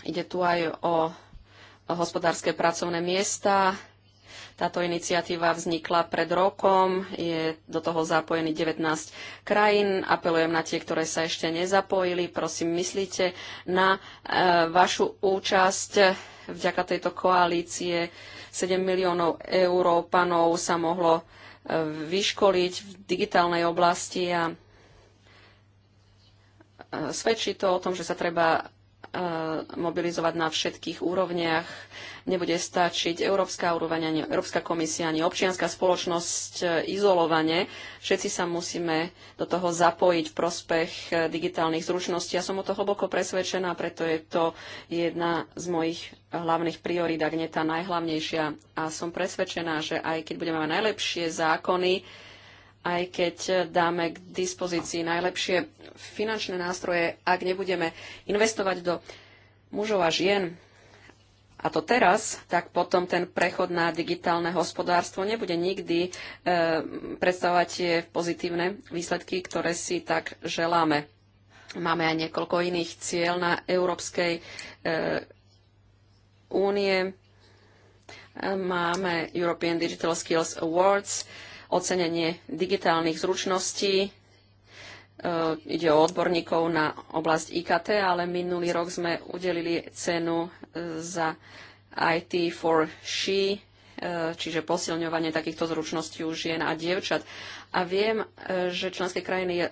Ide tu aj o hospodárske pracovné miesta. Táto iniciatíva vznikla pred rokom, je do toho zapojený 19 krajín. Apelujem na tie, ktoré sa ešte nezapojili. Prosím, myslíte na e, vašu účasť vďaka tejto koalície 7 miliónov Európanov sa mohlo e, vyškoliť v digitálnej oblasti a e, svedčí to o tom, že sa treba Eh, mobilizovať na všetkých úrovniach. Nebude stačiť Európska úroveň, ani Európska komisia, ani občianská spoločnosť eh, izolovane. Všetci sa musíme do toho zapojiť v prospech eh, digitálnych zručností. Ja som o to hlboko presvedčená, preto je to jedna z mojich hlavných priorít, ak nie tá najhlavnejšia. A som presvedčená, že aj keď budeme mať najlepšie zákony, aj keď dáme k dispozícii najlepšie finančné nástroje, ak nebudeme investovať do mužov a žien, a to teraz, tak potom ten prechod na digitálne hospodárstvo nebude nikdy e, predstavovať tie pozitívne výsledky, ktoré si tak želáme. Máme aj niekoľko iných cieľ na Európskej e, únie. Máme European Digital Skills Awards, ocenenie digitálnych zručností. E, ide o odborníkov na oblasť IKT, ale minulý rok sme udelili cenu e, za IT for She, e, čiže posilňovanie takýchto zručností u žien a dievčat. A viem, že členské krajiny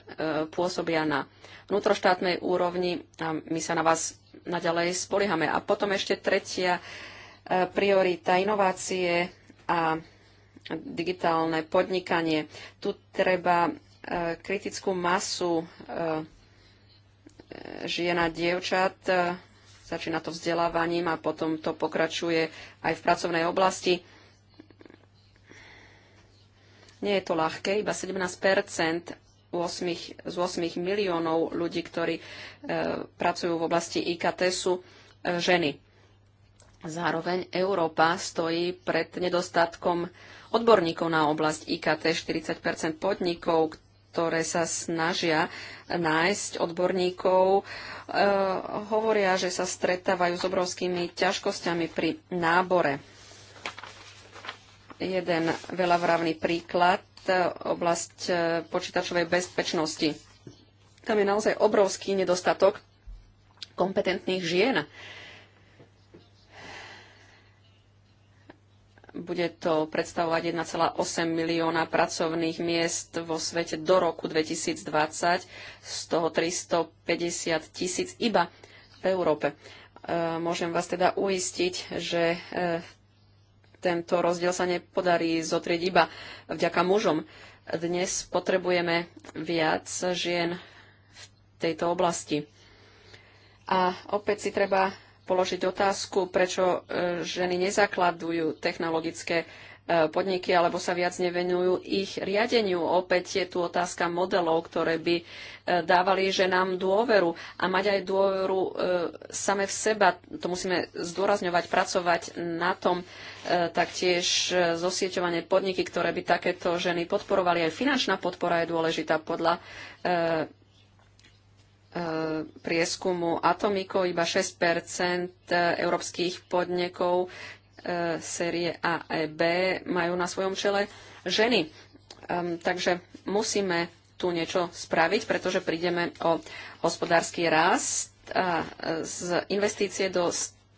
pôsobia na vnútroštátnej úrovni a my sa na vás naďalej spoliehame. A potom ešte tretia priorita inovácie a digitálne podnikanie. Tu treba e, kritickú masu e, e, žien a dievčat, začína to vzdelávaním a potom to pokračuje aj v pracovnej oblasti. Nie je to ľahké, iba 17 8, z 8 miliónov ľudí, ktorí e, pracujú v oblasti IKT, sú e, ženy. Zároveň Európa stojí pred nedostatkom odborníkov na oblasť IKT, 40 podnikov, ktoré sa snažia nájsť odborníkov, e, hovoria, že sa stretávajú s obrovskými ťažkosťami pri nábore. Jeden veľavravný príklad, e, oblasť e, počítačovej bezpečnosti. Tam je naozaj obrovský nedostatok kompetentných žien. E, Bude to predstavovať 1,8 milióna pracovných miest vo svete do roku 2020, z toho 350 tisíc iba v Európe. E, môžem vás teda uistiť, že e, tento rozdiel sa nepodarí zotrieť iba vďaka mužom. Dnes potrebujeme viac žien v tejto oblasti. A opäť si treba položiť otázku, prečo e, ženy nezakladujú technologické e, podniky alebo sa viac nevenujú ich riadeniu. Opäť je tu otázka modelov, ktoré by e, dávali ženám dôveru a mať aj dôveru same v seba. To musíme zdôrazňovať, pracovať na tom. taktiež zosieťovanie podniky, ktoré by takéto ženy podporovali. Aj finančná podpora je dôležitá podľa prieskumu Atomikov iba 6 európskych podnikov e, série A a B majú na svojom čele ženy. Takže musíme tu niečo spraviť, pretože prídeme o hospodársky rast a z investície do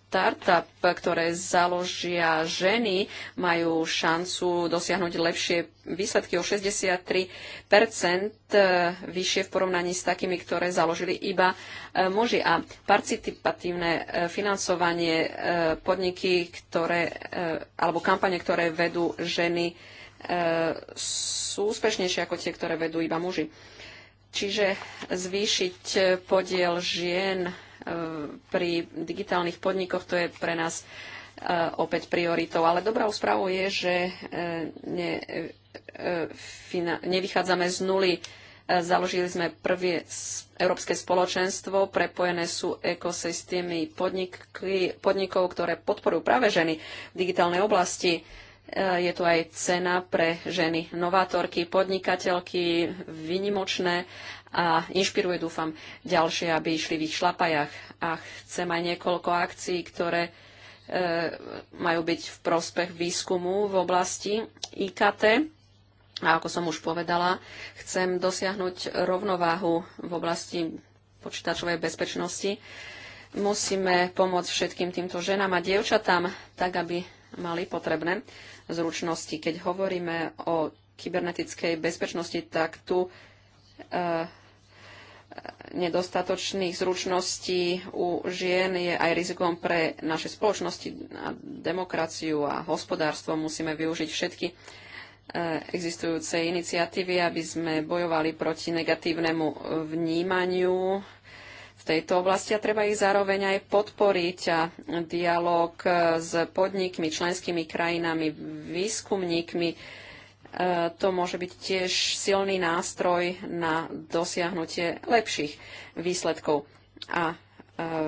startup, ktoré založia ženy, majú šancu dosiahnuť lepšie výsledky o 63 eh, vyššie v porovnaní s takými, ktoré založili iba eh, muži. A participatívne eh, financovanie podniky, ktoré, alebo kampane, ktoré vedú ženy, sú úspešnejšie ako tie, ktoré vedú iba muži. Čiže zvýšiť podiel žien Eh, pri digitálnych podnikoch, to je pre nás eh, opäť prioritou. Ale dobrou správou je, že eh, ne, nevychádzame z nuly. Založili sme prvé európske spoločenstvo, prepojené sú ekosystémy podnikov, ktoré podporujú práve ženy v digitálnej oblasti. Je tu aj cena pre ženy novátorky, podnikateľky, vynimočné a inšpiruje, dúfam, ďalšie, aby išli v ich šlapajach. A chcem aj niekoľko akcií, ktoré e, majú byť v prospech výskumu v oblasti IKT. A ako som už povedala, chcem dosiahnuť rovnováhu v oblasti počítačovej bezpečnosti. Musíme pomôcť všetkým týmto ženám a dievčatám, tak aby mali potrebné zručnosti. Keď hovoríme o kybernetickej bezpečnosti, tak tu Eh, nedostatočných zručností u žien je aj rizikom pre naše spoločnosti a demokraciu a hospodárstvo. Musíme využiť všetky eh, existujúce iniciatívy, aby sme bojovali proti negatívnemu vnímaniu v tejto oblasti a treba ich zároveň aj podporiť a dialog s podnikmi, členskými krajinami, výskumníkmi, E, to môže byť tiež silný nástroj na dosiahnutie lepších výsledkov. A e,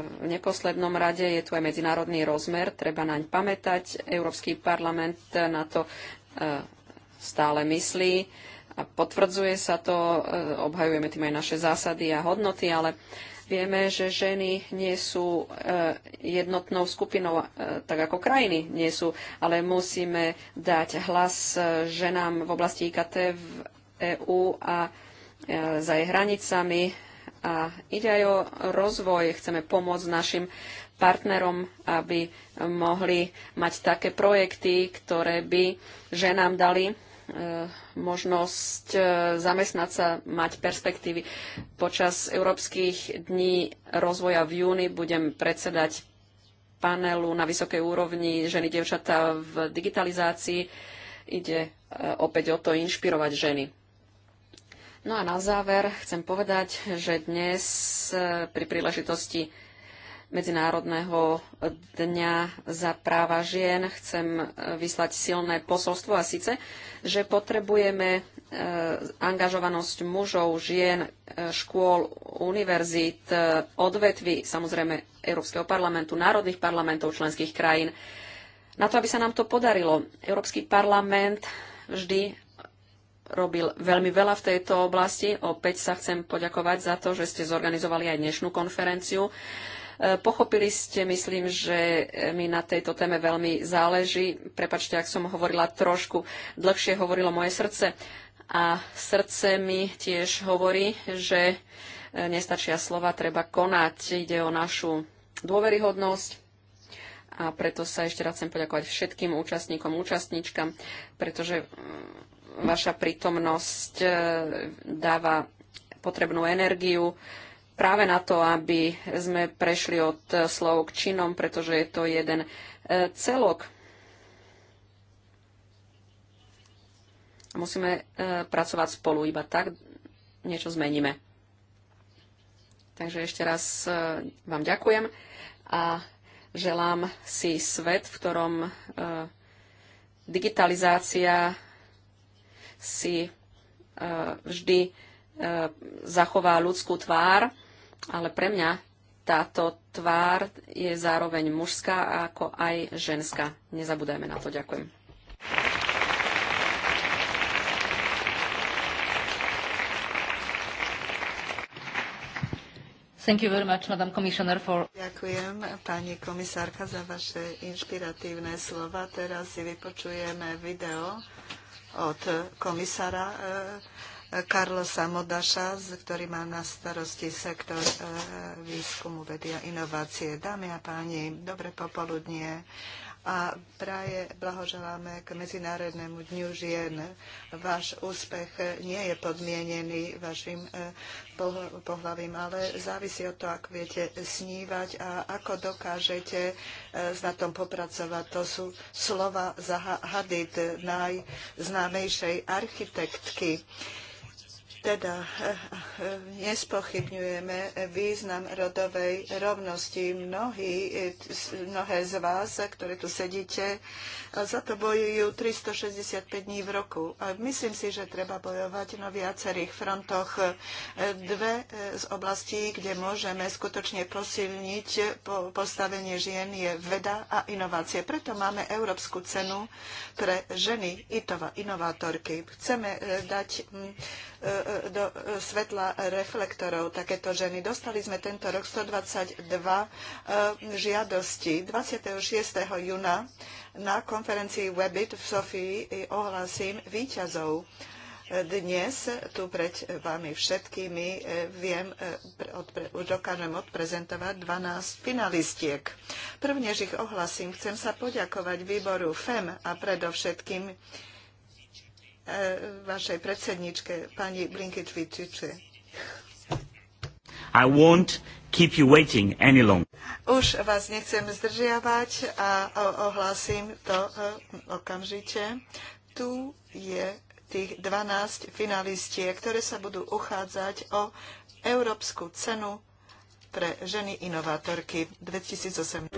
v neposlednom rade je tu aj medzinárodný rozmer, treba naň pamätať. Európsky parlament na to e, stále myslí a potvrdzuje sa to, obhajujeme tým aj naše zásady a hodnoty, ale Vieme, že ženy nie sú eh, jednotnou skupinou, eh, tak ako krajiny nie sú, ale musíme dať hlas eh, ženám v oblasti IKT v EÚ a za jej hranicami. A ide aj o rozvoj. Chceme pomôcť našim partnerom, aby mohli mať také projekty, ktoré by ženám dali možnosť e, zamestnať sa, mať perspektívy. Počas Európskych dní rozvoja v júni budem predsedať panelu na vysokej úrovni ženy, devčatá v digitalizácii. Ide e, opäť o to inšpirovať ženy. No a na záver chcem povedať, že dnes e, pri príležitosti Medzinárodného dňa za práva žien chcem e, vyslať silné posolstvo a síce, že potrebujeme e, angažovanosť mužov, žien, e, škôl, univerzít, odvetvy, samozrejme Európskeho parlamentu, národných parlamentov členských krajín. Na to, aby sa nám to podarilo, Európsky parlament vždy robil veľmi veľa v tejto oblasti. Opäť sa chcem poďakovať za to, že ste zorganizovali aj dnešnú konferenciu Pochopili ste, myslím, že mi na tejto téme veľmi záleží. Prepačte, ak som hovorila trošku dlhšie, hovorilo moje srdce. A srdce mi tiež hovorí, že nestačia slova, treba konať. Ide o našu dôveryhodnosť, a preto sa ešte raz chcem poďakovať všetkým účastníkom, účastníčkam, pretože mm, vaša prítomnosť e, dáva potrebnú energiu práve na to, aby sme prešli od slov k činom, pretože je to jeden e, celok. Musíme e, pracovať spolu, iba tak niečo zmeníme. Takže ešte raz e, vám ďakujem a želám si svet, v ktorom digitalizácia si vždy zachová ľudskú tvár ale pre mňa táto tvár je zároveň mužská ako aj ženská. Nezabúdajme na to. Ďakujem. Thank you very much, Madam Commissioner, for... Ďakujem, pani komisárka, za vaše inšpiratívne slova. Teraz si vypočujeme video od komisára uh, Karlosa Modaša, ktorý má na starosti sektor e, výskumu, vedia inovácie. Dámy a páni, dobre popoludnie a praje blahoželáme k Medzinárodnému dňu žien. Váš úspech nie je podmienený vašim e, pohľavím, ale závisí od toho, ako viete snívať a ako dokážete e, na tom popracovať. To sú slova za Hadid, najznámejšej architektky. Teda eh, nespochybňujeme význam rodovej rovnosti. Mnohí, eh, mnohé z vás, ktoré tu sedíte, eh, za to bojujú 365 dní v roku. A myslím si, že treba bojovať na viacerých frontoch. Dve z oblastí, kde môžeme skutočne posilniť postavenie žien, je veda a inovácie. Preto máme Európsku cenu pre ženy inovátorky. Chceme dať mm, do e, svetla reflektorov takéto ženy. Dostali sme tento rok 122 e, žiadosti. 26. júna na konferencii Webit v Sofii ohlasím výťazov. E, dnes tu pred vami všetkými viem, odpre, už dokážem odprezentovať 12 finalistiek. Prvnež ich ohlasím, chcem sa poďakovať výboru FEM a predovšetkým E, vašej predsedničke, pani I won't keep you waiting any long. Už vás nechcem zdržiavať a ohlásim to e, okamžite. Tu je tých 12 finalistiek, ktoré sa budú uchádzať o Európsku cenu pre ženy inovátorky 2018.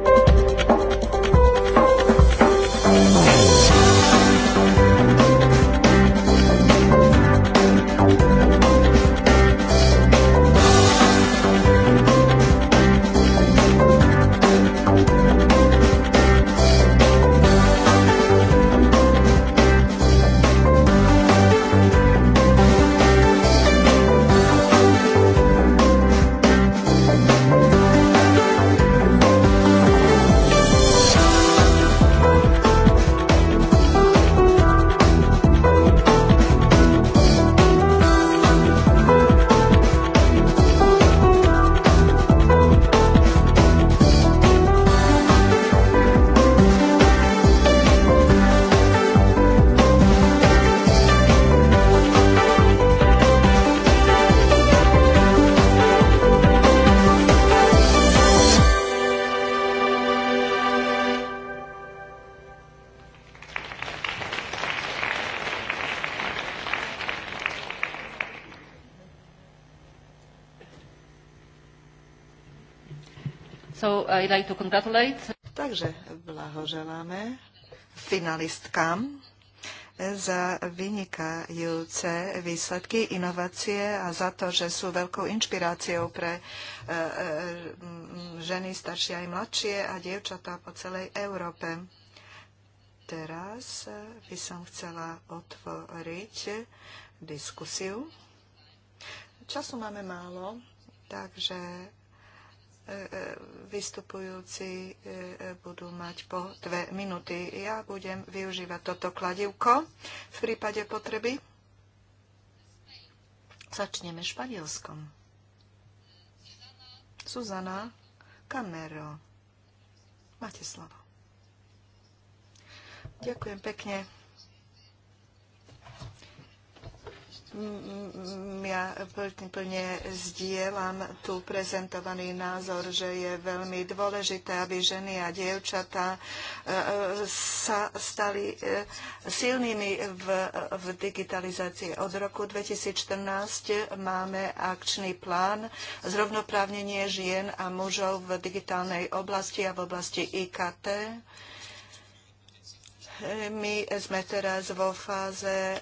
like to congratulate. Takže blahoželáme finalistkám za vynikajúce výsledky, inovácie a za to, že sú veľkou inšpiráciou pre e, e, ženy staršie aj mladšie a dievčatá po celej Európe. Teraz by som chcela otvoriť diskusiu. Času máme málo, takže E, e, vystupujúci e, budú mať po dve minúty. Ja budem využívať toto kladivko v prípade potreby. Začneme španielskom. Suzana Camero. Máte slovo. Ďakujem pekne. ja plne zdieľam tu prezentovaný názor, že je veľmi dôležité, aby ženy a dievčatá e, e, sa stali e, silnými v, v digitalizácii. Od roku 2014 máme akčný plán zrovnoprávnenie žien a mužov v digitálnej oblasti a v oblasti IKT my sme teraz vo fáze e,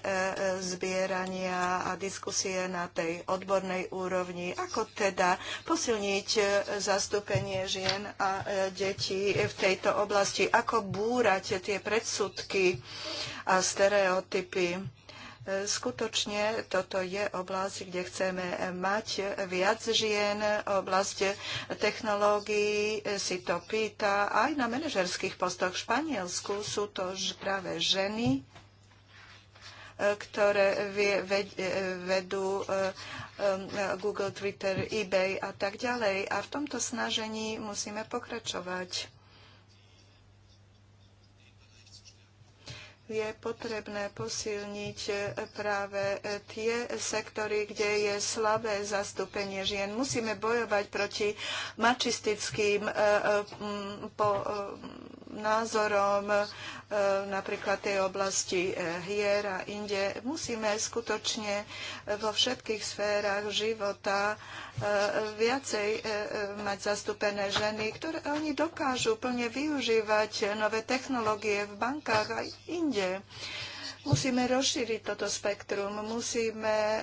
zbierania a diskusie na tej odbornej úrovni, ako teda posilniť e, zastúpenie žien a e, detí v tejto oblasti, ako búrať tie predsudky a stereotypy Skutočne toto je oblasť, kde chceme mať viac žien. Oblasť technológií si to pýta. Aj na manažerských postoch v Španielsku sú to práve ženy, e, ktoré e, vedú e, Google, Twitter, eBay a tak ďalej. A v tomto snažení musíme pokračovať je potrebné posilniť práve tie sektory, kde je slabé zastúpenie žien. Musíme bojovať proti mačistickým eh, eh, po, eh, názorom e, napríklad tej oblasti e, hier a inde. Musíme skutočne e, vo všetkých sférach života viacej mať zastúpené ženy, ktoré oni dokážu plne využívať nové technológie v bankách a inde. Musíme rozšíriť toto spektrum, musíme e,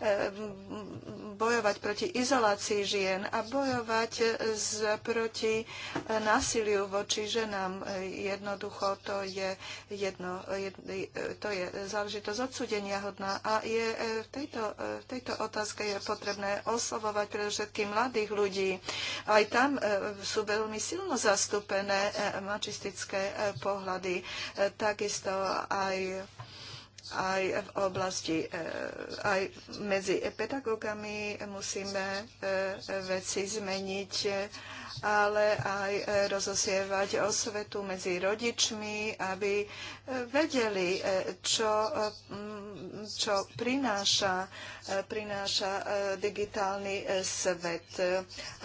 e, bojovať proti izolácii žien a bojovať z, e, proti násiliu voči ženám. Jednoducho to je, jedno, jed, to je záležitosť odsudenia hodná a je, v, tejto, v tejto otázke je potrebné oslovovať predovšetkým mladých ľudí. Aj tam sú veľmi silno zastúpené mačistické pohľady. Takisto aj aj v oblasti, e, aj medzi pedagógami musíme e, veci zmeniť, ale aj e, rozosievať osvetu medzi rodičmi, aby vedeli, e, čo, e, čo prináša, e, prináša digitálny svet,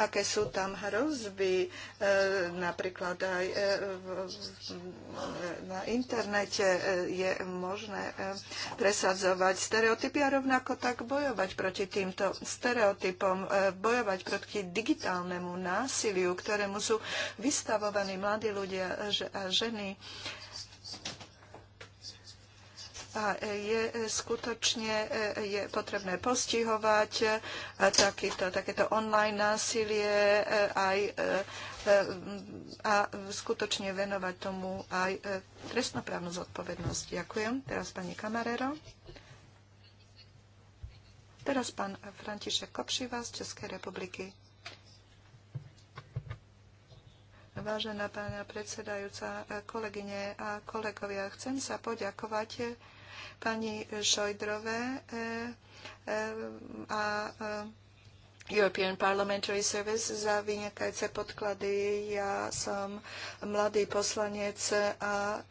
aké sú tam hrozby, napríklad aj na internete je možné presadzovať stereotypy a rovnako tak bojovať proti týmto stereotypom, bojovať proti digitálnemu násiliu, ktorému sú vystavovaní mladí ľudia a ženy a je skutočne je potrebné postihovať e, takýto, takéto online násilie e, aj, e, a skutočne venovať tomu aj trestnoprávnu zodpovednosť. Ďakujem. Teraz pani Kamarero. Teraz pán František Kopšiva z Českej republiky. Vážená pána predsedajúca, kolegyne a kolegovia, chcem sa poďakovať pani Šojdrové eh, eh, a eh, European Parliamentary Service za vynikajúce podklady. Ja som mladý poslanec a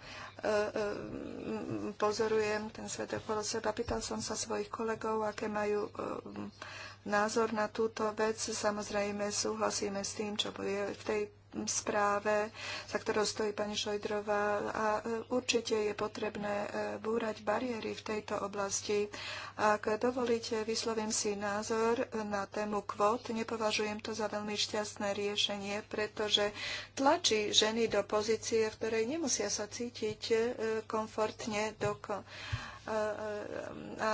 pozorujem ten svet okolo seba. Pýtal som sa svojich kolegov, aké majú názor na túto vec. Samozrejme súhlasíme s tým, čo je v tej správe, za ktorou stojí pani Šojdrová. A e, určite je potrebné e, búrať bariéry v tejto oblasti. Ak dovolíte, vyslovím si názor na tému kvót. Nepovažujem to za veľmi šťastné riešenie, pretože tlačí ženy do pozície, v ktorej nemusia sa cítiť e, komfortne do a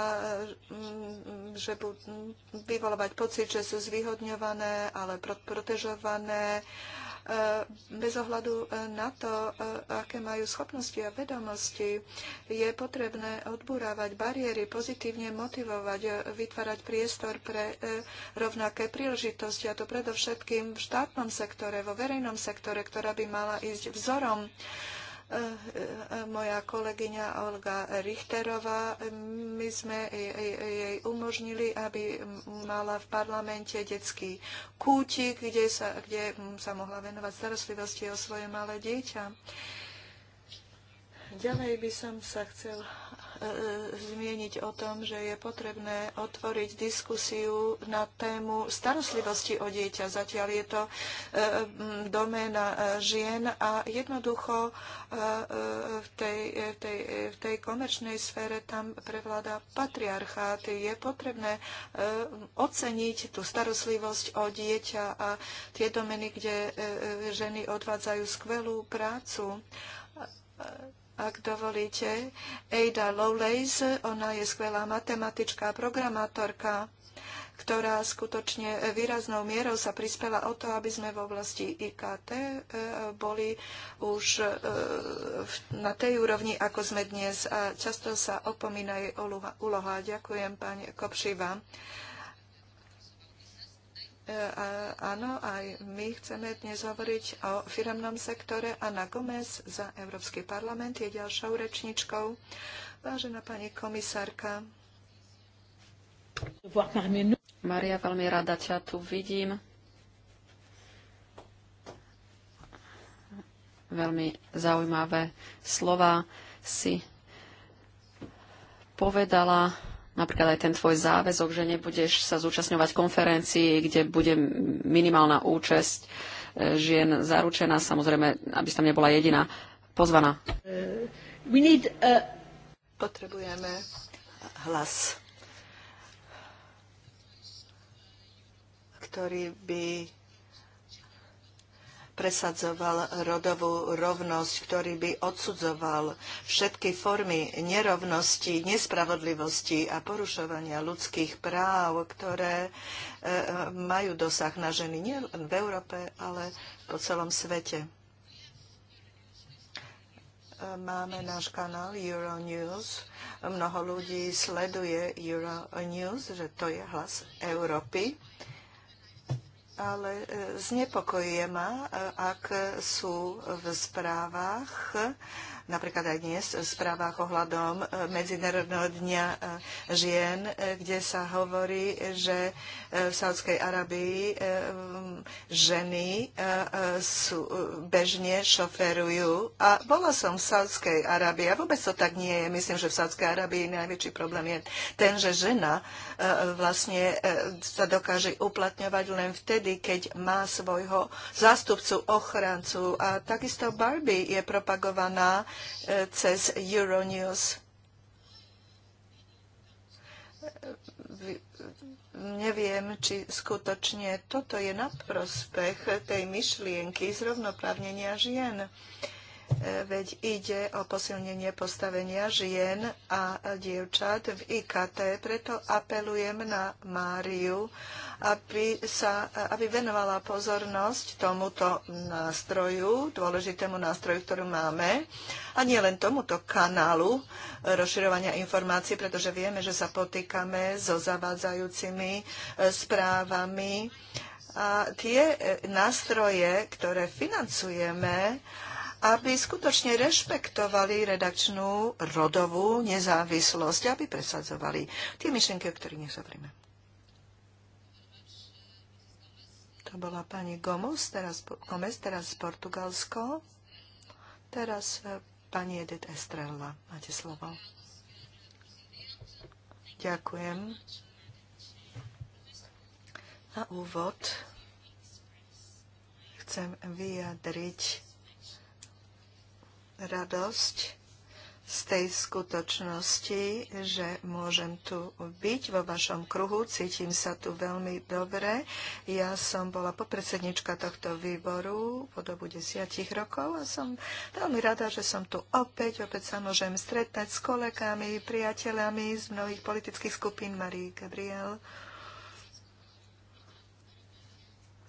mm, že budú vyvolovať pocit, že sú zvýhodňované, ale protežované E, bez ohľadu e, na to, e, aké majú schopnosti a vedomosti. Je potrebné odburávať bariéry, pozitívne motivovať, vytvárať priestor pre rovnaké príležitosti, a to predovšetkým v štátnom sektore, vo verejnom sektore, ktorá by mala ísť vzorom Eh, eh, moja kolegyňa Olga Richterová. My sme jej umožnili, aby mala v parlamente detský kútik, kde sa, kde sa mohla venovať starostlivosti o svoje malé dieťa. Ďalej by som sa chcel zmieniť o tom, že je potrebné otvoriť diskusiu na tému starostlivosti o dieťa. Zatiaľ je to eh, doména eh, žien a jednoducho eh, v tej, v tej, v tej komerčnej sfére tam prevláda patriarchát. Je potrebné oceniť tú starostlivosť o dieťa a tie domeny, kde ženy odvádzajú skvelú prácu ak dovolíte, Ada Lovelace, ona je skvelá matematička, programátorka, ktorá skutočne výraznou mierou sa prispela o to, aby sme v oblasti IKT e, boli už e, na tej úrovni, ako sme dnes. A často sa opomína jej úloha. Ďakujem, pani Kopšiva. E, áno, aj my chceme dnes hovoriť o firemnom sektore. Anna Gomez za Európsky parlament je ďalšou rečničkou. Vážená pani komisárka. Maria, veľmi rada ťa tu vidím. Veľmi zaujímavé slova si povedala napríklad aj ten tvoj záväzok, že nebudeš sa zúčastňovať konferencií, kde bude minimálna účasť e, žien zaručená, samozrejme, aby tam nebola jediná pozvaná. We need, a... E, Potrebujeme hlas, ktorý by presadzoval rodovú rovnosť, ktorý by odsudzoval všetky formy nerovnosti, nespravodlivosti a porušovania ľudských práv, ktoré e, majú dosah na ženy nie len v Európe, ale po celom svete. E, máme náš kanál Euronews. Mnoho ľudí sleduje Euronews, že to je hlas Európy ale e, znepokojuje ma, e, ak sú v správach, napríklad aj dnes v správach ohľadom e, Medzinárodného dňa žien, kde sa hovorí, že v Saudskej Arabii ženy sú, bežne šoferujú. A bola som v Saudskej Arabii a vôbec to tak nie je. Myslím, že v Saudskej Arabii najväčší problém je ten, že žena E, vlastne e, sa dokáže uplatňovať len vtedy, keď má svojho zástupcu, ochrancu. A takisto Barbie je propagovaná e, cez Euronews. Neviem, či skutočne toto je na prospech tej myšlienky zrovnoprávnenia žien. Uh, veď ide o posilnenie postavenia žien a dievčat v IKT, preto apelujem na Máriu, aby, sa, aby venovala pozornosť tomuto nástroju, dôležitému nástroju, ktorú máme, a nie len tomuto kanálu rozširovania informácií, pretože vieme, že sa potýkame so zavádzajúcimi e, správami. A tie e, nástroje, ktoré financujeme, aby skutočne rešpektovali redakčnú rodovú nezávislosť, aby presadzovali tie myšlenky, o ktorých dnes hovoríme. To bola pani Gomes, teraz, Gomes, teraz z Portugalsko. Teraz e, pani Edith Estrella. Máte slovo. Ďakujem. Na úvod chcem vyjadriť radosť z tej skutočnosti, že môžem tu byť vo vašom kruhu. Cítim sa tu veľmi dobre. Ja som bola popredsednička tohto výboru po dobu desiatich rokov a som veľmi rada, že som tu opäť. Opäť sa môžem stretnať s kolegami, priateľami z mnohých politických skupín Marie Gabriel.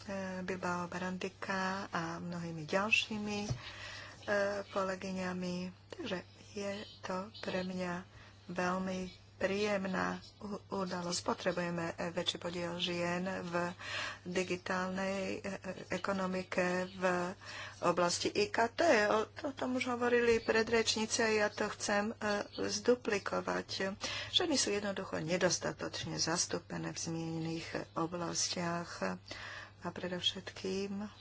Eh, Bilbao Barandika a mnohými ďalšími. E, kolegyňami. Takže je to pre mňa veľmi príjemná udalosť. Potrebujeme e, väčší podiel žien v digitálnej e, ekonomike, v oblasti IKT. O tom už hovorili predrečnice a ja to chcem zduplikovať. Ženy sú jednoducho nedostatočne zastúpené v zmienených oblastiach a predovšetkým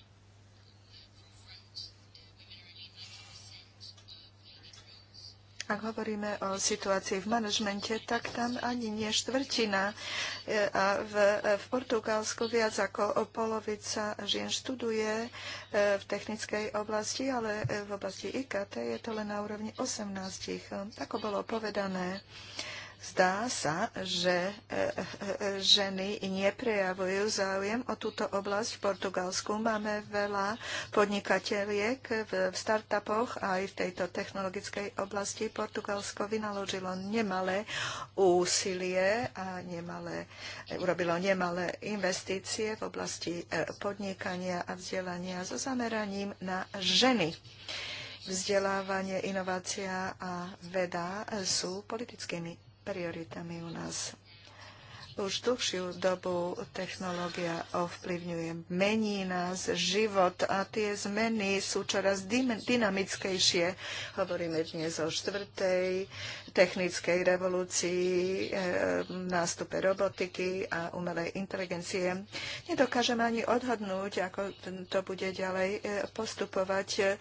ak hovoríme o situácii v manažmente, tak tam ani nie štvrtina. E, a v, e, v Portugalsku viac ako polovica žien študuje e, v technickej oblasti, ale v oblasti IKT je to len na úrovni 18. Ako bolo povedané, Zdá sa, že e, e, e, ženy neprejavujú záujem o túto oblasť v Portugalsku. Máme veľa podnikateľiek v startupoch aj v tejto technologickej oblasti. Portugalsko vynaložilo nemalé úsilie a nemalé, urobilo nemalé investície v oblasti podnikania a vzdelania so zameraním na ženy vzdelávanie, inovácia a veda sú politickými prioritami u nás. Už dlhšiu dobu technológia ovplyvňuje, mení nás život a tie zmeny sú čoraz dynamickejšie. Hovoríme dnes o štvrtej technickej revolúcii, eh, nástupe robotiky a umelej inteligencie. Nedokážeme ani odhodnúť, ako to bude ďalej eh, postupovať eh,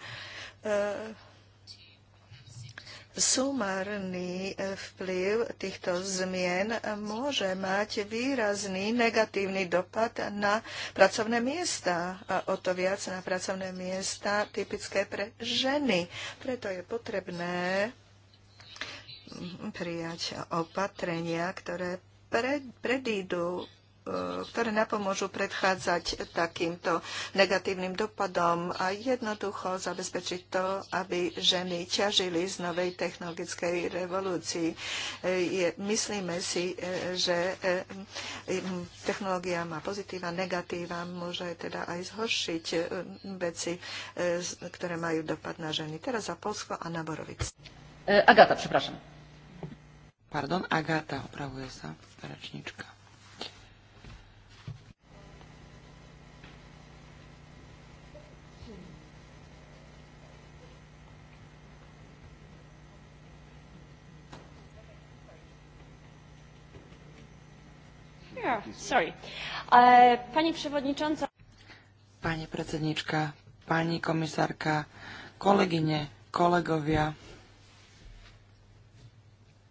sumárny e, vplyv týchto zmien môže mať výrazný negatívny dopad na pracovné miesta, a o to viac na pracovné miesta typické pre ženy. Preto je potrebné prijať opatrenia, ktoré predídu Eh, ktoré napomôžu predchádzať takýmto negatívnym dopadom a jednoducho zabezpečiť to, aby ženy ťažili z novej technologickej revolúcii. Eh, myslíme si, eh, že technológia má pozitíva, negatíva, môže teda aj zhoršiť veci, ktoré majú dopad na ženy. Teraz za Polsko a na Borovic. Agata, prepášam. Pardon, Agata, opravuje sa rečnička. Uh, pani predsedníčka, Pani predsednička, pani komisárka, kolegyne, kolegovia.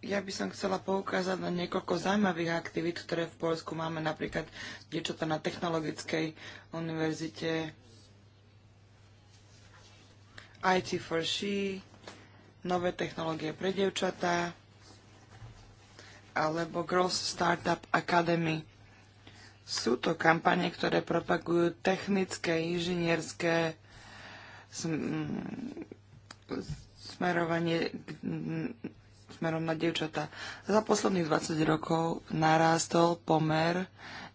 Ja by som chcela poukázať na niekoľko zaujímavých aktivít, ktoré v Polsku máme, napríklad diečata na Technologickej univerzite, IT for She, nové technológie pre dievčatá, alebo Growth Startup Academy. Sú to kampane, ktoré propagujú technické, inžinierské smerovanie smerom na dievčatá. Za posledných 20 rokov narástol pomer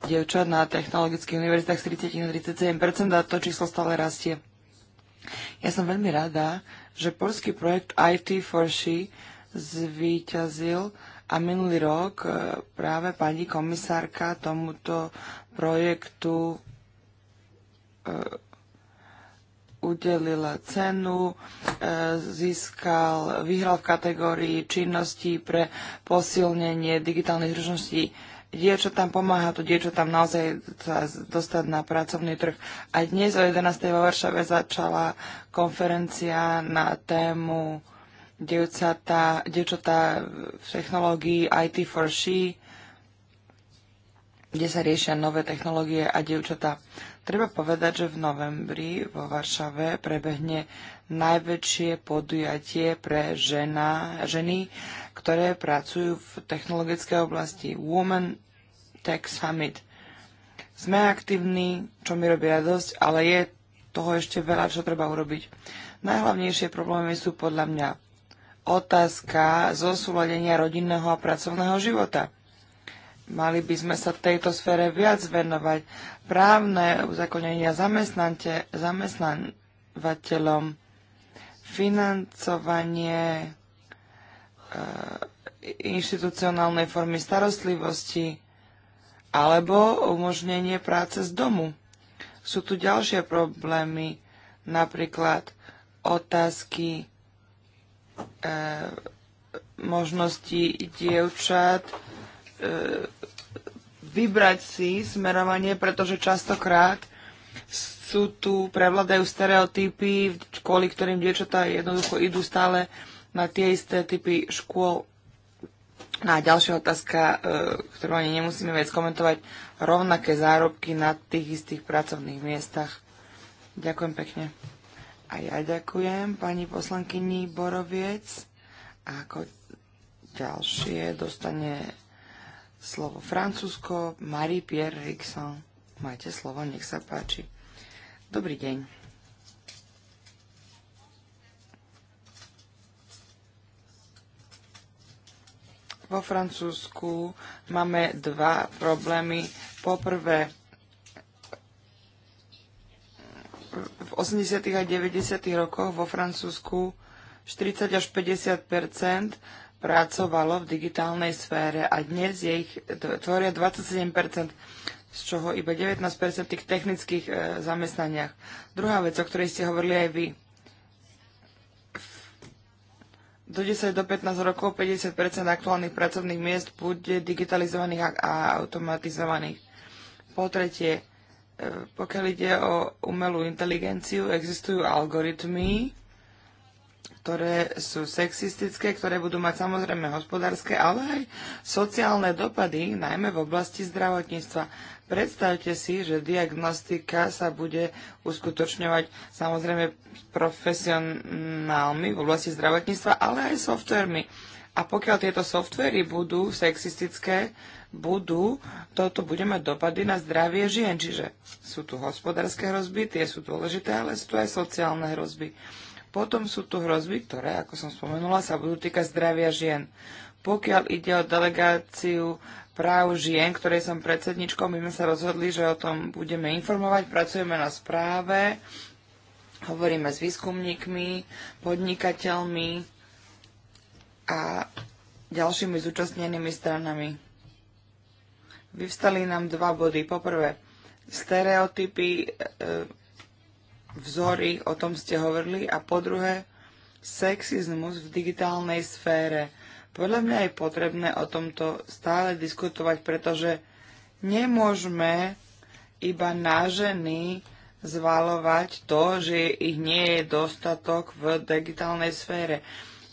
dievčat na technologických univerzitách z 30 na 37 a to číslo stále rastie. Ja som veľmi rada, že polský projekt IT for She zvíťazil a minulý rok e, práve pani komisárka tomuto projektu e, udelila cenu, e, získal, vyhral v kategórii činností pre posilnenie digitálnych zručnosti dievča tam pomáha, to dievča tam naozaj sa dostať na pracovný trh. A dnes o 11. vo Varšave začala konferencia na tému dievčatá, dievčatá v technológii IT for She, kde sa riešia nové technológie a dievčatá. Treba povedať, že v novembri vo Varšave prebehne najväčšie podujatie pre žena, ženy, ktoré pracujú v technologickej oblasti Women Tech Summit. Sme aktívni, čo mi robí radosť, ale je toho ešte veľa, čo treba urobiť. Najhlavnejšie problémy sú podľa mňa otázka zosúladenia rodinného a pracovného života. Mali by sme sa tejto sfére viac venovať. Právne uzakonenia zamestnávateľom, financovanie e, inštitucionálnej formy starostlivosti alebo umožnenie práce z domu. Sú tu ďalšie problémy, napríklad otázky E, možnosti dievčat e, vybrať si smerovanie, pretože častokrát sú tu, prevladajú stereotypy, kvôli ktorým dievčatá jednoducho idú stále na tie isté typy škôl. No a ďalšia otázka, e, ktorú ani nemusíme viac komentovať, rovnaké zárobky na tých istých pracovných miestach. Ďakujem pekne. A ja ďakujem pani poslankyni Boroviec. A ako ďalšie dostane slovo Francúzsko, Marie-Pierre Rixon. Majte slovo, nech sa páči. Dobrý deň. Vo Francúzsku máme dva problémy. Poprvé, v 80. a 90. rokoch vo Francúzsku 40 až 50 pracovalo v digitálnej sfére a dnes je ich tvoria 27 z čoho iba 19 v tých technických e, zamestnaniach. Druhá vec, o ktorej ste hovorili aj vy. Do 10 do 15 rokov 50 aktuálnych pracovných miest bude digitalizovaných a automatizovaných. Po tretie, pokiaľ ide o umelú inteligenciu, existujú algoritmy, ktoré sú sexistické, ktoré budú mať samozrejme hospodárske, ale aj sociálne dopady, najmä v oblasti zdravotníctva. Predstavte si, že diagnostika sa bude uskutočňovať samozrejme profesionálmi v oblasti zdravotníctva, ale aj softvermi. A pokiaľ tieto softvery budú sexistické, budú, toto bude mať dopady na zdravie žien. Čiže sú tu hospodárske hrozby, tie sú dôležité, ale sú tu aj sociálne hrozby. Potom sú tu hrozby, ktoré, ako som spomenula, sa budú týkať zdravia žien. Pokiaľ ide o delegáciu práv žien, ktorej som predsedničkou, my sme sa rozhodli, že o tom budeme informovať, pracujeme na správe, hovoríme s výskumníkmi, podnikateľmi, a ďalšími zúčastnenými stranami. Vyvstali nám dva body. Poprvé, stereotypy, e, vzory, o tom ste hovorili, a po druhé, sexizmus v digitálnej sfére. Podľa mňa je potrebné o tomto stále diskutovať, pretože nemôžeme iba na ženy zvalovať to, že ich nie je dostatok v digitálnej sfére.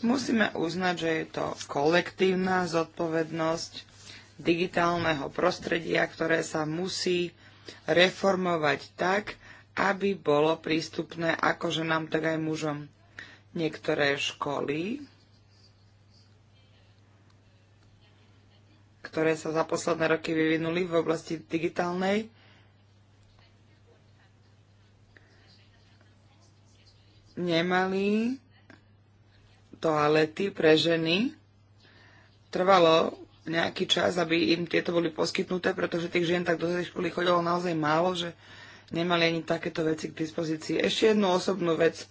Musíme uznať, že je to kolektívna zodpovednosť digitálneho prostredia, ktoré sa musí reformovať tak, aby bolo prístupné ako ženám, tak aj mužom. Niektoré školy, ktoré sa za posledné roky vyvinuli v oblasti digitálnej, nemali toalety pre ženy. Trvalo nejaký čas, aby im tieto boli poskytnuté, pretože tých žien tak do tej školy chodilo naozaj málo, že nemali ani takéto veci k dispozícii. Ešte jednu osobnú vec.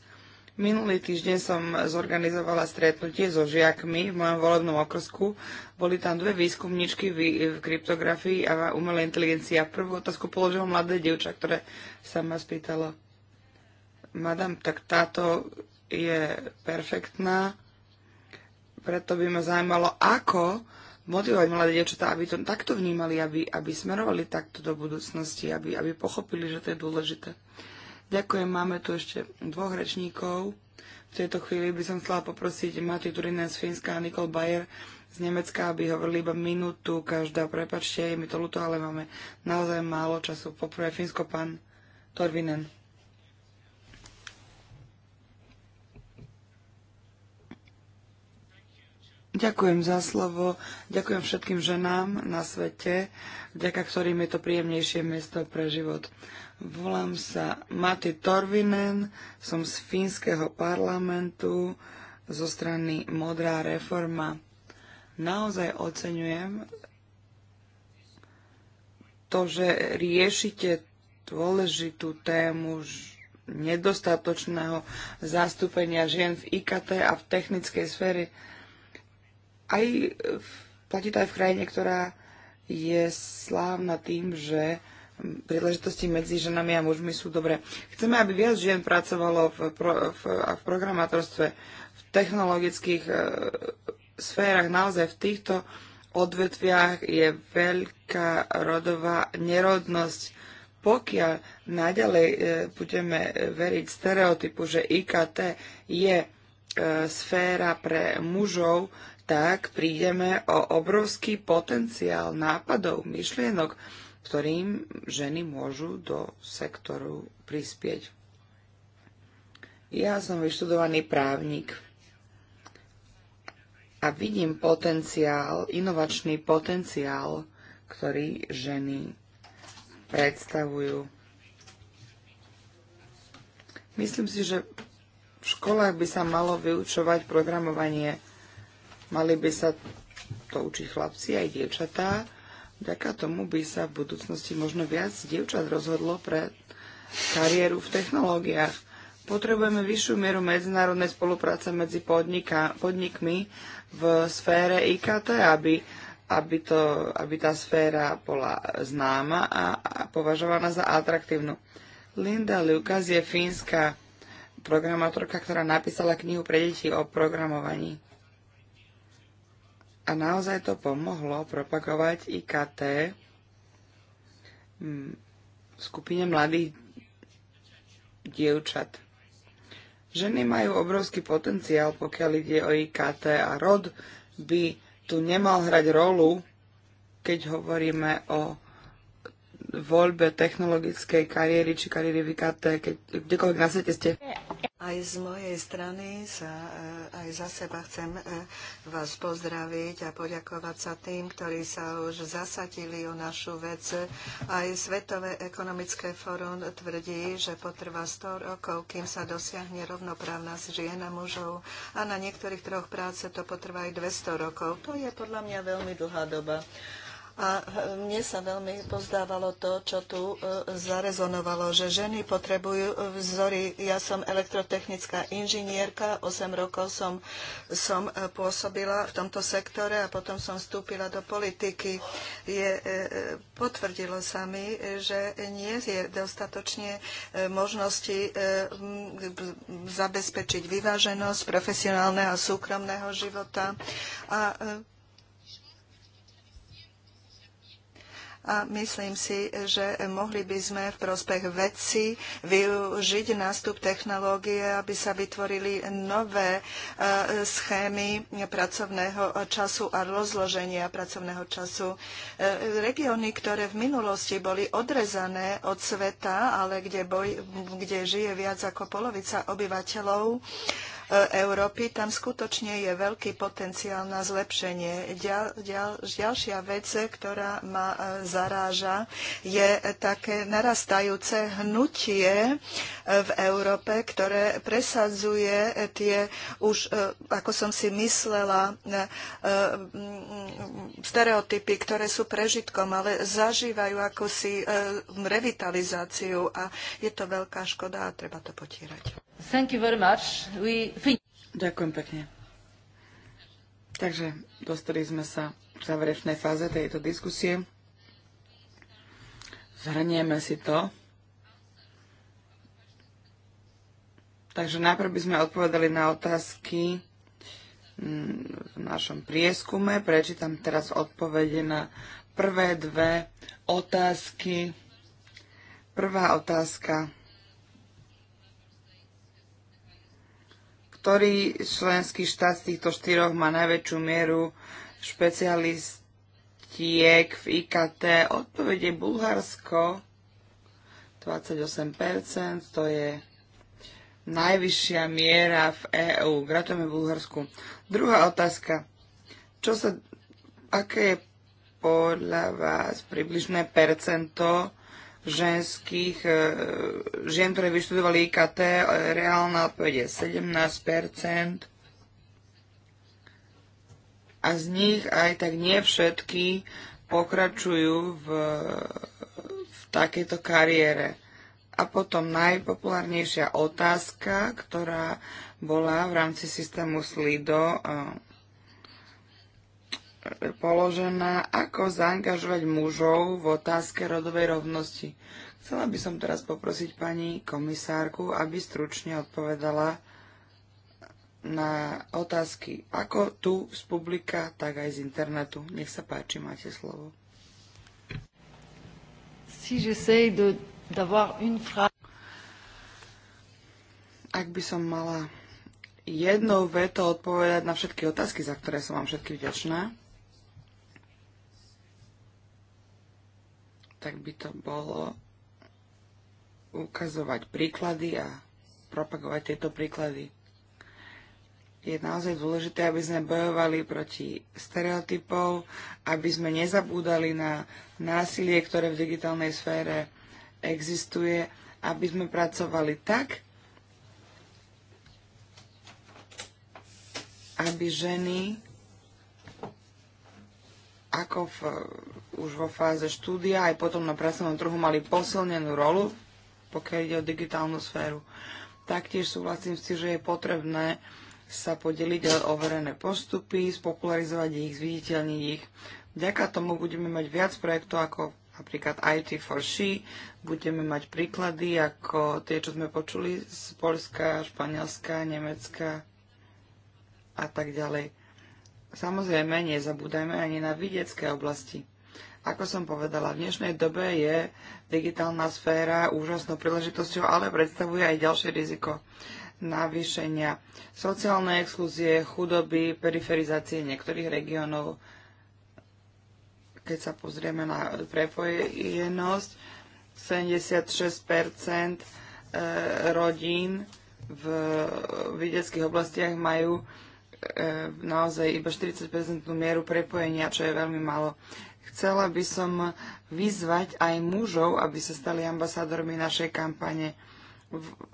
Minulý týždeň som zorganizovala stretnutie so žiakmi v mojom volebnom okrsku. Boli tam dve výskumničky v, kryptografii a umelej inteligencii. A prvú otázku položila mladé dievča, ktoré sa ma spýtalo. Madam, tak táto je perfektná, preto by ma zaujímalo, ako motivovať mladé dievčatá, aby to takto vnímali, aby, aby smerovali takto do budúcnosti, aby, aby pochopili, že to je dôležité. Ďakujem, máme tu ešte dvoch rečníkov. V tejto chvíli by som chcela poprosiť Mati Turinen z Fínska a Nikol Bayer z Nemecka, aby hovorili iba minútu každá. Prepačte, je mi to ľúto, ale máme naozaj málo času. Poprvé Fínsko, pán Torvinen. Ďakujem za slovo, ďakujem všetkým ženám na svete, vďaka ktorým je to príjemnejšie miesto pre život. Volám sa Mati Torvinen, som z fínskeho parlamentu zo strany Modrá reforma. Naozaj oceňujem to, že riešite dôležitú tému nedostatočného zastúpenia žien v IKT a v technickej sfére aj v, platí to aj v krajine, ktorá je slávna tým, že príležitosti medzi ženami a mužmi sú dobré. Chceme, aby viac žien pracovalo v, pro, v, v programátorstve, v technologických e, sférach, naozaj v týchto odvetviach je veľká rodová nerodnosť. Pokiaľ naďalej e, budeme veriť stereotypu, že IKT je e, sféra pre mužov, tak prídeme o obrovský potenciál nápadov, myšlienok, ktorým ženy môžu do sektoru prispieť. Ja som vyštudovaný právnik a vidím potenciál, inovačný potenciál, ktorý ženy predstavujú. Myslím si, že v školách by sa malo vyučovať programovanie Mali by sa to učiť chlapci aj dievčatá. Vďaka tomu by sa v budúcnosti možno viac dievčat rozhodlo pre kariéru v technológiách. Potrebujeme vyššiu mieru medzinárodnej spolupráce medzi podnika, podnikmi v sfére IKT, aby, aby, to, aby tá sféra bola známa a, a považovaná za atraktívnu. Linda Lukas je fínska programátorka, ktorá napísala knihu pre deti o programovaní. A naozaj to pomohlo propagovať IKT v mm, skupine mladých dievčat. Ženy majú obrovský potenciál, pokiaľ ide o IKT a rod by tu nemal hrať rolu, keď hovoríme o voľbe technologickej kariéry či kariéry v IKT, keď, kdekoľvek na svete ste. Aj z mojej strany sa, e, aj za seba chcem e, vás pozdraviť a poďakovať sa tým, ktorí sa už zasadili o našu vec. Aj Svetové ekonomické fórum tvrdí, že potrvá 100 rokov, kým sa dosiahne rovnoprávna žien a mužov a na niektorých troch práce to potrvá aj 200 rokov. To je podľa mňa veľmi dlhá doba. A e, mne sa veľmi pozdávalo to, čo tu e, zarezonovalo, že ženy potrebujú vzory. Ja som elektrotechnická inžinierka, 8 rokov som, som e, pôsobila v tomto sektore a potom som vstúpila do politiky. Je, potvrdilo sa mi, že nie je dostatočne možnosti zabezpečiť vyváženosť profesionálneho a súkromného života. A a myslím si, že mohli by sme v prospech vedci využiť nástup technológie, aby sa vytvorili nové e, schémy pracovného času a rozloženia pracovného času. E, regióny, ktoré v minulosti boli odrezané od sveta, ale kde, boj, kde žije viac ako polovica obyvateľov, E, Európy, tam skutočne je veľký potenciál na zlepšenie. Ďal, ďal, ďalšia vec, ktorá ma e, zaráža, je také narastajúce hnutie e, v Európe, ktoré presadzuje tie už, ako som si myslela, stereotypy, ktoré sú prežitkom, ale zažívajú akosi revitalizáciu a je to veľká škoda a treba to potírať. Thank you very much. We... Ďakujem pekne. Takže dostali sme sa v záverečnej fáze tejto diskusie. Zhrnieme si to. Takže najprv by sme odpovedali na otázky mm, v našom prieskume. Prečítam teraz odpovede na prvé dve otázky. Prvá otázka ktorý členský štát z týchto štyroch má najväčšiu mieru špecialistiek v IKT. Odpovede Bulharsko 28%, to je najvyššia miera v EÚ. Gratulujeme Bulharsku. Druhá otázka. Čo sa, aké je podľa vás približné percento ženských, e, žien, ktoré vyštudovali IKT, e, reálna odpoveď je 17 a z nich aj tak nie všetky pokračujú v, v takejto kariére. A potom najpopulárnejšia otázka, ktorá bola v rámci systému SLIDO e, položená, ako zaangažovať mužov v otázke rodovej rovnosti. Chcela by som teraz poprosiť pani komisárku, aby stručne odpovedala na otázky, ako tu z publika, tak aj z internetu. Nech sa páči, máte slovo. Si de, d'avoir une fra... Ak by som mala jednou vetou odpovedať na všetky otázky, za ktoré som vám všetky vďačná, tak by to bolo ukazovať príklady a propagovať tieto príklady. Je naozaj dôležité, aby sme bojovali proti stereotypov, aby sme nezabúdali na násilie, ktoré v digitálnej sfére existuje, aby sme pracovali tak, aby ženy ako v, už vo fáze štúdia aj potom na pracovnom trhu mali posilnenú rolu, pokiaľ ide o digitálnu sféru. Taktiež súhlasím si, že je potrebné sa podeliť o overené postupy, spopularizovať ich, zviditeľniť ich. Vďaka tomu budeme mať viac projektov ako napríklad IT for She, budeme mať príklady ako tie, čo sme počuli z Polska, Španielska, Nemecka a tak ďalej. Samozrejme, nezabúdajme ani na vidiecké oblasti. Ako som povedala, v dnešnej dobe je digitálna sféra úžasnou príležitosťou, ale predstavuje aj ďalšie riziko navýšenia sociálnej exkluzie, chudoby, periferizácie niektorých regiónov. Keď sa pozrieme na prepojenosť, 76 eh, rodín v vidieckých oblastiach majú E, naozaj iba 40% mieru prepojenia, čo je veľmi málo. Chcela by som vyzvať aj mužov, aby sa stali ambasádormi našej kampane.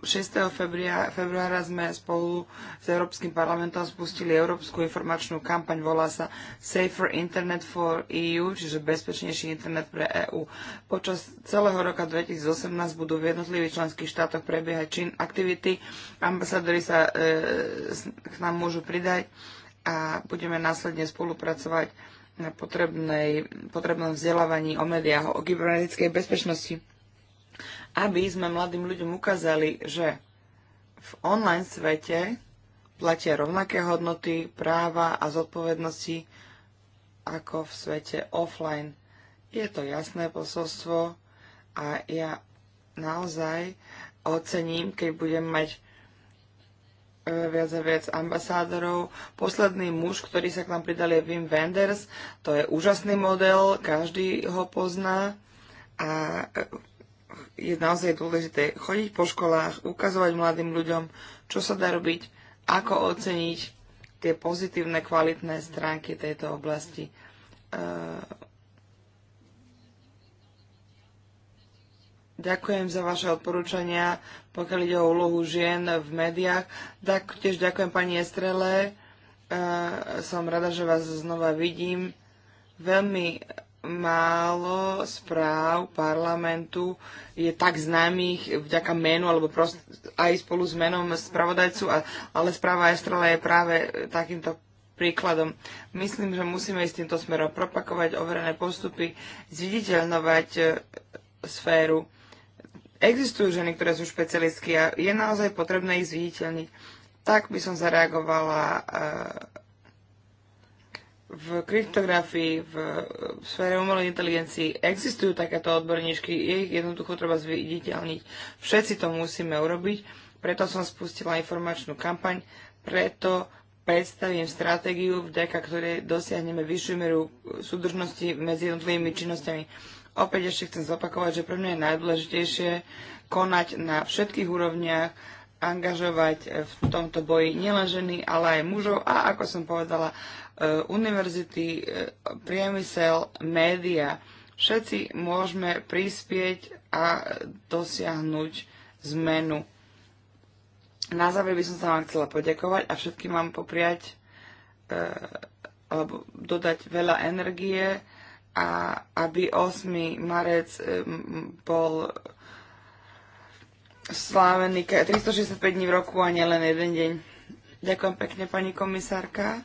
6. Februára, februára sme spolu s Európskym parlamentom spustili Európsku informačnú kampaň, volá sa Safer Internet for EU, čiže bezpečnejší internet pre EÚ. Počas celého roka 2018 budú v jednotlivých členských štátoch prebiehať čin aktivity, ambasadori sa e, k nám môžu pridať a budeme následne spolupracovať na potrebnej, potrebnom vzdelávaní o médiách, o kybernetickej bezpečnosti aby sme mladým ľuďom ukázali, že v online svete platia rovnaké hodnoty, práva a zodpovednosti ako v svete offline. Je to jasné posolstvo a ja naozaj ocením, keď budem mať e, viac a viac ambasádorov. Posledný muž, ktorý sa k nám pridal, je Wim Wenders. To je úžasný model, každý ho pozná a e, je naozaj dôležité chodiť po školách, ukazovať mladým ľuďom, čo sa dá robiť, ako oceniť tie pozitívne, kvalitné stránky tejto oblasti. E, ďakujem za vaše odporúčania, pokiaľ ide o úlohu žien v médiách. Tak tiež ďakujem pani Estrele. E, som rada, že vás znova vidím. Veľmi málo správ parlamentu je tak známych vďaka menu alebo prost, aj spolu s menom spravodajcu, a, ale správa Estrela je práve takýmto príkladom. Myslím, že musíme ísť týmto smerom propakovať overené postupy, zviditeľnovať e, sféru. Existujú ženy, ktoré sú špecialistky a je naozaj potrebné ich zviditeľniť. Tak by som zareagovala e, v kryptografii, v sfére umelej inteligencii existujú takéto odborníčky, ich jednoducho treba zviditeľniť. Všetci to musíme urobiť, preto som spustila informačnú kampaň, preto predstavím stratégiu, vďaka ktorej dosiahneme vyššiu mieru súdržnosti medzi jednotlivými činnosťami. Opäť ešte chcem zopakovať, že pre mňa je najdôležitejšie konať na všetkých úrovniach, angažovať v tomto boji nielen ženy, ale aj mužov a, ako som povedala, Eh, univerzity, eh, priemysel, média. Všetci môžeme prispieť a dosiahnuť zmenu. Na záver by som sa vám chcela poďakovať a všetkým vám popriať eh, alebo dodať veľa energie a aby 8. marec bol slávený 365 dní v roku a nielen jeden deň. Ďakujem pekne, pani komisárka.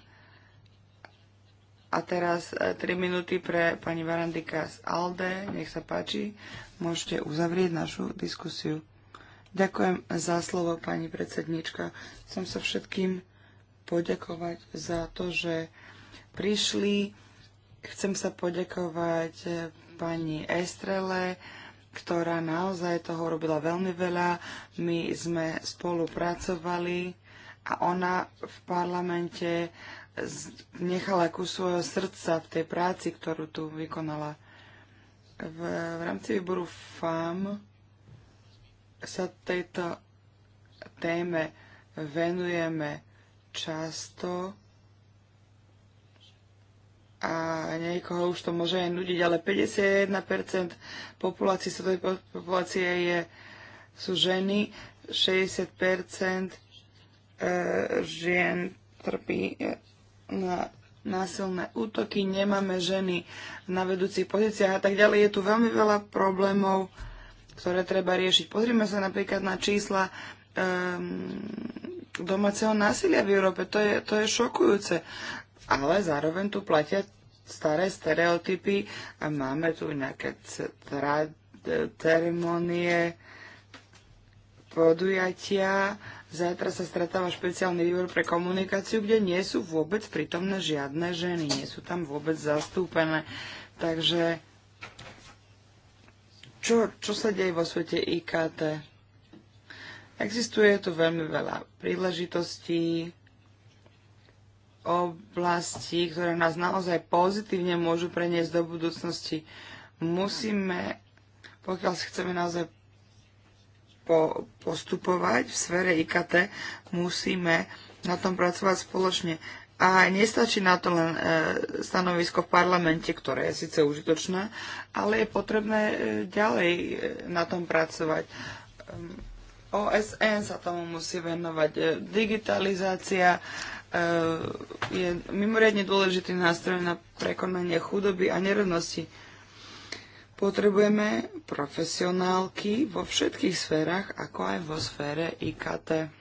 A teraz 3 e, minúty pre pani Varandika z ALDE. Nech sa páči, môžete uzavrieť našu diskusiu. Ďakujem za slovo, pani predsednička. Chcem sa všetkým poďakovať za to, že prišli. Chcem sa poďakovať e, pani Estrele, ktorá naozaj toho robila veľmi veľa. My sme spolupracovali a ona v parlamente nechala ku svojho srdca v tej práci, ktorú tu vykonala. V, v rámci výboru FAM sa tejto téme venujeme často a niekoho už to môže aj nudiť, ale 51% populácie, tej populácie je, sú ženy, 60% e, žien trpí e, na násilné útoky, nemáme ženy na vedúcich pozíciách a tak ďalej. Je tu veľmi veľa problémov, ktoré treba riešiť. Pozrime sa napríklad na čísla um, domáceho násilia v Európe. To je, to je šokujúce. Ale zároveň tu platia staré stereotypy a máme tu nejaké ceremonie, podujatia, Zajtra sa stretáva špeciálny výbor pre komunikáciu, kde nie sú vôbec prítomné žiadne ženy, nie sú tam vôbec zastúpené. Takže čo, čo sa deje vo svete IKT? Existuje tu veľmi veľa príležitostí, oblasti, ktoré nás naozaj pozitívne môžu preniesť do budúcnosti. Musíme, pokiaľ si chceme naozaj po, postupovať v sfere IKT, musíme na tom pracovať spoločne. A nestačí na to len e, stanovisko v parlamente, ktoré je síce užitočné, ale je potrebné e, ďalej e, na tom pracovať. Ehm, OSN sa tomu musí venovať. E, digitalizácia e, je mimoriadne dôležitý nástroj na prekonanie chudoby a nerovnosti Potrebujeme profesionálky vo všetkých sférach, ako aj vo sfére IKT.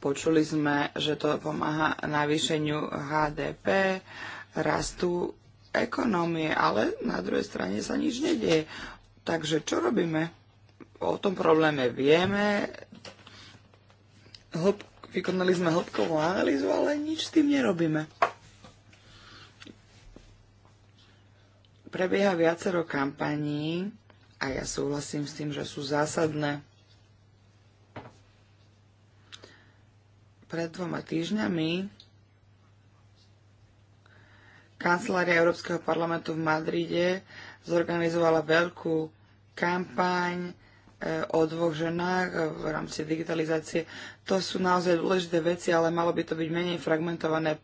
Počuli sme, že to pomáha navýšeniu HDP, rastu ekonomie, ale na druhej strane sa nič nedieje. Takže čo robíme? O tom probléme vieme, Hlb, vykonali sme hĺbkovú analýzu, ale nič s tým nerobíme. Prebieha viacero kampaní a ja súhlasím s tým, že sú zásadné. Pred dvoma týždňami kancelária Európskeho parlamentu v Madride zorganizovala veľkú kampaň eh, o dvoch ženách eh, v rámci digitalizácie. To sú naozaj dôležité veci, ale malo by to byť menej fragmentované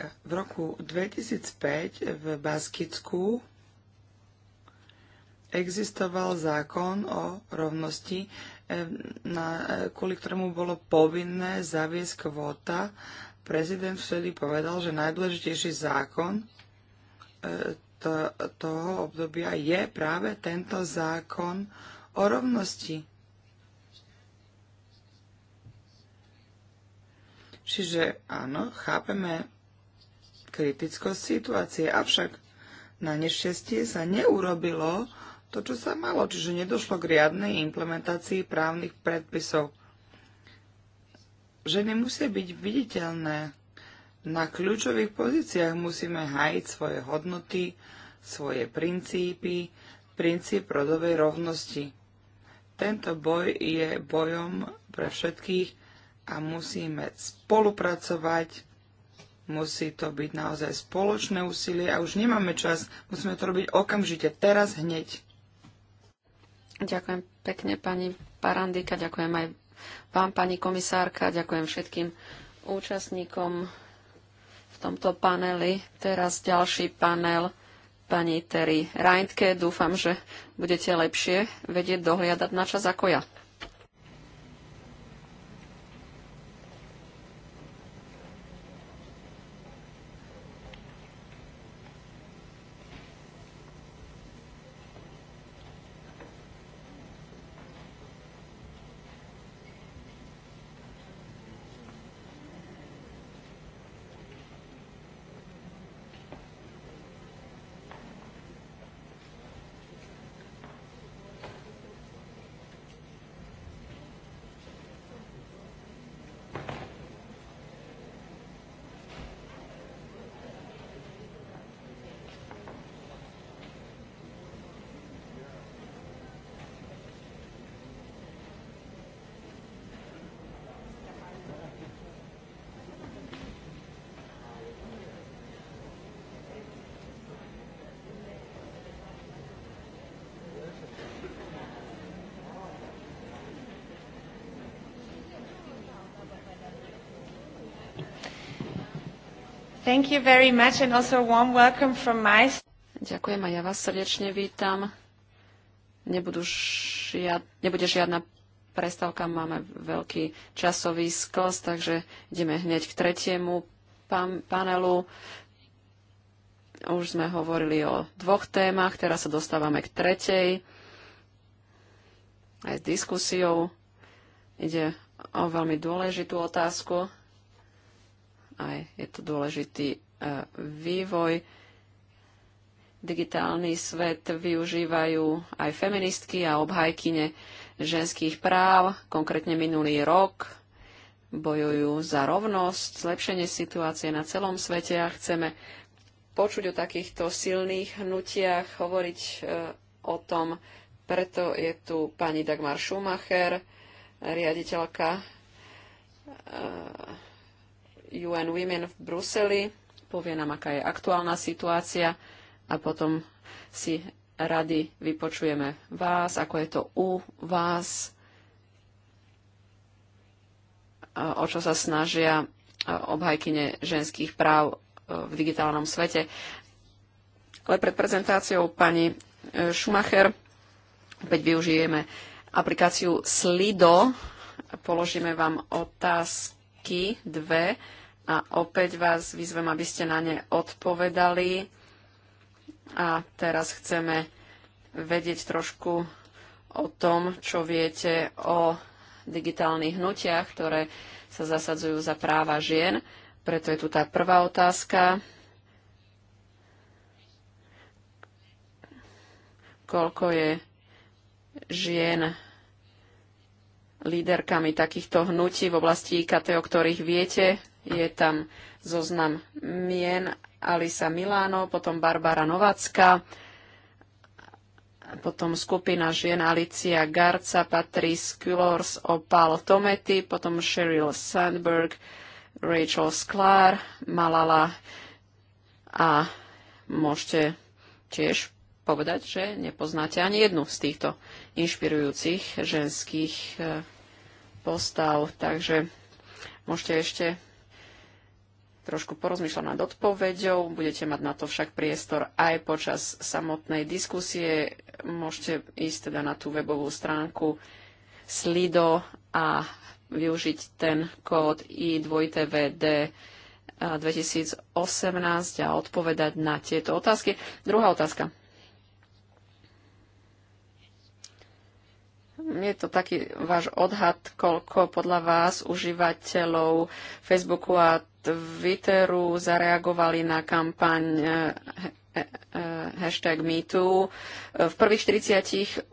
v roku 2005 v Baskicku existoval zákon o rovnosti, na, e, kvôli ktorému bolo povinné zaviesť kvóta. Prezident vtedy povedal, že najdôležitejší zákon e, to, toho obdobia je práve tento zákon o rovnosti. Čiže áno, chápeme kritickosť situácie. Avšak na nešťastie sa neurobilo to, čo sa malo, čiže nedošlo k riadnej implementácii právnych predpisov. Ženy musia byť viditeľné. Na kľúčových pozíciách musíme hájiť svoje hodnoty, svoje princípy, princíp rodovej rovnosti. Tento boj je bojom pre všetkých a musíme spolupracovať Musí to byť naozaj spoločné úsilie a už nemáme čas. Musíme to robiť okamžite, teraz, hneď. Ďakujem pekne, pani Parandika, ďakujem aj vám, pani komisárka, ďakujem všetkým účastníkom v tomto paneli. Teraz ďalší panel pani Terry Reintke. Dúfam, že budete lepšie vedieť dohliadať na čas ako ja. Thank you very much and also warm welcome from my... Ďakujem a ja vás srdečne vítam. žiad, nebude žiadna prestávka, máme veľký časový skos, takže ideme hneď k tretiemu pan- panelu. Už sme hovorili o dvoch témach, teraz sa dostávame k tretej. Aj s diskusiou ide o veľmi dôležitú otázku aj je to dôležitý e, vývoj. Digitálny svet využívajú aj feministky a obhajkyne ženských práv. Konkrétne minulý rok bojujú za rovnosť, zlepšenie situácie na celom svete a chceme počuť o takýchto silných hnutiach, hovoriť e, o tom. Preto je tu pani Dagmar Schumacher, riaditeľka e, UN Women v Bruseli, povie nám, aká je aktuálna situácia a potom si rady vypočujeme vás, ako je to u vás, o čo sa snažia obhajkyne ženských práv v digitálnom svete. Ale pred prezentáciou pani e, Schumacher opäť využijeme aplikáciu Slido. Položíme vám otázky dve a opäť vás vyzvem, aby ste na ne odpovedali. A teraz chceme vedieť trošku o tom, čo viete o digitálnych hnutiach, ktoré sa zasadzujú za práva žien. Preto je tu tá prvá otázka. Koľko je žien líderkami takýchto hnutí v oblasti IKT, o ktorých viete, je tam zoznam mien Alisa Milano, potom Barbara Novacka, potom skupina žien Alicia Garca, Patrice Cullors, Opal Tomety, potom Sheryl Sandberg, Rachel Sklar, Malala a môžete tiež povedať, že nepoznáte ani jednu z týchto inšpirujúcich ženských eh, postav. Takže môžete ešte trošku porozmýšľam nad odpoveďou. Budete mať na to však priestor aj počas samotnej diskusie. Môžete ísť teda na tú webovú stránku Slido a využiť ten kód i 2 tvd 2018 a odpovedať na tieto otázky. Druhá otázka. je to taký váš odhad, koľko podľa vás užívateľov Facebooku a Twitteru zareagovali na kampaň eh, eh, eh, hashtag MeToo. V prvých 48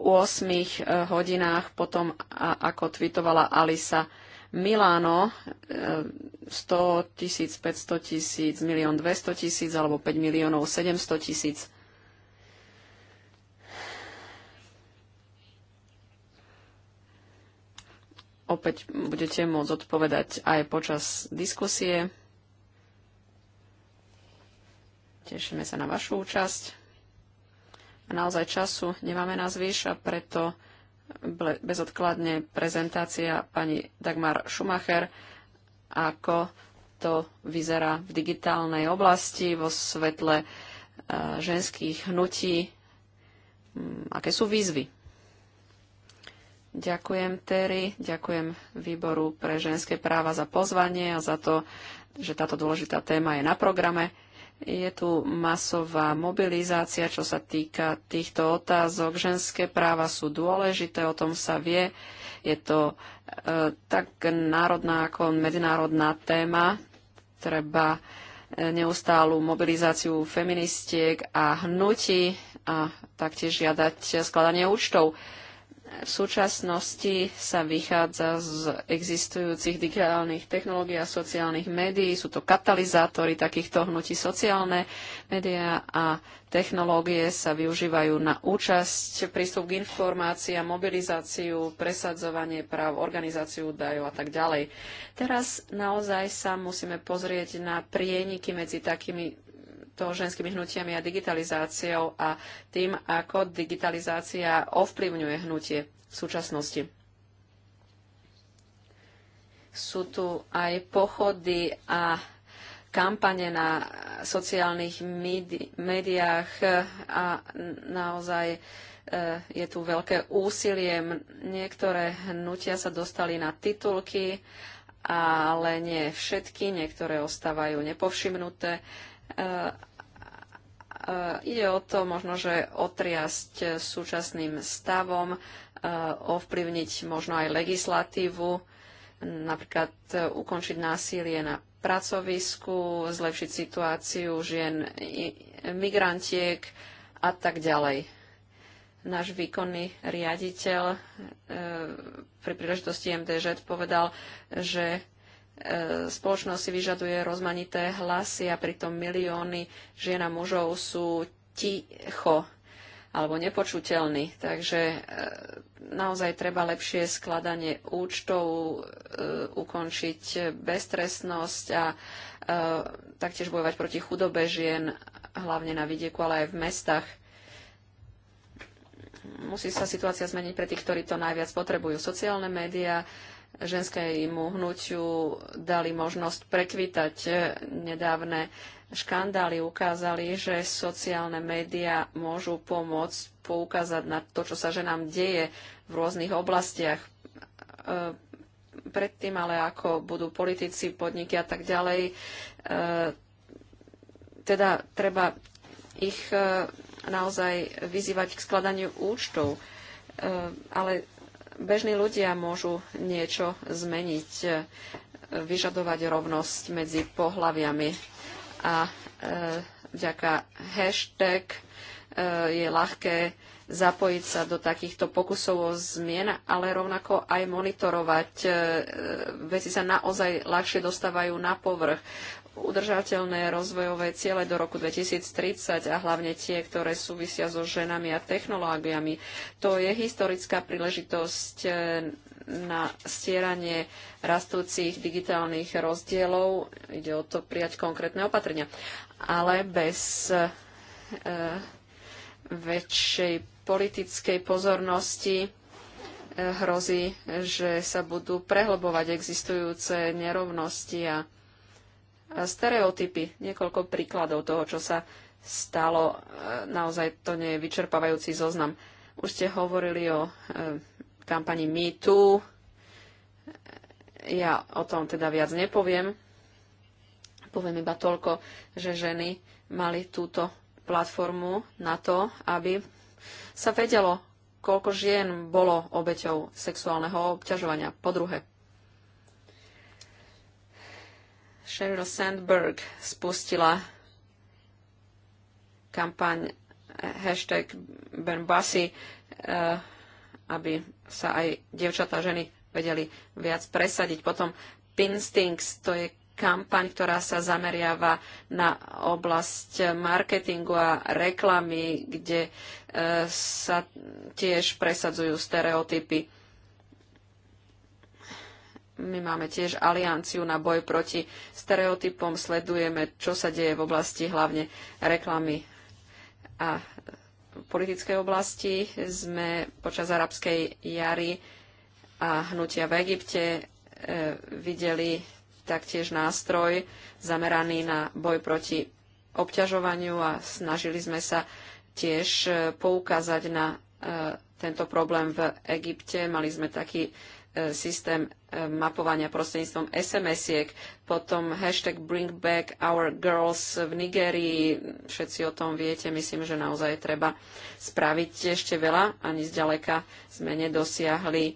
hodinách potom, ako tweetovala Alisa Milano, 100 tisíc, 500 tisíc, milión 200 tisíc alebo 5 miliónov 700 tisíc. Opäť budete môcť odpovedať aj počas diskusie. Tešíme sa na vašu účasť. A naozaj času nemáme na zvýš a preto bezodkladne prezentácia pani Dagmar Schumacher, ako to vyzerá v digitálnej oblasti vo svetle e, ženských hnutí, mm, aké sú výzvy. Ďakujem Terry, ďakujem výboru pre ženské práva za pozvanie a za to, že táto dôležitá téma je na programe. Je tu masová mobilizácia, čo sa týka týchto otázok. Ženské práva sú dôležité, o tom sa vie. Je to e, tak národná ako medzinárodná téma. Treba e, neustálu mobilizáciu feministiek a hnutí a taktiež žiadať skladanie účtov. E, v súčasnosti sa vychádza z existujúcich digitálnych technológií a sociálnych médií. Sú to katalizátory takýchto hnutí. Sociálne médiá a technológie sa využívajú na účasť, prístup k informáciám, mobilizáciu, presadzovanie práv, organizáciu údajov a tak ďalej. Teraz naozaj sa musíme pozrieť na prieniky medzi takými to ženskými hnutiami a digitalizáciou a tým, ako digitalizácia ovplyvňuje hnutie v súčasnosti. Sú tu aj pochody a kampane na sociálnych médiách a naozaj e, je tu veľké úsilie. Niektoré hnutia sa dostali na titulky, ale nie všetky, niektoré ostávajú nepovšimnuté. Eh, eh, ide o to možno, že otriasť súčasným stavom, eh, ovplyvniť možno aj legislatívu, napríklad ukončiť násilie na pracovisku, zlepšiť situáciu žien, migrantiek a tak ďalej. Náš výkonný riaditeľ pri príležitosti MDŽ povedal, že spoločnosť si vyžaduje rozmanité hlasy a pritom milióny žien a mužov sú ticho alebo nepočuteľní. Takže e, naozaj treba lepšie skladanie účtov, e, ukončiť beztresnosť a e, taktiež bojovať proti chudobe žien, hlavne na vidieku, ale aj v mestách. Musí sa situácia zmeniť pre tých, ktorí to najviac potrebujú. Sociálne médiá, ženskému hnutiu dali možnosť prekvitať. E, nedávne škandály ukázali, že sociálne médiá môžu pomôcť poukázať na to, čo sa ženám deje v rôznych oblastiach. E, predtým ale, ako budú politici, podniky a tak ďalej, e, teda treba ich naozaj vyzývať k skladaniu účtov ale bežní ľudia môžu niečo zmeniť, e, vyžadovať rovnosť medzi pohlaviami. A e, vďaka hashtag e, je ľahké zapojiť sa do takýchto pokusov o zmien, ale rovnako aj monitorovať. E, e veci sa naozaj ľahšie dostávajú na povrch udržateľné rozvojové ciele do roku 2030 a hlavne tie, ktoré súvisia so ženami a technológiami. To je historická príležitosť eh, na stieranie rastúcich digitálnych rozdielov. Ide o to prijať konkrétne opatrenia. Ale bez e, väčšej politickej pozornosti eh, hrozí, že sa budú prehlbovať existujúce nerovnosti a stereotypy. Niekoľko príkladov toho, čo sa stalo. E, naozaj to nie je vyčerpávajúci zoznam. Už ste hovorili o e, kampani MeToo. E, ja o tom teda viac nepoviem. Poviem iba toľko, že ženy mali túto platformu na to, aby sa vedelo, koľko žien bolo obeťou sexuálneho obťažovania. Po druhé, Sheryl Sandberg spustila kampaň eh, hashtag Benbasi, eh, aby sa aj dievčatá ženy vedeli viac presadiť. Potom Pinstinks, to je kampaň, ktorá sa zameriava na oblasť marketingu a reklamy, kde eh, sa tiež presadzujú stereotypy my máme tiež alianciu na boj proti stereotypom, sledujeme, čo sa deje v oblasti hlavne reklamy a politickej oblasti. Sme počas arabskej jary a hnutia v Egypte e, videli taktiež nástroj zameraný na boj proti obťažovaniu a snažili sme sa tiež e, poukázať na e, tento problém v Egypte. Mali sme taký E, systém e, mapovania prostredníctvom SMS-iek, potom hashtag Bring Back Our Girls v Nigerii, všetci o tom viete, myslím, že naozaj treba spraviť ešte veľa, ani zďaleka sme nedosiahli e,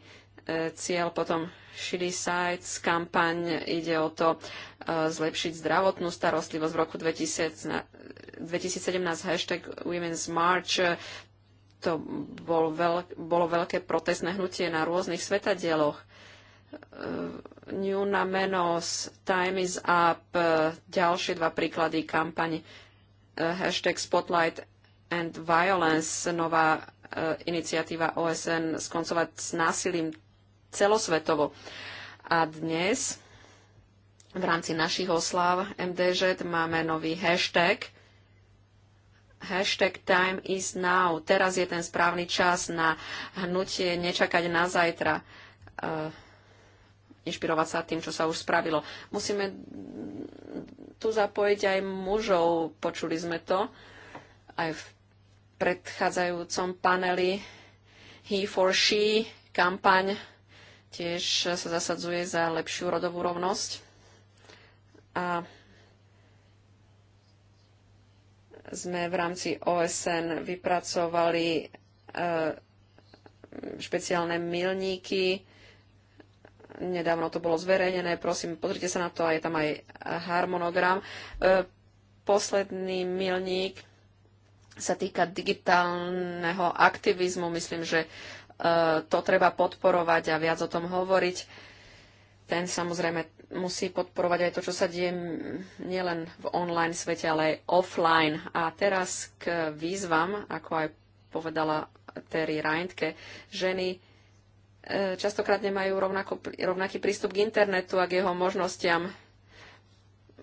cieľ, potom Shitty Sides kampaň, ide o to zlepšiť zdravotnú starostlivosť v roku 2000, 2017 hashtag Women's March, to bol veľk, bolo veľké protestné hnutie na rôznych svetadieloch. E, New na menos, Time is up, e, ďalšie dva príklady kampaň e, hashtag Spotlight and Violence, nová iniciatíva OSN skoncovať s násilím celosvetovo. A dnes v rámci našich oslav MDŽ máme nový hashtag Hashtag time is now. Teraz je ten správny čas na hnutie, nečakať na zajtra. Uh, inšpirovať sa tým, čo sa už spravilo. Musíme tu zapojiť aj mužov. Počuli sme to aj v predchádzajúcom paneli. He for she kampaň tiež sa zasadzuje za lepšiu rodovú rovnosť. A sme v rámci OSN vypracovali eh, špeciálne milníky. Nedávno to bolo zverejnené, prosím, pozrite sa na to a je tam aj harmonogram. Eh, posledný milník sa týka digitálneho aktivizmu. Myslím, že eh, to treba podporovať a viac o tom hovoriť. Ten samozrejme musí podporovať aj to, čo sa deje nielen v online svete, ale aj offline. A teraz k výzvam, ako aj povedala Terry Reintke, ženy e, častokrát nemajú rovnako, rovnaký prístup k internetu a k jeho možnostiam.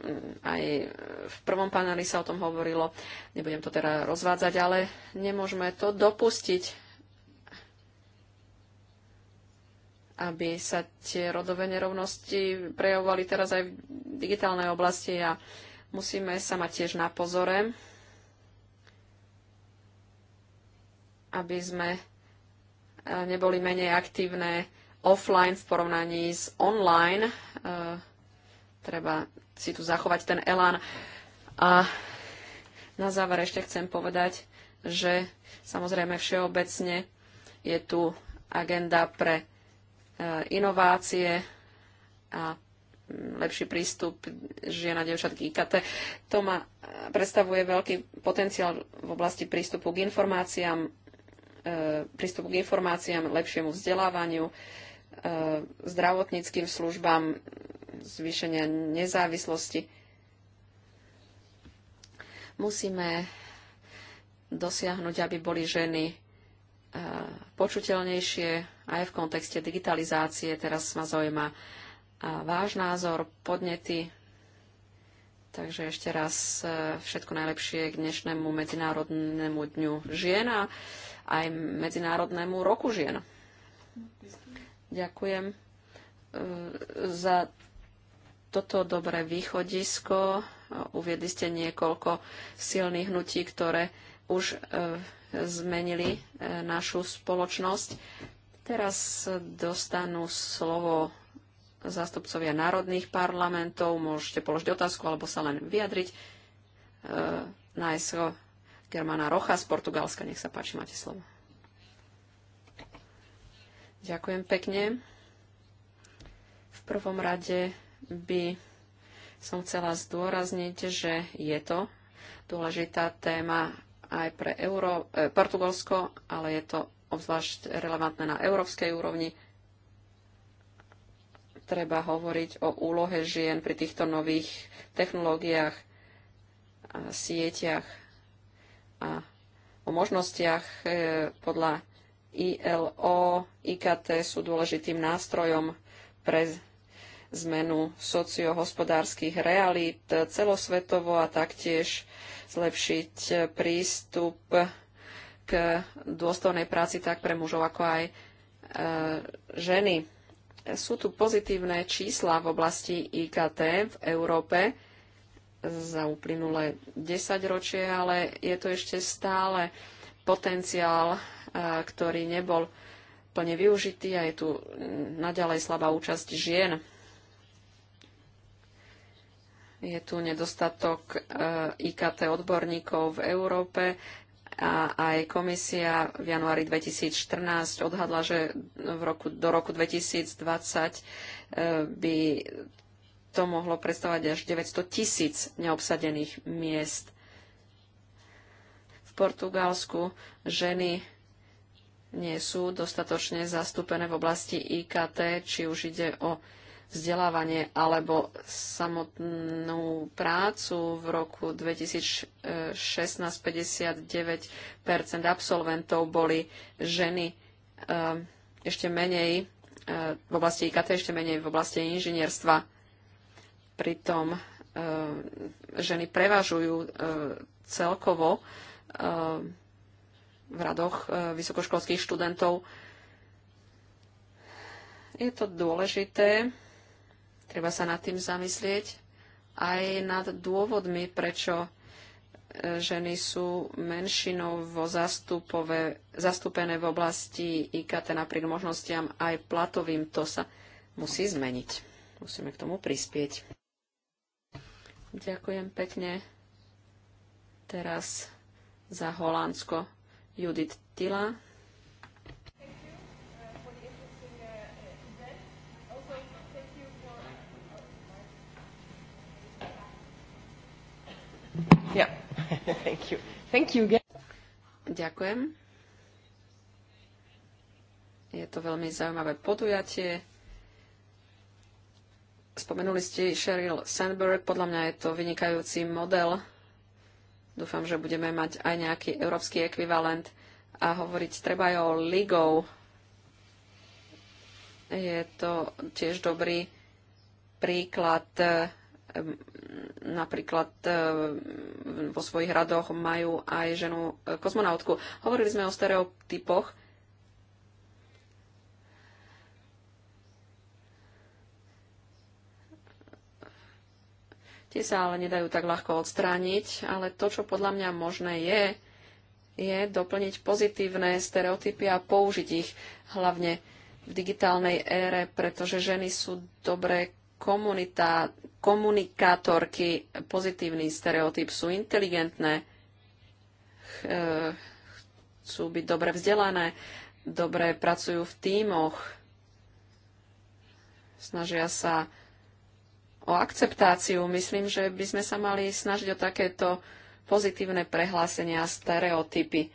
Mm, aj v prvom paneli sa o tom hovorilo, nebudem to teda rozvádzať, ale nemôžeme to dopustiť. aby sa tie rodové nerovnosti prejavovali teraz aj v digitálnej oblasti a musíme sa mať tiež na pozore, aby sme e, neboli menej aktívne offline v porovnaní s online. E, treba si tu zachovať ten elán. A na záver ešte chcem povedať, že samozrejme všeobecne je tu agenda pre Eh, inovácie a lepší prístup žien a devčat k IKT. To ma eh, predstavuje veľký potenciál v oblasti prístupu k informáciám, eh, prístupu k informáciám, lepšiemu vzdelávaniu, zdravotníckým službám, zvýšenia nezávislosti. Musíme dosiahnuť, aby boli ženy Eh, počuteľnejšie aj v kontexte digitalizácie. Teraz ma zaujíma váš názor, podnety. Takže ešte raz eh, všetko najlepšie k dnešnému Medzinárodnému dňu žien a aj Medzinárodnému roku žien. Ďakujem eh, za toto dobré východisko. Uviedli ste niekoľko silných hnutí, ktoré už zmenili e, našu spoločnosť. Teraz dostanú slovo zástupcovia národných parlamentov. Môžete položiť otázku alebo sa len vyjadriť. E, Najskôr Germana Rocha z Portugalska. Nech sa páči, máte slovo. Ďakujem pekne. V prvom rade by som chcela zdôrazniť, že je to dôležitá téma aj pre Euro, e, Portugalsko, ale je to obzvlášť relevantné na európskej úrovni. Treba hovoriť o úlohe žien pri týchto nových technológiách, a sieťach a o možnostiach e, podľa ILO, IKT sú dôležitým nástrojom pre zmenu sociohospodárskych realít celosvetovo a taktiež zlepšiť prístup k dôstojnej práci tak pre mužov ako aj e, ženy. Sú tu pozitívne čísla v oblasti IKT v Európe za uplynulé 10 ročie, ale je to ešte stále potenciál, e, ktorý nebol plne využitý a je tu naďalej slabá účasť žien je tu nedostatok eh, IKT odborníkov v Európe a aj komisia v januári 2014 odhadla, že v roku, do roku 2020 eh, by to mohlo predstavovať až 900 tisíc neobsadených miest. V Portugalsku ženy nie sú dostatočne zastúpené v oblasti IKT, či už ide o vzdelávanie alebo samotnú prácu. V roku 2016 59 absolventov boli ženy, ehm, ešte menej ehm, v oblasti IKT, ešte menej v oblasti inžinierstva. Pritom ehm, ženy prevažujú celkovo v radoch vysokoškolských študentov. Je to dôležité Treba sa nad tým zamyslieť aj nad dôvodmi, prečo e, ženy sú menšinovo zastúpené v oblasti IKT napriek možnostiam aj platovým. To sa musí zmeniť. Musíme k tomu prispieť. Ďakujem pekne. Teraz za Holandsko Judith Tila. Yeah. Thank you. Thank you again. Ďakujem. Je to veľmi zaujímavé podujatie. Spomenuli ste Sheryl Sandberg, podľa mňa je to vynikajúci model. Dúfam, že budeme mať aj nejaký európsky ekvivalent a hovoriť treba aj o ligou. Je to tiež dobrý príklad eh, Ehm, napríklad ehm, vo svojich radoch majú aj ženu e, kozmonautku. Hovorili sme o stereotypoch. Tie sa ale nedajú tak ľahko odstrániť, ale to, čo podľa mňa možné je, je doplniť pozitívne stereotypy a použiť ich hlavne v digitálnej ére, pretože ženy sú dobré komunita, komunikátorky, pozitívny stereotyp sú inteligentné, e, chcú byť dobre vzdelané, dobre pracujú v tímoch, snažia sa o akceptáciu. Myslím, že by sme sa mali snažiť o takéto pozitívne prehlásenia a stereotypy.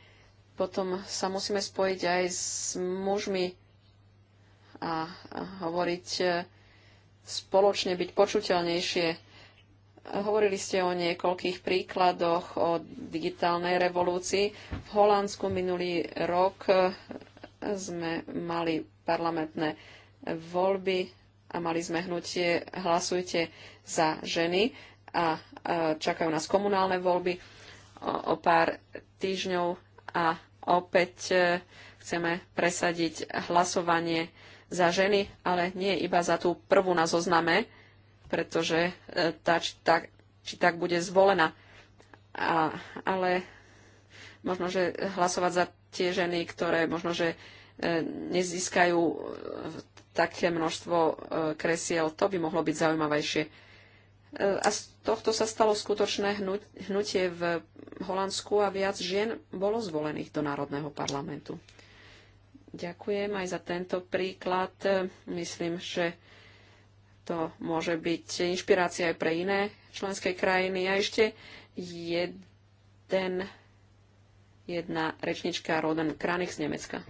Potom sa musíme spojiť aj s mužmi a hovoriť e, spoločne byť počuteľnejšie. Hovorili ste o niekoľkých príkladoch o digitálnej revolúcii. V Holandsku minulý rok sme mali parlamentné voľby a mali sme hnutie Hlasujte za ženy a e, čakajú nás komunálne voľby o pár týždňov a opäť e, chceme presadiť hlasovanie za ženy, ale nie iba za tú prvú na zozname, pretože e, tá či tak, či tak bude zvolená. A, ale možno, že hlasovať za tie ženy, ktoré možno, že e, nezískajú e, také množstvo kresiel, to by mohlo byť zaujímavejšie. A z tohto sa stalo skutočné hnutie v Holandsku a viac žien bolo zvolených do Národného parlamentu. Ďakujem aj za tento príklad. Myslím, že to môže byť inšpirácia aj pre iné členské krajiny. A ešte jeden, jedna rečnička Roden Kranich z Nemecka.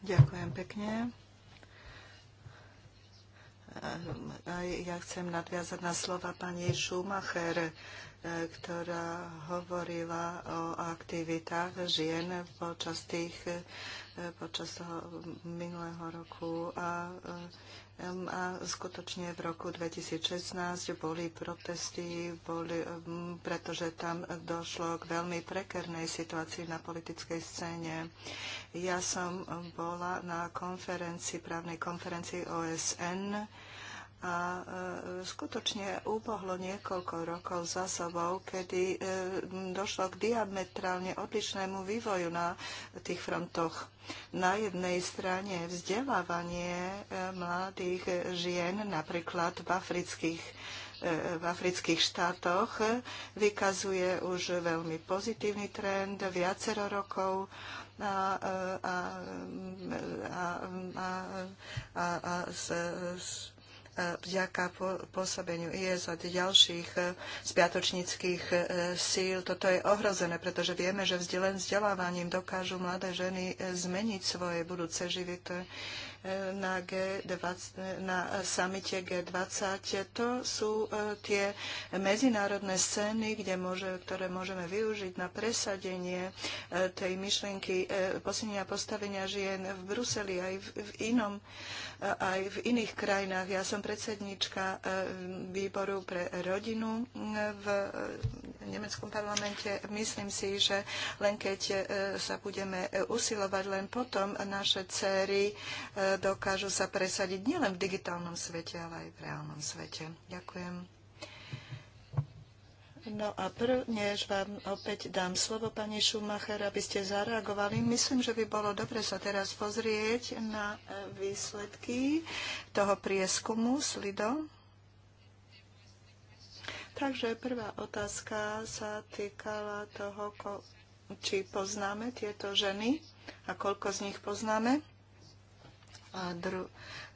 Ďakujem pekne. ja chcem nadviazať na slova pani Schumacher, ktorá hovorila o aktivitách žien počas tých počas toho minulého roku a, a skutočne v roku 2016 boli protesty, boli, pretože tam došlo k veľmi prekernej situácii na politickej scéne. Ja som bola na konferencii, právnej konferencii OSN, a e, skutočne úbohlo niekoľko rokov za sobou, kedy e, došlo k diametrálne odlišnému vývoju na tých frontoch. Na jednej strane vzdelávanie e, mladých žien, napríklad v afrických v afrických štátoch vykazuje už veľmi pozitívny trend viacero rokov a, a, a, a, a, a, a, a, a, a vďaka pôsobeniu IS a ďalších e, spiatočníckých e, síl. Toto je ohrozené, pretože vieme, že len vzdelávaním dokážu mladé ženy e, zmeniť svoje budúce životy na, G20, na samite G20. To sú e, tie medzinárodné scény, kde môže, ktoré môžeme využiť na presadenie e, tej myšlienky e, posilnenia postavenia žien v Bruseli aj v, v inom aj v iných krajinách. Ja som predsednička výboru pre rodinu v nemeckom parlamente. Myslím si, že len keď sa budeme usilovať, len potom naše céry dokážu sa presadiť nielen v digitálnom svete, ale aj v reálnom svete. Ďakujem. No a prv, než vám opäť dám slovo, pani Šumacher, aby ste zareagovali, myslím, že by bolo dobre sa teraz pozrieť na e, výsledky toho prieskumu s Lido. Takže prvá otázka sa týkala toho, či poznáme tieto ženy a koľko z nich poznáme. A dru-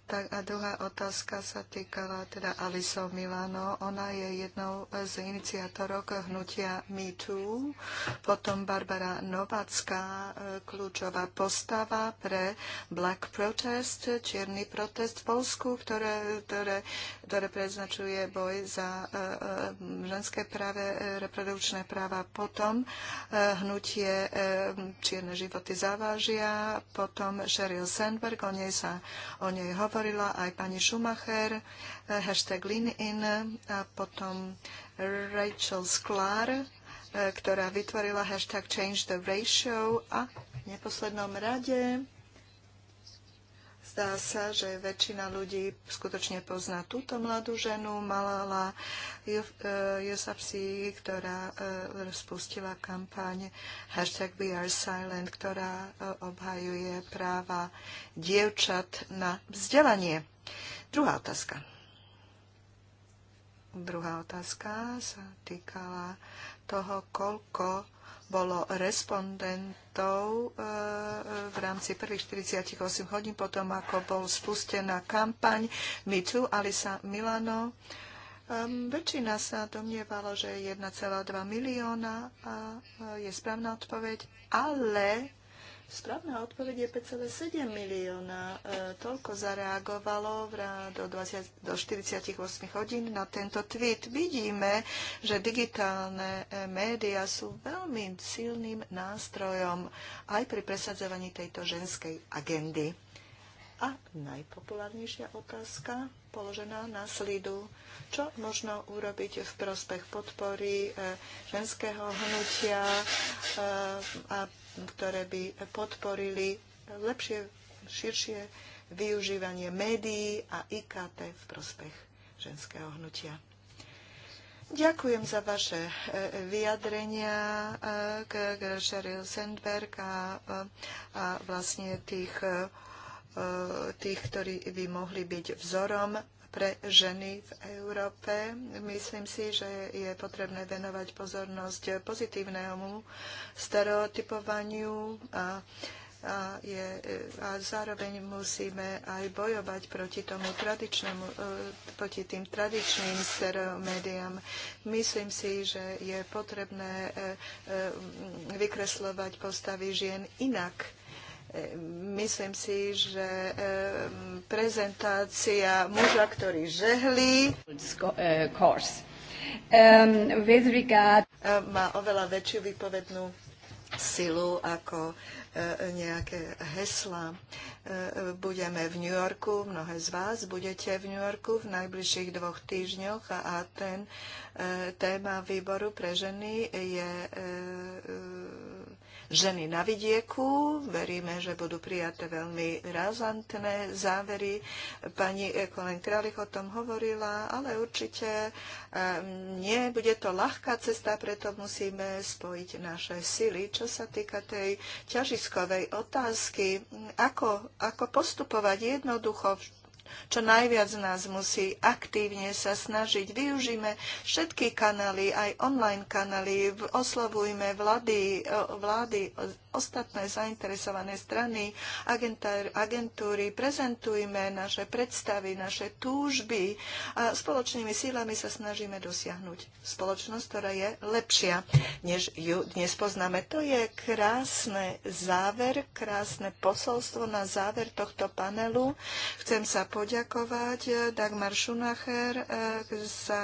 tak a druhá otázka sa týkala teda Aliso Milano. Ona je jednou z iniciatorok hnutia Me Too. Potom Barbara Novacká, e, kľúčová postava pre Black Protest, čierny protest v Polsku, ktoré, ktoré, ktoré preznačuje boj za e, e, ženské práve, reprodukčné práva. Potom hnutie Čierne životy závažia. Potom Sheryl Sandberg, o nej sa o nej hovorí hovorila aj pani Schumacher, eh, hashtag Leanin a potom Rachel Sklar, eh, ktorá vytvorila hashtag Change the Ratio a v neposlednom rade zdá sa, že väčšina ľudí skutočne pozná túto mladú ženu, Malala e, Yousafzai, ktorá e, spustila kampaň hashtag We Are Silent, ktorá e, obhajuje práva dievčat na vzdelanie. Druhá otázka. Druhá otázka sa týkala toho, koľko bolo respondentov e, e, v rámci prvých 48 hodín, potom ako bol spustená kampaň MeToo Alisa Milano. Ehm, väčšina sa domnievala, že 1,2 milióna e, je správna odpoveď, ale Správna odpoveď je 5,7 milióna. E, toľko zareagovalo do, 20, do 48 hodín na tento tweet. Vidíme, že digitálne e, médiá sú veľmi silným nástrojom aj pri presadzovaní tejto ženskej agendy. A najpopulárnejšia otázka položená na slidu. Čo možno urobiť v prospech podpory e, ženského hnutia a ktoré by podporili lepšie, širšie využívanie médií a IKT v prospech ženského hnutia. Ďakujem za vaše e, e, vyjadrenia e, k Sheryl Sandberg a, a vlastne tých, tých, ktorí by mohli byť vzorom pre ženy v Európe. Myslím si, že je potrebné venovať pozornosť pozitívnemu stereotypovaniu a a, je, a zároveň musíme aj bojovať proti tomu tradičnému, e, proti tým tradičným stereomédiám. Myslím si, že je potrebné e, e, vykreslovať postavy žien inak Myslím si, že prezentácia muža, ktorý žehlí, e, e, má oveľa väčšiu výpovednú silu ako e, nejaké hesla. Budeme v New Yorku, mnohé z vás budete v New Yorku v najbližších dvoch týždňoch a ten téma výboru pre ženy je ženy na vidieku. Veríme, že budú prijaté veľmi razantné závery. Pani Kolen Králik o tom hovorila, ale určite nie, bude to ľahká cesta, preto musíme spojiť naše sily. Čo sa týka tej ťažiskovej otázky, ako, ako postupovať jednoducho čo najviac nás musí aktívne sa snažiť. Využíme všetky kanály, aj online kanály, oslovujme vlády, vlády ostatné zainteresované strany, agentúry, prezentujme naše predstavy, naše túžby a spoločnými sílami sa snažíme dosiahnuť spoločnosť, ktorá je lepšia, než ju dnes poznáme. To je krásne záver, krásne posolstvo na záver tohto panelu. Chcem sa poďakovať eh, Dagmar Schunacher eh, za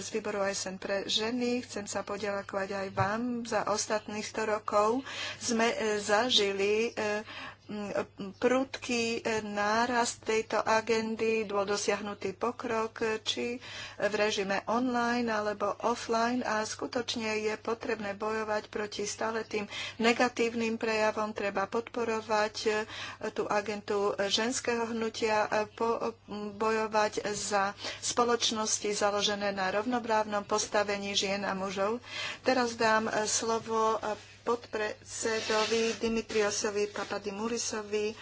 z výboru SN pre ženy. Chcem sa poďakovať aj vám. Za ostatných 100 rokov sme e, zažili e, prudký nárast tejto agendy, bol dosiahnutý pokrok, či v režime online alebo offline a skutočne je potrebné bojovať proti stále tým negatívnym prejavom. Treba podporovať e, tú agentu ženského hnutia, e, e, bojovať za spoločnosti založené na rovnoprávnom postavení žien a mužov. Teraz dám slovo podpredsedovi Dimitriosovi Papadimurisovi, e,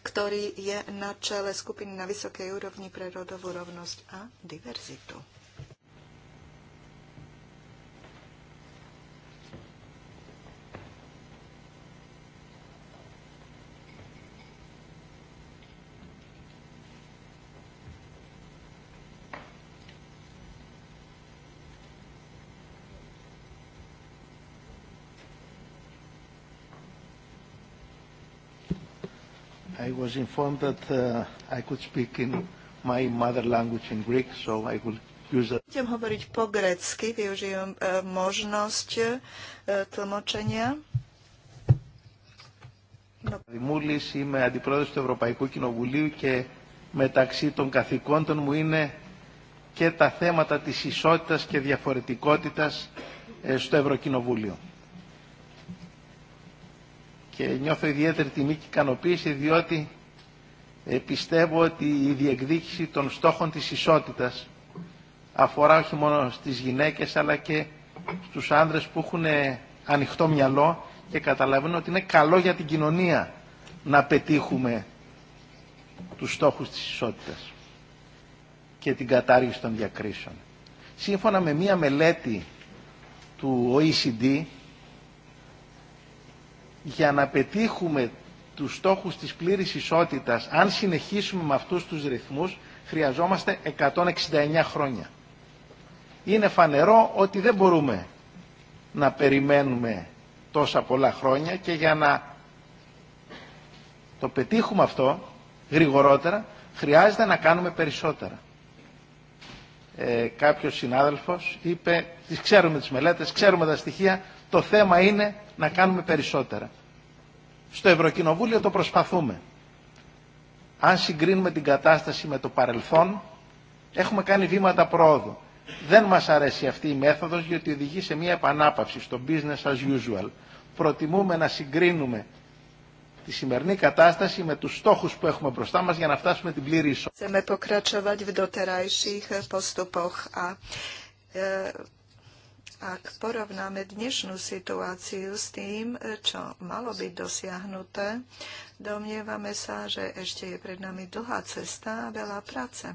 ktorý je na čele skupiny na vysokej úrovni pre rodovú rovnosť a diverzitu. I was informed that uh, I could speak in my mother language in Greek, so I will use it. Budem hovoriť po grecky, využijem uh, možnosť uh, tlmočenia. Δημούλης, είμαι αντιπρόεδρος του Ευρωπαϊκού Κοινοβουλίου και μεταξύ των καθηκόντων μου είναι και τα θέματα της ισότητας και διαφορετικότητας στο Ευρωκοινοβούλιο και νιώθω ιδιαίτερη τιμή και ικανοποίηση διότι ε, πιστεύω ότι η διεκδίκηση των στόχων της ισότητας αφορά όχι μόνο στις γυναίκες αλλά και στους άνδρες που έχουν ανοιχτό μυαλό και καταλαβαίνω ότι είναι καλό για την κοινωνία να πετύχουμε τους στόχους της ισότητας και την κατάργηση των διακρίσεων. Σύμφωνα με μία μελέτη του OECD για να πετύχουμε τους στόχους της πλήρης ισότητας, αν συνεχίσουμε με αυτούς τους ρυθμούς, χρειαζόμαστε 169 χρόνια. Είναι φανερό ότι δεν μπορούμε να περιμένουμε τόσα πολλά χρόνια και για να το πετύχουμε αυτό γρηγορότερα χρειάζεται να κάνουμε περισσότερα. Ε, κάποιος συνάδελφος είπε, τις ξέρουμε τις μελέτες, ξέρουμε τα στοιχεία, το θέμα είναι να κάνουμε περισσότερα. Στο Ευρωκοινοβούλιο το προσπαθούμε. Αν συγκρίνουμε την κατάσταση με το παρελθόν, έχουμε κάνει βήματα πρόοδου. Δεν μας αρέσει αυτή η μέθοδος γιατί οδηγεί σε μια επανάπαυση στο business as usual. Προτιμούμε να συγκρίνουμε τη σημερινή κατάσταση με τους στόχους που έχουμε μπροστά μας για να φτάσουμε την πλήρη ισότητα. Ak porovnáme dnešnú situáciu s tým, čo malo byť dosiahnuté, domnievame sa, že ešte je pred nami dlhá cesta a veľa práce.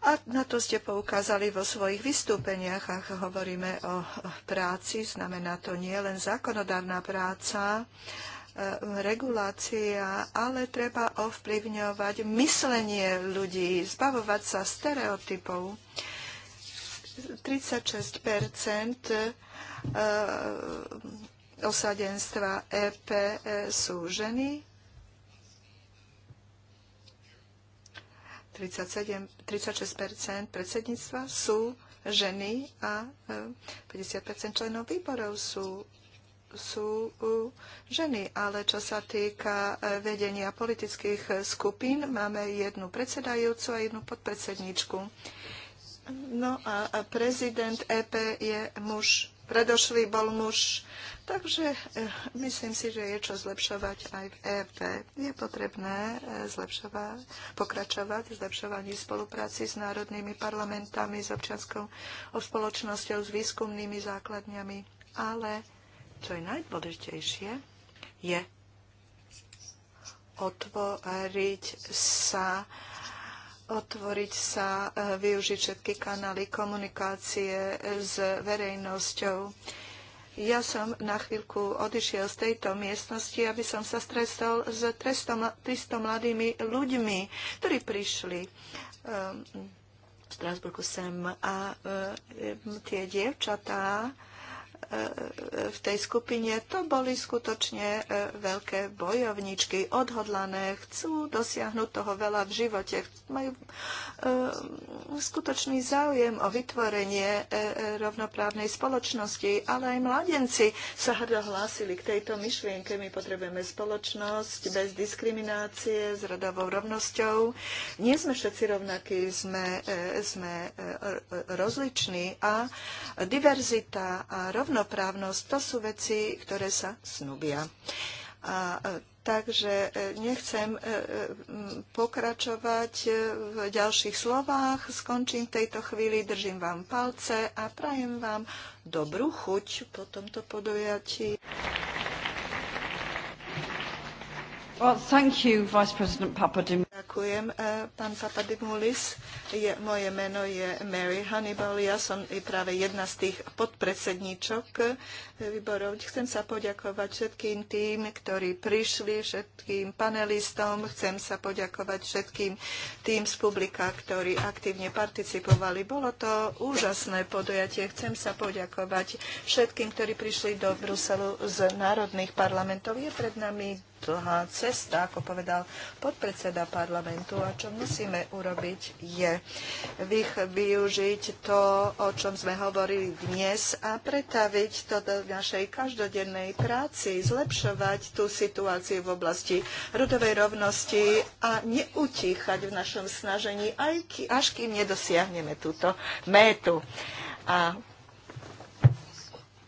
A na to ste poukázali vo svojich vystúpeniach. Ak hovoríme o práci, znamená to nie len zákonodárna práca, e, regulácia, ale treba ovplyvňovať myslenie ľudí, zbavovať sa stereotypov. 36 e, osadenstva EP e, sú ženy, 36 predsedníctva sú ženy a 50 e, členov výborov sú sú ženy, ale čo sa týka vedenia politických skupín, máme jednu predsedajúcu a jednu podpredsedničku. No a prezident EP je muž, predošlý bol muž, takže eh, myslím si, že je čo zlepšovať aj v EP. Je potrebné eh, zlepšovať, pokračovať v zlepšovaní spolupráci s národnými parlamentami, s občianskou spoločnosťou, s výskumnými základňami, ale čo je najdôležitejšie, je otvoriť sa otvoriť sa, e, využiť všetky kanály komunikácie e, s verejnosťou. Ja som na chvíľku odišiel z tejto miestnosti, aby som sa stretol s 300 mladými ľuďmi, ktorí prišli e, v Strasburgu sem a tie dievčatá, E, v tej skupine, to boli skutočne e, veľké bojovničky, odhodlané, chcú dosiahnuť toho veľa v živote, majú e, skutočný záujem o vytvorenie rovnoprávnej spoločnosti, ale aj mladenci sa hrdo hlásili k tejto myšlienke. My potrebujeme spoločnosť bez diskriminácie, s rodovou rovnosťou. Nie sme všetci rovnakí, sme, sme rozliční a diverzita a rovnosť rovnoprávnosť. To sú veci, ktoré sa snubia. A e, Takže e, nechcem e, pokračovať v ďalších slovách. Skončím v tejto chvíli, držím vám palce a prajem vám dobrú chuť po tomto podujatí. Well, you, Ďakujem, eh, pán Papadimulis. moje meno je Mary Hannibal. Ja som práve jedna z tých podpredsedníčok eh, výborov. Chcem sa poďakovať všetkým tým, ktorí prišli, všetkým panelistom. Chcem sa poďakovať všetkým tým z publika, ktorí aktívne participovali. Bolo to úžasné podujatie. Chcem sa poďakovať všetkým, ktorí prišli do Bruselu z národných parlamentov. Je pred nami dlhá cesta, ako povedal podpredseda parlamentu. A čo musíme urobiť je využiť to, o čom sme hovorili dnes a pretaviť to do našej každodennej práci, zlepšovať tú situáciu v oblasti rodovej rovnosti a neutíchať v našom snažení, aj až kým nedosiahneme túto métu. A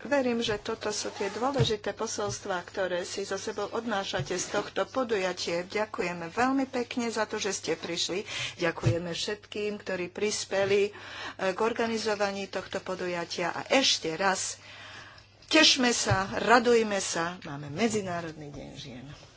Verím, že toto sú tie dôležité posolstvá, ktoré si so sebou odnášate z tohto podujatie. Ďakujeme veľmi pekne za to, že ste prišli. Ďakujeme všetkým, ktorí prispeli eh, k organizovaní tohto podujatia. A ešte raz, tešme sa, radujme sa, máme Medzinárodný deň žien.